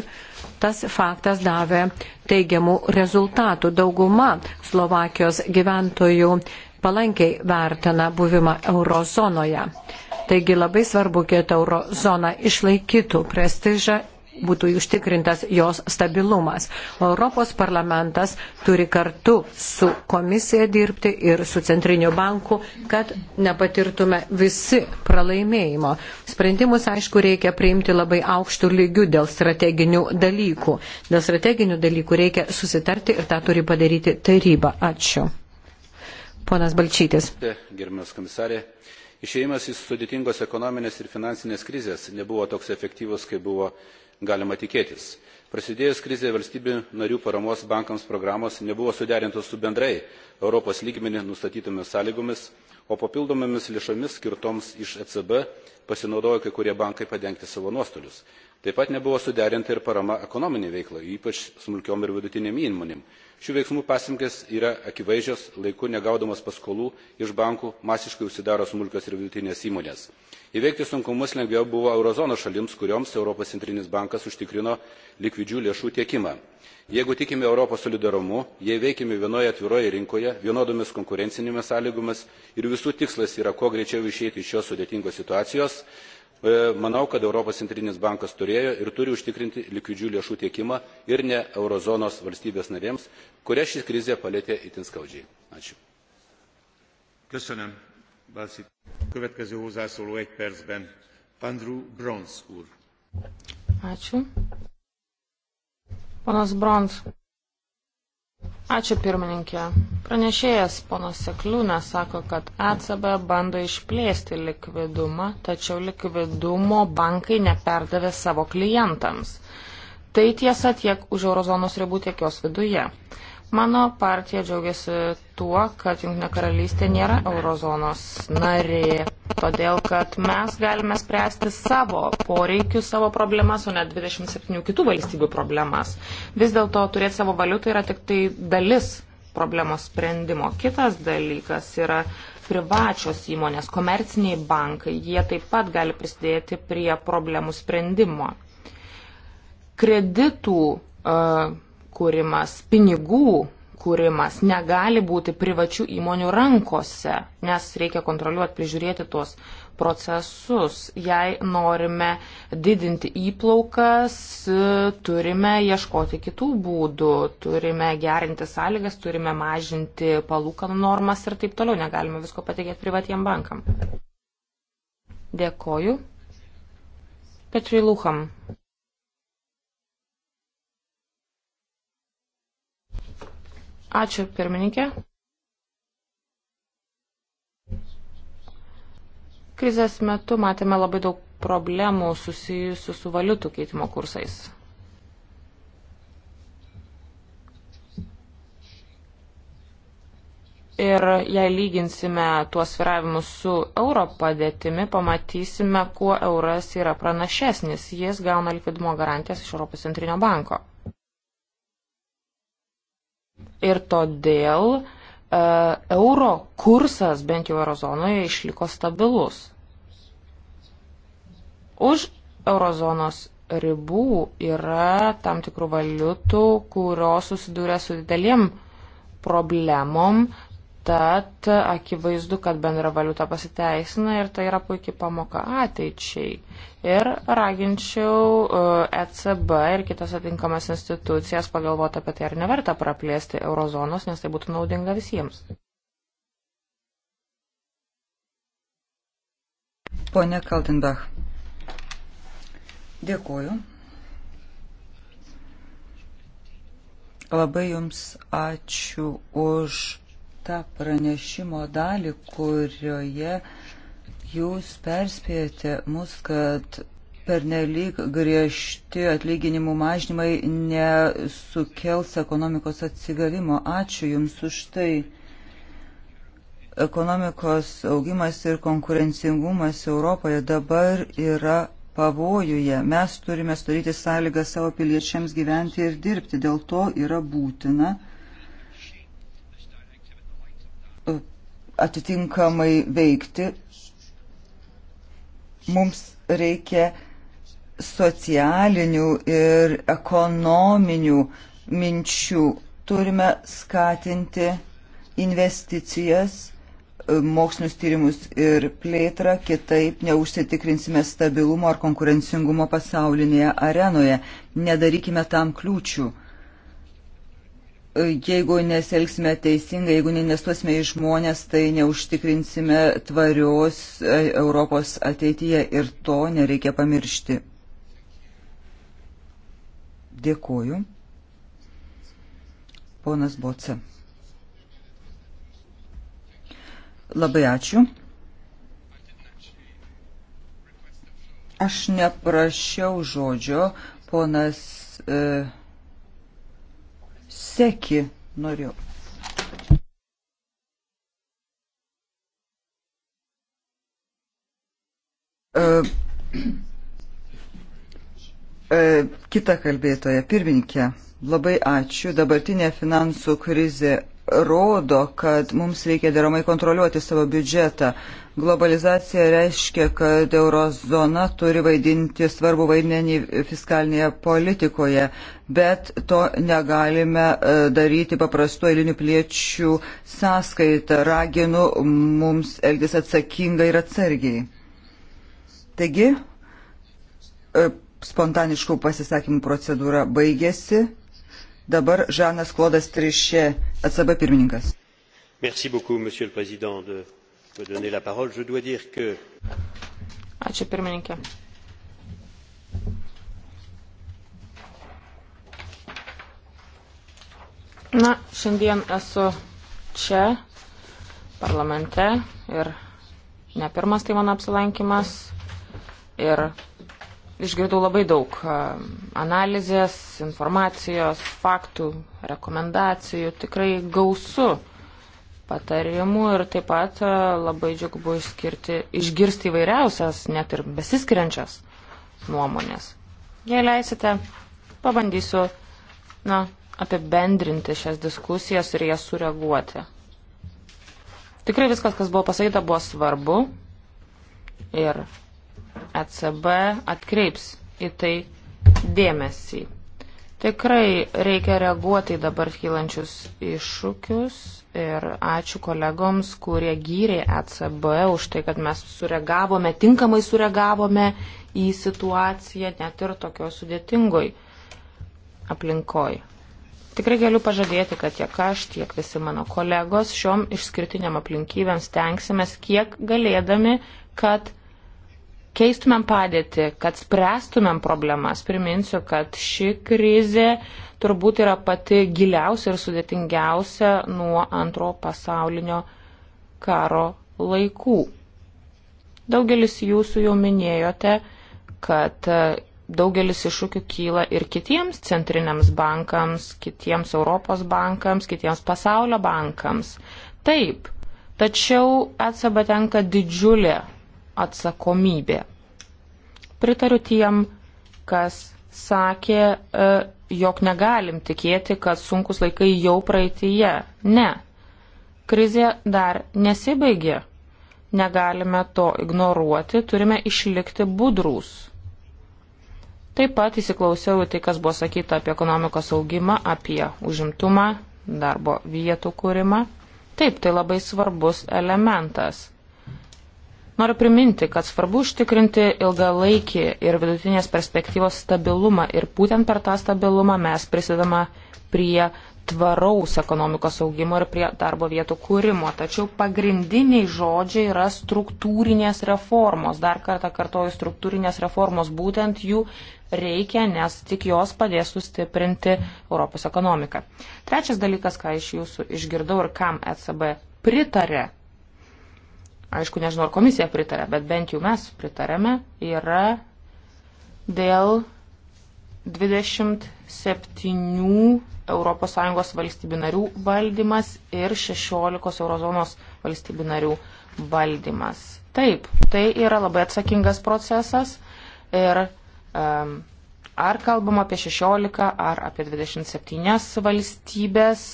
tas faktas davė teigiamų rezultatų. Dauguma Slovakijos gyventojų palankiai vertina buvimą eurozonoje. Taigi labai svarbu, kad eurozona išlaikytų prestižą būtų užtikrintas jos stabilumas. Europos parlamentas turi kartu su komisija dirbti ir su centriniu banku, kad nepatirtume visi pralaimėjimo. Sprendimus, aišku, reikia priimti labai aukštų lygių dėl strateginių dalykų. Dėl strateginių dalykų reikia susitarti ir tą turi padaryti taryba. Ačiū. Ponas Balčytis. Gerbiamas komisarė, išėjimas iš sudėtingos ekonominės ir finansinės krizės nebuvo toks efektyvus, kaip buvo galima tikėtis. prasidėjus krizei valstybių narių paramos bankams programos nebuvo suderintos su bendrai europos lygmeniu nustatytomis sąlygomis o papildomomis lėšomis skirtoms iš ecb pasinaudojo kai kurie bankai padengti savo nuostolius. taip pat nebuvo suderinta ir parama ekonominei veiklai ypač smulkiom ir vidutinėm įmonėm šių veiksmų pasekmės yra akivaizdžios laiku negaudamos paskolų iš bankų masiškai užsidaro smulkios ir vidutinės įmonės. įveikti sunkumus lengviau buvo euro zonos šalims kurioms europos centrinis bankas užtikrino likvidžių lėšų tiekimą. jeigu tikime europos solidarumu jei veikiame vienoje atviroje rinkoje vienodomis konkurencinėmis sąlygomis ir visų tikslas yra kuo greičiau išeiti iš šios sudėtingos situacijos E, manau kad europos centrinis bankas turėjo ir turi užtikrinti likvidžių lėšų tiekimą ir ne euro zonos valstybėms narėms kurias ši krizė palietė itin skaudžiai. Ačiū. Köszönöm. Balszik. Következő hozzászóló egy percben. Andrew Brons úr. Ačiū. Ponas Brons. Ačiū pirmininkė. Pranešėjas ponas Sekliūnas sako, kad ECB bando išplėsti likvidumą, tačiau likvidumo bankai neperdavė savo klientams. Tai tiesa tiek už eurozonos ribų, tiek jos viduje. Mano partija džiaugiasi tuo, kad Junktinė karalystė nėra eurozonos narė, todėl kad mes galime spręsti savo poreikius, savo problemas, o ne 27 kitų valstybių problemas. Vis dėlto turėti savo valiutą yra tik tai dalis problemos sprendimo. Kitas dalykas yra privačios įmonės, komerciniai bankai, jie taip pat gali prisidėti prie problemų sprendimo. Kreditų uh, kūrimas, pinigų kūrimas negali būti privačių įmonių rankose, nes reikia kontroliuoti, prižiūrėti tuos procesus. Jei norime didinti įplaukas, turime ieškoti kitų būdų, turime gerinti sąlygas, turime mažinti palūkanų normas ir taip toliau. Negalime visko patikėti privatiem bankam. Dėkoju. Petriui Luham. Ačiū, pirmininkė. Krizės metu matėme labai daug problemų susijusių su valiutų keitimo kursais. Ir jei lyginsime tuos sviravimus su euro padėtimi, pamatysime, kuo euras yra pranašesnis. Jis gauna likvidumo garantijas iš Europos centrinio banko ir todėl e, euro kursas bent jau eurozonoje išliko stabilus. Už eurozonos ribų yra tam tikrų valiutų, kurios susidūrė su didelėm problemom, Tad akivaizdu, kad bendra valiuta pasiteisina ir tai yra puikiai pamoka ateičiai. Ir raginčiau ECB e ir kitas atinkamas institucijas pagalvoti apie tai, ar neverta praplėsti eurozonos, nes tai būtų naudinga visiems. Pone Kaldenbach, dėkuoju. Labai Jums ačiū už tą pranešimo dalį, kurioje jūs perspėjate mus, kad pernelyg griežti atlyginimų mažnymai nesukels ekonomikos atsigavimo. Ačiū Jums už tai. Ekonomikos augimas ir konkurencingumas Europoje dabar yra pavojuje. Mes turime sudaryti sąlygą savo piliečiams gyventi ir dirbti. Dėl to yra būtina atitinkamai veikti, mums reikia socialinių ir ekonominių minčių. Turime skatinti investicijas, mokslinius tyrimus ir plėtrą, kitaip neužsitikrinsime stabilumo ar konkurencingumo pasaulinėje arenoje. Nedarykime tam kliūčių jeigu nesielgsime teisingai, jeigu neinvestuosime į žmonės, tai neužtikrinsime tvarios e, Europos ateityje ir to nereikia pamiršti. Dėkuoju. Ponas Boce. Labai ačiū. Aš neprašiau žodžio, ponas. E, seki norėjau. E, e, kita kalbėtoja, pirmininkė, labai ačiū. Dabartinė finansų krizė rodo, kad mums reikia deramai kontroliuoti savo biudžetą. Globalizacija reiškia, kad eurozona turi vaidinti svarbu vaidmenį fiskalinėje politikoje, bet to negalime e, daryti paprastų eilinių pliečių sąskaitą. Raginu mums elgtis atsakingai ir atsargiai. Taigi, e, spontaniškų pasisakymų procedūra baigėsi. Dabar Žanas Klodas Trišė, atsaba pirmininkas. Merci beaucoup, monsieur le président. De me donner la parole. Je dois dire que. Ačiū pirmininkė. Na, šiandien esu čia, parlamente, ir ne pirmas tai mano apsilankimas. Ir išgirdau labai daug analizės, informacijos, faktų, rekomendacijų, tikrai gausu patarimų ir taip pat e, labai džiugu buvo išskirti, išgirsti įvairiausias, net ir besiskiriančias nuomonės. Jei leisite, pabandysiu na, apibendrinti šias diskusijas ir jas sureaguoti. Tikrai viskas, kas buvo pasakyta, buvo svarbu ir ECB atkreips į tai dėmesį. Tikrai reikia reaguoti į dabar kylančius iššūkius ir ačiū kolegoms, kurie gyrė ECB už tai, kad mes sureagavome, tinkamai sureagavome į situaciją net ir tokio sudėtingoj aplinkoj. Tikrai galiu pažadėti, kad tiek aš, tiek visi mano kolegos šiom išskirtiniam aplinkybėms tenksimės kiek galėdami, kad keistumėm padėtį, kad spręstumėm problemas. Priminsiu, kad ši krizė turbūt yra pati giliausia ir sudėtingiausia nuo antro pasaulinio karo laikų. Daugelis jūsų jau minėjote, kad e, daugelis iššūkių kyla ir kitiems centriniams bankams, kitiems Europos bankams, kitiems pasaulio bankams. Taip, tačiau ECB tenka didžiulė atsakomybė. Pritariu tiem, kas sakė, e, jog negalim tikėti, kad sunkus laikai jau praeitįje. Ne. Krizė dar nesibaigė. Negalime to ignoruoti, turime išlikti budrūs. Taip pat įsiklausiau į tai, kas buvo sakyta apie ekonomikos augimą, apie užimtumą, darbo vietų kūrimą. Taip, tai labai svarbus elementas. Noriu priminti, kad svarbu užtikrinti ilgalaikį ir vidutinės perspektyvos stabilumą ir būtent per tą stabilumą mes prisidama prie tvaraus ekonomikos augimo ir prie darbo vietų kūrimo. Tačiau pagrindiniai žodžiai yra struktūrinės reformos. Dar kartą kartoju, struktūrinės reformos būtent jų reikia, nes tik jos padės sustiprinti Europos ekonomiką. Trečias dalykas, ką iš jūsų išgirdau ir kam ECB pritarė, aišku, nežinau, ar komisija pritarė, bet bent jau mes pritarėme, yra dėl 27 ES valstybių narių valdymas ir 16 eurozonos valstybių narių valdymas. Taip, tai yra labai atsakingas procesas ir um, ar kalbam apie 16 ar apie 27 valstybės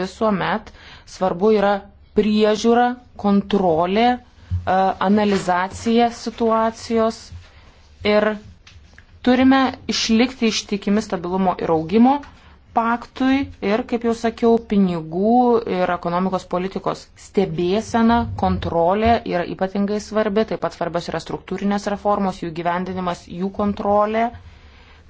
visuomet svarbu yra priežiūra, kontrolė, e, analizacija situacijos ir turime išlikti ištikimi stabilumo ir augimo paktui ir, kaip jau sakiau, pinigų ir ekonomikos politikos stebėsena, kontrolė yra ypatingai svarbi, taip pat svarbios yra struktūrinės reformos, jų gyvendinimas, jų kontrolė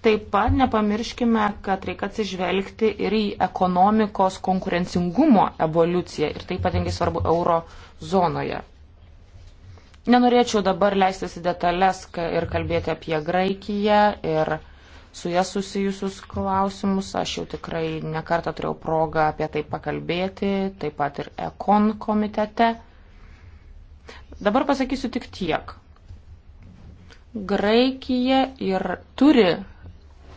Taip pat nepamirškime, kad reikia atsižvelgti ir į ekonomikos konkurencingumo evoliuciją ir tai ypatingai svarbu euro zonoje. Nenorėčiau dabar leistis į detalės ir kalbėti apie Graikiją ir su ją susijusius klausimus. Aš jau tikrai nekartą turėjau progą apie tai pakalbėti, taip pat ir Ekon komitete. Dabar pasakysiu tik tiek. Graikija ir turi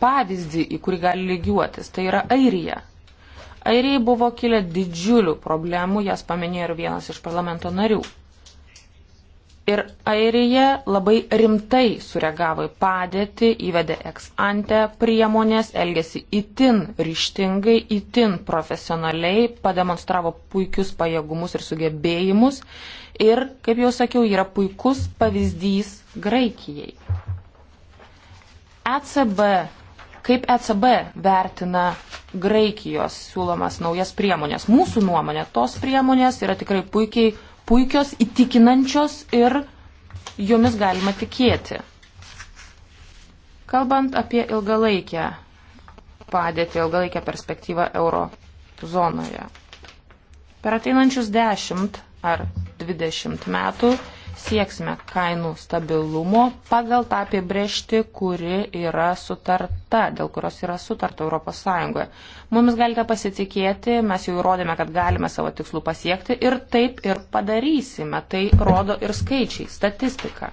pavyzdį, į kurį gali lygiuotis, tai yra Airija. Airijai buvo kilę didžiulių problemų, jas paminėjo ir vienas iš parlamento narių. Ir Airija labai rimtai sureagavo į padėtį, įvedė ex ante priemonės, elgėsi itin ryštingai, itin profesionaliai, pademonstravo puikius pajėgumus ir sugebėjimus ir, kaip jau sakiau, yra puikus pavyzdys Graikijai. ECB Kaip ECB vertina Graikijos siūlomas naujas priemonės? Mūsų nuomonė, tos priemonės yra tikrai puikiai, puikios, įtikinančios ir jomis galima tikėti. Kalbant apie ilgalaikę padėtį, ilgalaikę perspektyvą euro zonoje. Per ateinančius 10 ar 20 metų sieksime kainų stabilumo pagal tą apibrėžti, kuri yra sutarta, dėl kurios yra sutarta ES. Mums galite pasitikėti, mes jau įrodėme, kad galime savo tikslų pasiekti ir taip ir padarysime. Tai rodo ir skaičiai, statistika.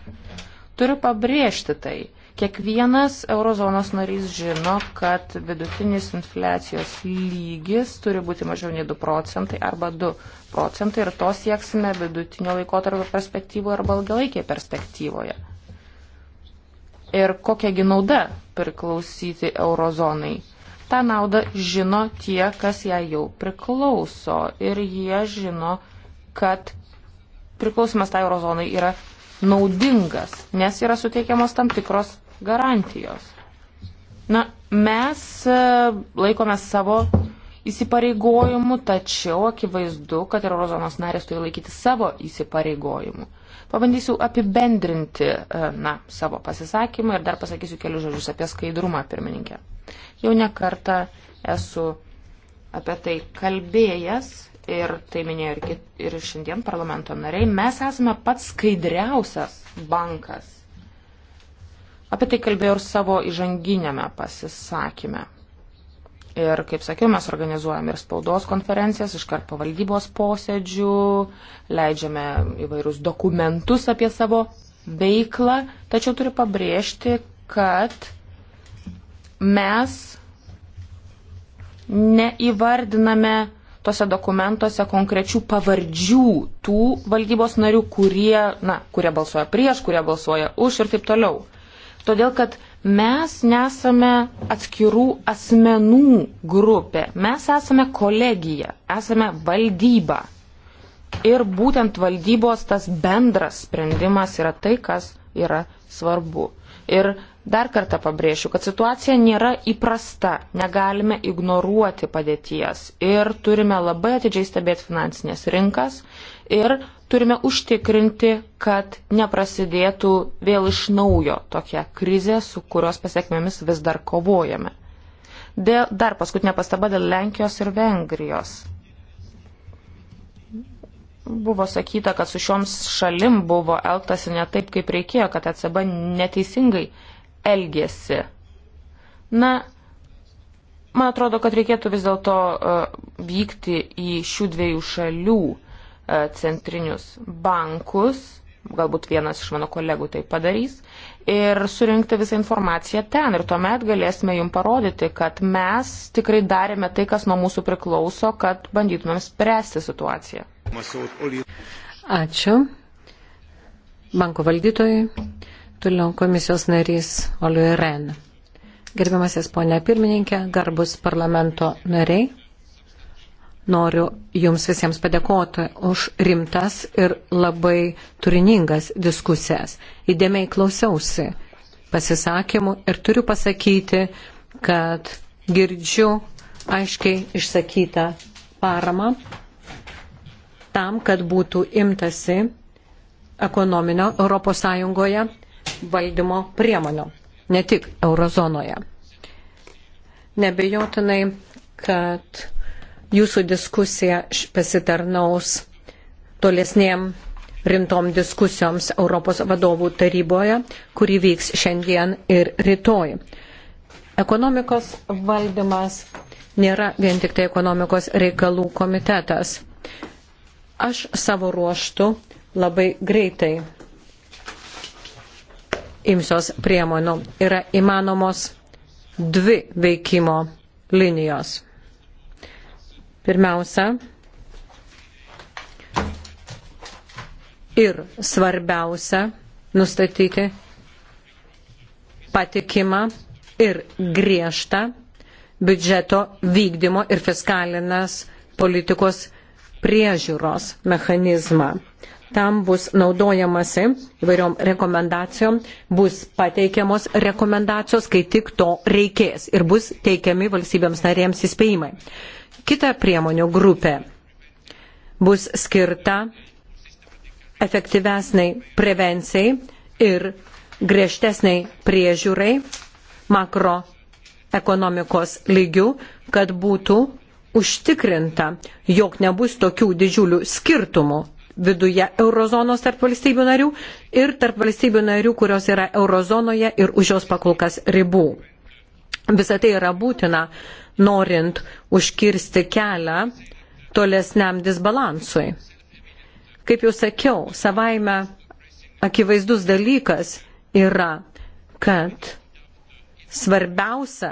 Turiu pabrėžti tai. Kiekvienas eurozonos narys žino, kad vidutinis infliacijos lygis turi būti mažiau nei 2 procentai arba 2 procentai ir to sieksime vidutinio laikotarpio perspektyvoje arba ilgalaikėje perspektyvoje. Ir kokiagi nauda priklausyti eurozonai? tą naudą žino tie, kas ją jau priklauso. Ir jie žino, kad priklausimas tai eurozonai yra naudingas, nes yra suteikiamos tam tikros garantijos. Na, mes e, laikome savo įsipareigojimų, tačiau akivaizdu, kad ir Eurozonos narės turi laikyti savo įsipareigojimų. Pabandysiu apibendrinti e, na, savo pasisakymą ir dar pasakysiu kelius žodžius apie skaidrumą, pirmininkė. Jau nekartą esu apie tai kalbėjęs ir tai minėjo ir, kit, ir šiandien parlamento nariai. Mes esame pats skaidriausias bankas Apie tai kalbėjau ir savo įžanginėme pasisakymę. Ir, kaip sakiau, mes organizuojam ir spaudos konferencijas, iškart po valdybos posėdžių, leidžiame įvairius dokumentus apie savo veiklą, tačiau turiu pabrėžti, kad mes neįvardiname tose dokumentuose konkrečių pavardžių tų valdybos narių, kurie, na, kurie balsuoja prieš, kurie balsuoja už ir taip toliau. Todėl, kad mes nesame atskirų asmenų grupė, mes esame kolegija, esame valdyba. Ir būtent valdybos tas bendras sprendimas yra tai, kas yra svarbu. Ir dar kartą pabrėšiu, kad situacija nėra įprasta, negalime ignoruoti padėties ir turime labai atidžiai stebėti finansinės rinkas ir turime užtikrinti, kad neprasidėtų vėl iš naujo tokia krizė, su kurios pasiekmėmis vis dar kovojame. Dėl, dar paskutinė pastaba dėl Lenkijos ir Vengrijos. Buvo sakyta, kad su šioms šalim buvo elgtasi ne taip, kaip reikėjo, kad ECB neteisingai elgėsi. Na, man atrodo, kad reikėtų vis dėlto e, vykti į šių dviejų šalių E, centrinius bankus, galbūt vienas iš mano kolegų tai padarys, ir surinkti visą informaciją ten. Ir tuomet galėsime jum parodyti, kad mes tikrai darėme tai, kas nuo mūsų priklauso, kad bandytumėm spręsti situaciją. Ačiū. Banko valdytojai, toliau komisijos narys Oliu Ren. Gerbiamasis ponia pirmininkė, garbus parlamento nariai noriu Jums visiems padėkoti už rimtas ir labai turiningas diskusijas. Įdėmiai klausiausi pasisakymų ir turiu pasakyti, kad girdžiu aiškiai išsakytą paramą tam, kad būtų imtasi ekonominio ES valdymo priemonių, ne tik eurozonoje. Nebejotinai, kad jūsų diskusija pasitarnaus tolesniem rimtom diskusijoms Europos vadovų taryboje, kuri vyks šiandien ir rytoj. Ekonomikos valdymas nėra vien tik tai ekonomikos reikalų komitetas. Aš savo ruoštų labai greitai imsios priemonių. Yra įmanomos dvi veikimo linijos. Pirmiausia, ir svarbiausia, nustatyti patikimą ir griežtą biudžeto vykdymo ir fiskalinės politikos priežiūros mechanizmą. Tam bus naudojamasi įvairiom rekomendacijom, bus pateikiamos rekomendacijos, kai tik to reikės ir bus teikiami valstybėms narėms įspėjimai. Kita priemonių grupė bus skirta efektyvesnai prevencijai ir griežtesnai priežiūrai makroekonomikos lygių, kad būtų užtikrinta, jog nebus tokių didžiulių skirtumų viduje eurozonos tarp valstybių narių ir tarp valstybių narių, kurios yra eurozonoje ir už jos pakolkas ribų. Visą tai yra būtina norint užkirsti kelią tolesniam disbalansui. Kaip jau sakiau, savaime akivaizdus dalykas yra, kad svarbiausia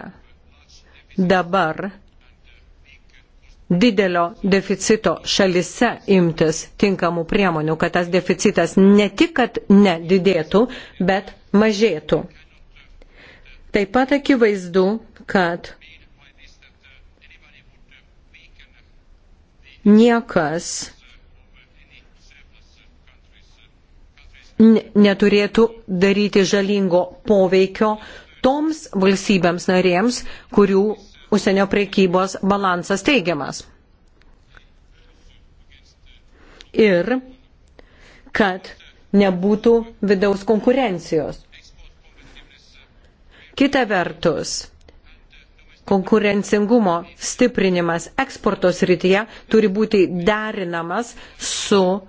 dabar didelio deficito šalise imtis tinkamų priemonių, kad tas deficitas ne tik, kad nedidėtų, bet mažėtų. Taip pat akivaizdu, kad niekas neturėtų daryti žalingo poveikio toms valstybėms narėms, kurių užsienio prekybos balansas teigiamas. Ir kad nebūtų vidaus konkurencijos. Kita vertus, konkurencingumo stiprinimas eksporto srityje turi būti derinamas su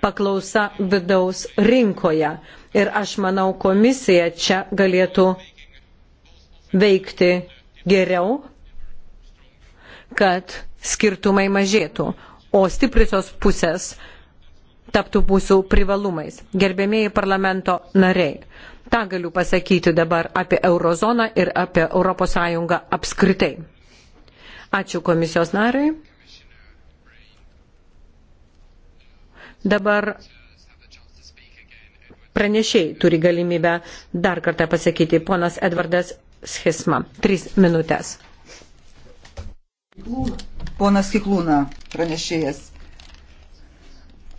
paklausa vidaus rinkoje. Ir aš manau, komisija čia galėtų veikti geriau, kad skirtumai mažėtų, o stipriosios pusės taptų mūsų privalumais. Gerbėmėjai parlamento nariai, tą galiu pasakyti dabar apie eurozoną ir apie ES apskritai. Ačiū komisijos nariui. Dabar pranešiai turi galimybę dar kartą pasakyti. Ponas Edvardas Schisma. Tris minutės. Ponas Kiklūna, pranešėjas.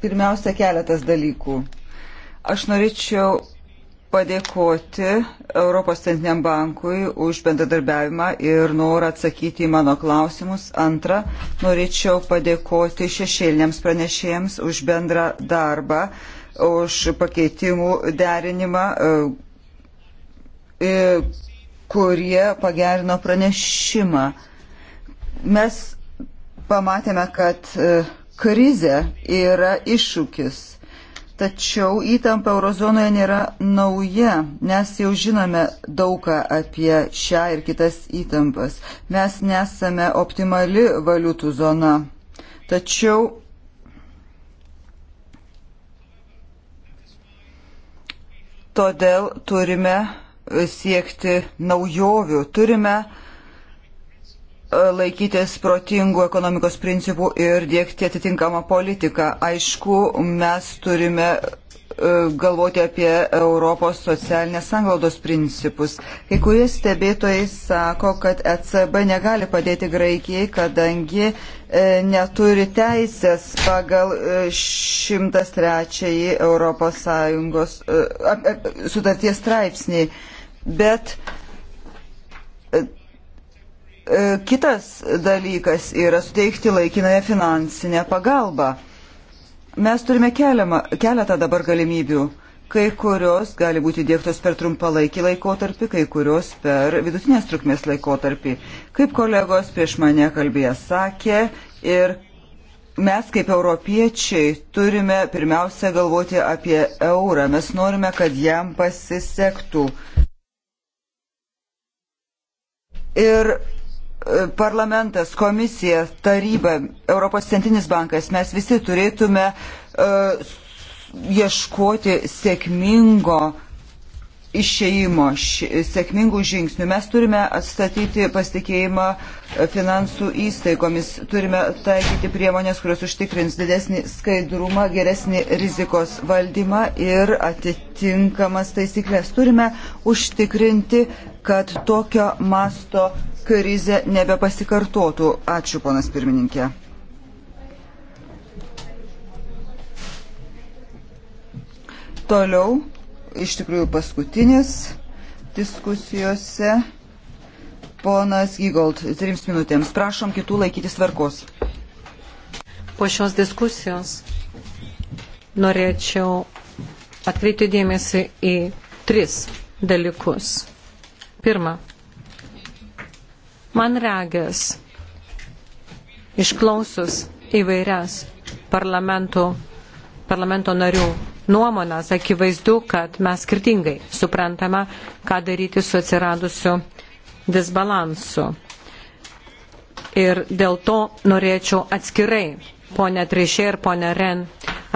Pirmiausia, keletas dalykų. Aš norėčiau padėkoti Europos Centriniam bankui už bendradarbiavimą ir norą atsakyti į mano klausimus. Antra, norėčiau padėkoti šešėliniams pranešėjams už bendrą darbą, už pakeitimų derinimą, e, kurie pagerino pranešimą. Mes pamatėme, kad e, krize yra iššūkis Tačiau įtampa eurozonoje nėra nauja. Mes jau žinome daugą apie šią ir kitas įtampas. Mes nesame optimali valiutų zona. Tačiau todėl turime siekti naujovių. Turime uh, laikytis protingų ekonomikos principų ir dėkti atitinkamą politiką. Aišku, mes turime e, galvoti apie Europos socialinės sanglaudos principus. Kai kurie stebėtojai sako, kad ECB negali padėti Graikijai, kadangi e, neturi teisės pagal 103 e, Europos Sąjungos sutarties straipsnį. Bet uh, E, kitas dalykas yra suteikti laikinąją finansinę pagalbą. Mes turime keliamą, keletą dabar galimybių. Kai kurios gali būti dėktos per trumpalaikį laikotarpį, kai kurios per vidutinės trukmės laikotarpį. Kaip kolegos prieš mane kalbėję sakė ir mes kaip europiečiai turime pirmiausia galvoti apie eurą. Mes norime, kad jam pasisektų. Ir parlamentas, komisija, taryba, Europos centrinis bankas, mes visi turėtume uh, ieškoti sėkmingo išeimo, sėkmingų žingsnių. Mes turime atstatyti pasitikėjimą e, finansų įstaigomis, turime taikyti priemonės, kurios užtikrins didesnį skaidrumą, geresnį rizikos valdymą ir atitinkamas taisyklės. Turime užtikrinti kad tokio masto krize nebepasikartotų. Ačiū, ponas pirmininkė. Toliau, iš tikrųjų paskutinės diskusijose, ponas Gygold, trims minutėms. Prašom kitų laikytis tvarkos. Po šios diskusijos norėčiau atkreipti dėmesį į tris dalykus. Pirma, man regės, išklausus įvairias parlamento, parlamento narių nuomonės, akivaizdu, kad mes skirtingai suprantame, ką daryti su atsiradusiu disbalansu. Ir dėl to norėčiau atskirai, ponė Trišė ir ponė Ren,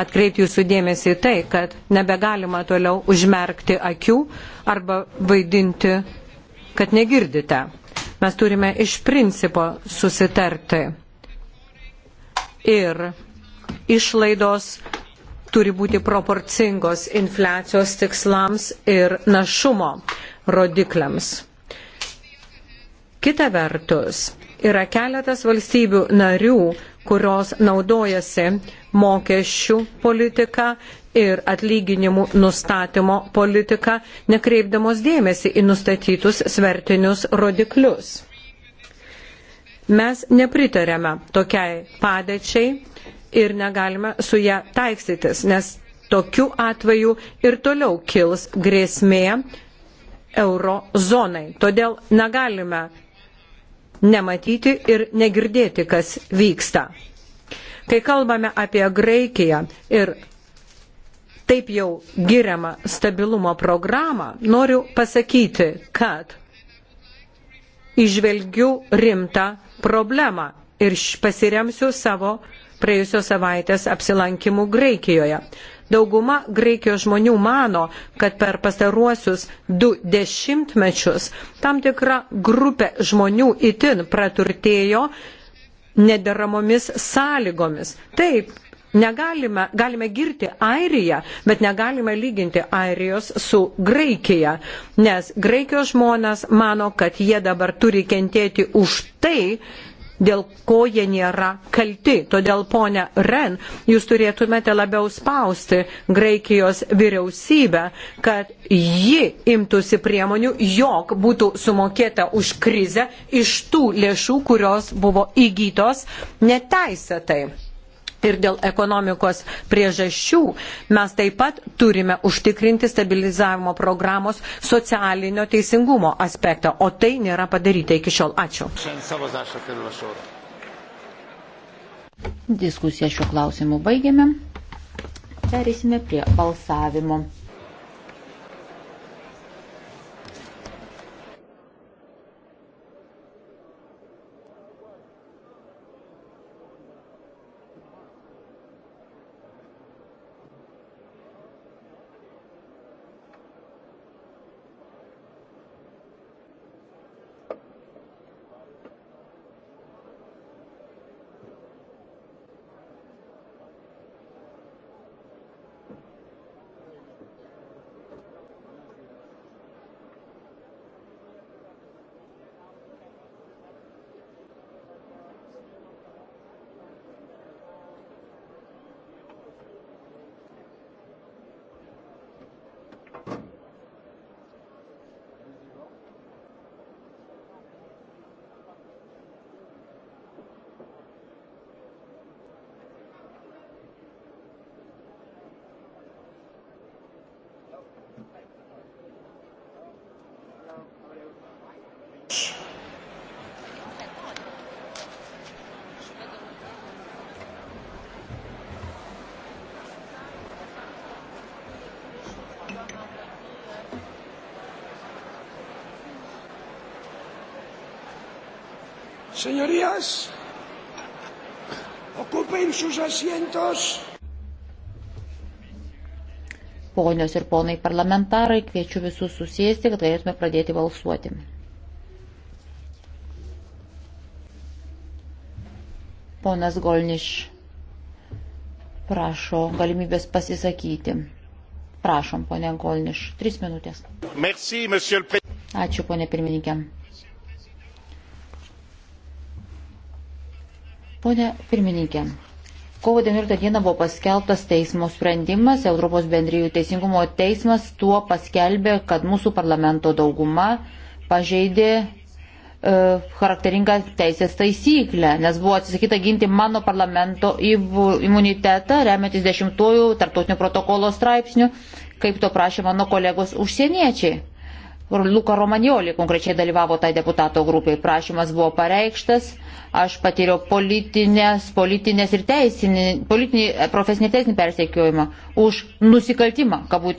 atkreipti jūsų dėmesį į tai, kad nebegalima toliau užmerkti akių arba vaidinti kad negirdite. Mes turime iš principo susitarti. Ir išlaidos turi būti proporcingos infliacijos tikslams ir našumo rodikliams. Kita vertus, yra keletas valstybių narių, kurios naudojasi mokesčių politika ir atlyginimų nustatymo politika, nekreipdamos dėmesį į nustatytus svertinius rodiklius. Mes nepritarėme tokiai padėčiai ir negalime su ją taikstytis, nes tokiu atveju ir toliau kils grėsmė euro zonai. Todėl negalime nematyti ir negirdėti, kas vyksta. Kai kalbame apie Graikiją ir taip jau giriamą stabilumo programą, noriu pasakyti, kad išvelgiu rimtą problemą ir pasiremsiu savo praėjusios savaitės apsilankimų Graikijoje. Dauguma Graikijos žmonių mano, kad per pastaruosius du dešimtmečius tam tikra grupė žmonių itin praturtėjo nederamomis sąlygomis. Taip, Negalime, galime girti Airiją, bet negalime lyginti Airijos su Graikija, nes Graikijos žmonės mano, kad jie dabar turi kentėti už tai, dėl ko jie nėra kalti. Todėl, ponia Ren, jūs turėtumėte labiau spausti Graikijos vyriausybę, kad ji imtųsi priemonių, jog būtų sumokėta už krizę iš tų lėšų, kurios buvo įgytos neteisėtai ir dėl ekonomikos priežasčių mes taip pat turime užtikrinti stabilizavimo programos socialinio teisingumo aspektą, o tai nėra padaryta iki šiol. Ačiū. Diskusiją šiuo klausimu baigėme. Perėsime prie balsavimo. Señorías, ocupen sus asientos. Ponios ir ponai parlamentarai, kviečiu visus susėsti, kad galėtume pradėti balsuoti. Ponas Golniš prašo galimybės pasisakyti. Prašom, ponė Golniš, tris minutės. Merci, Ačiū, ponė pirmininkė. Pone pirmininkė, kovo 19 dieną buvo paskelbtas teismo sprendimas, Europos bendrijų teisingumo teismas tuo paskelbė, kad mūsų parlamento dauguma pažeidė e, charakteringą teisės taisyklę, nes buvo atsisakyta ginti mano parlamento imunitetą, remiantis dešimtųjų tarptautinio protokolo straipsnių, kaip to prašė mano kolegos užsieniečiai. Luka Romanjoli konkrečiai dalyvavo tai deputato grupiai. Prašymas buvo pareikštas, aš patyriau politinės, politinės ir teisinį, politinį, profesinį teisinį persekiojimą už nusikaltimą, kabutė.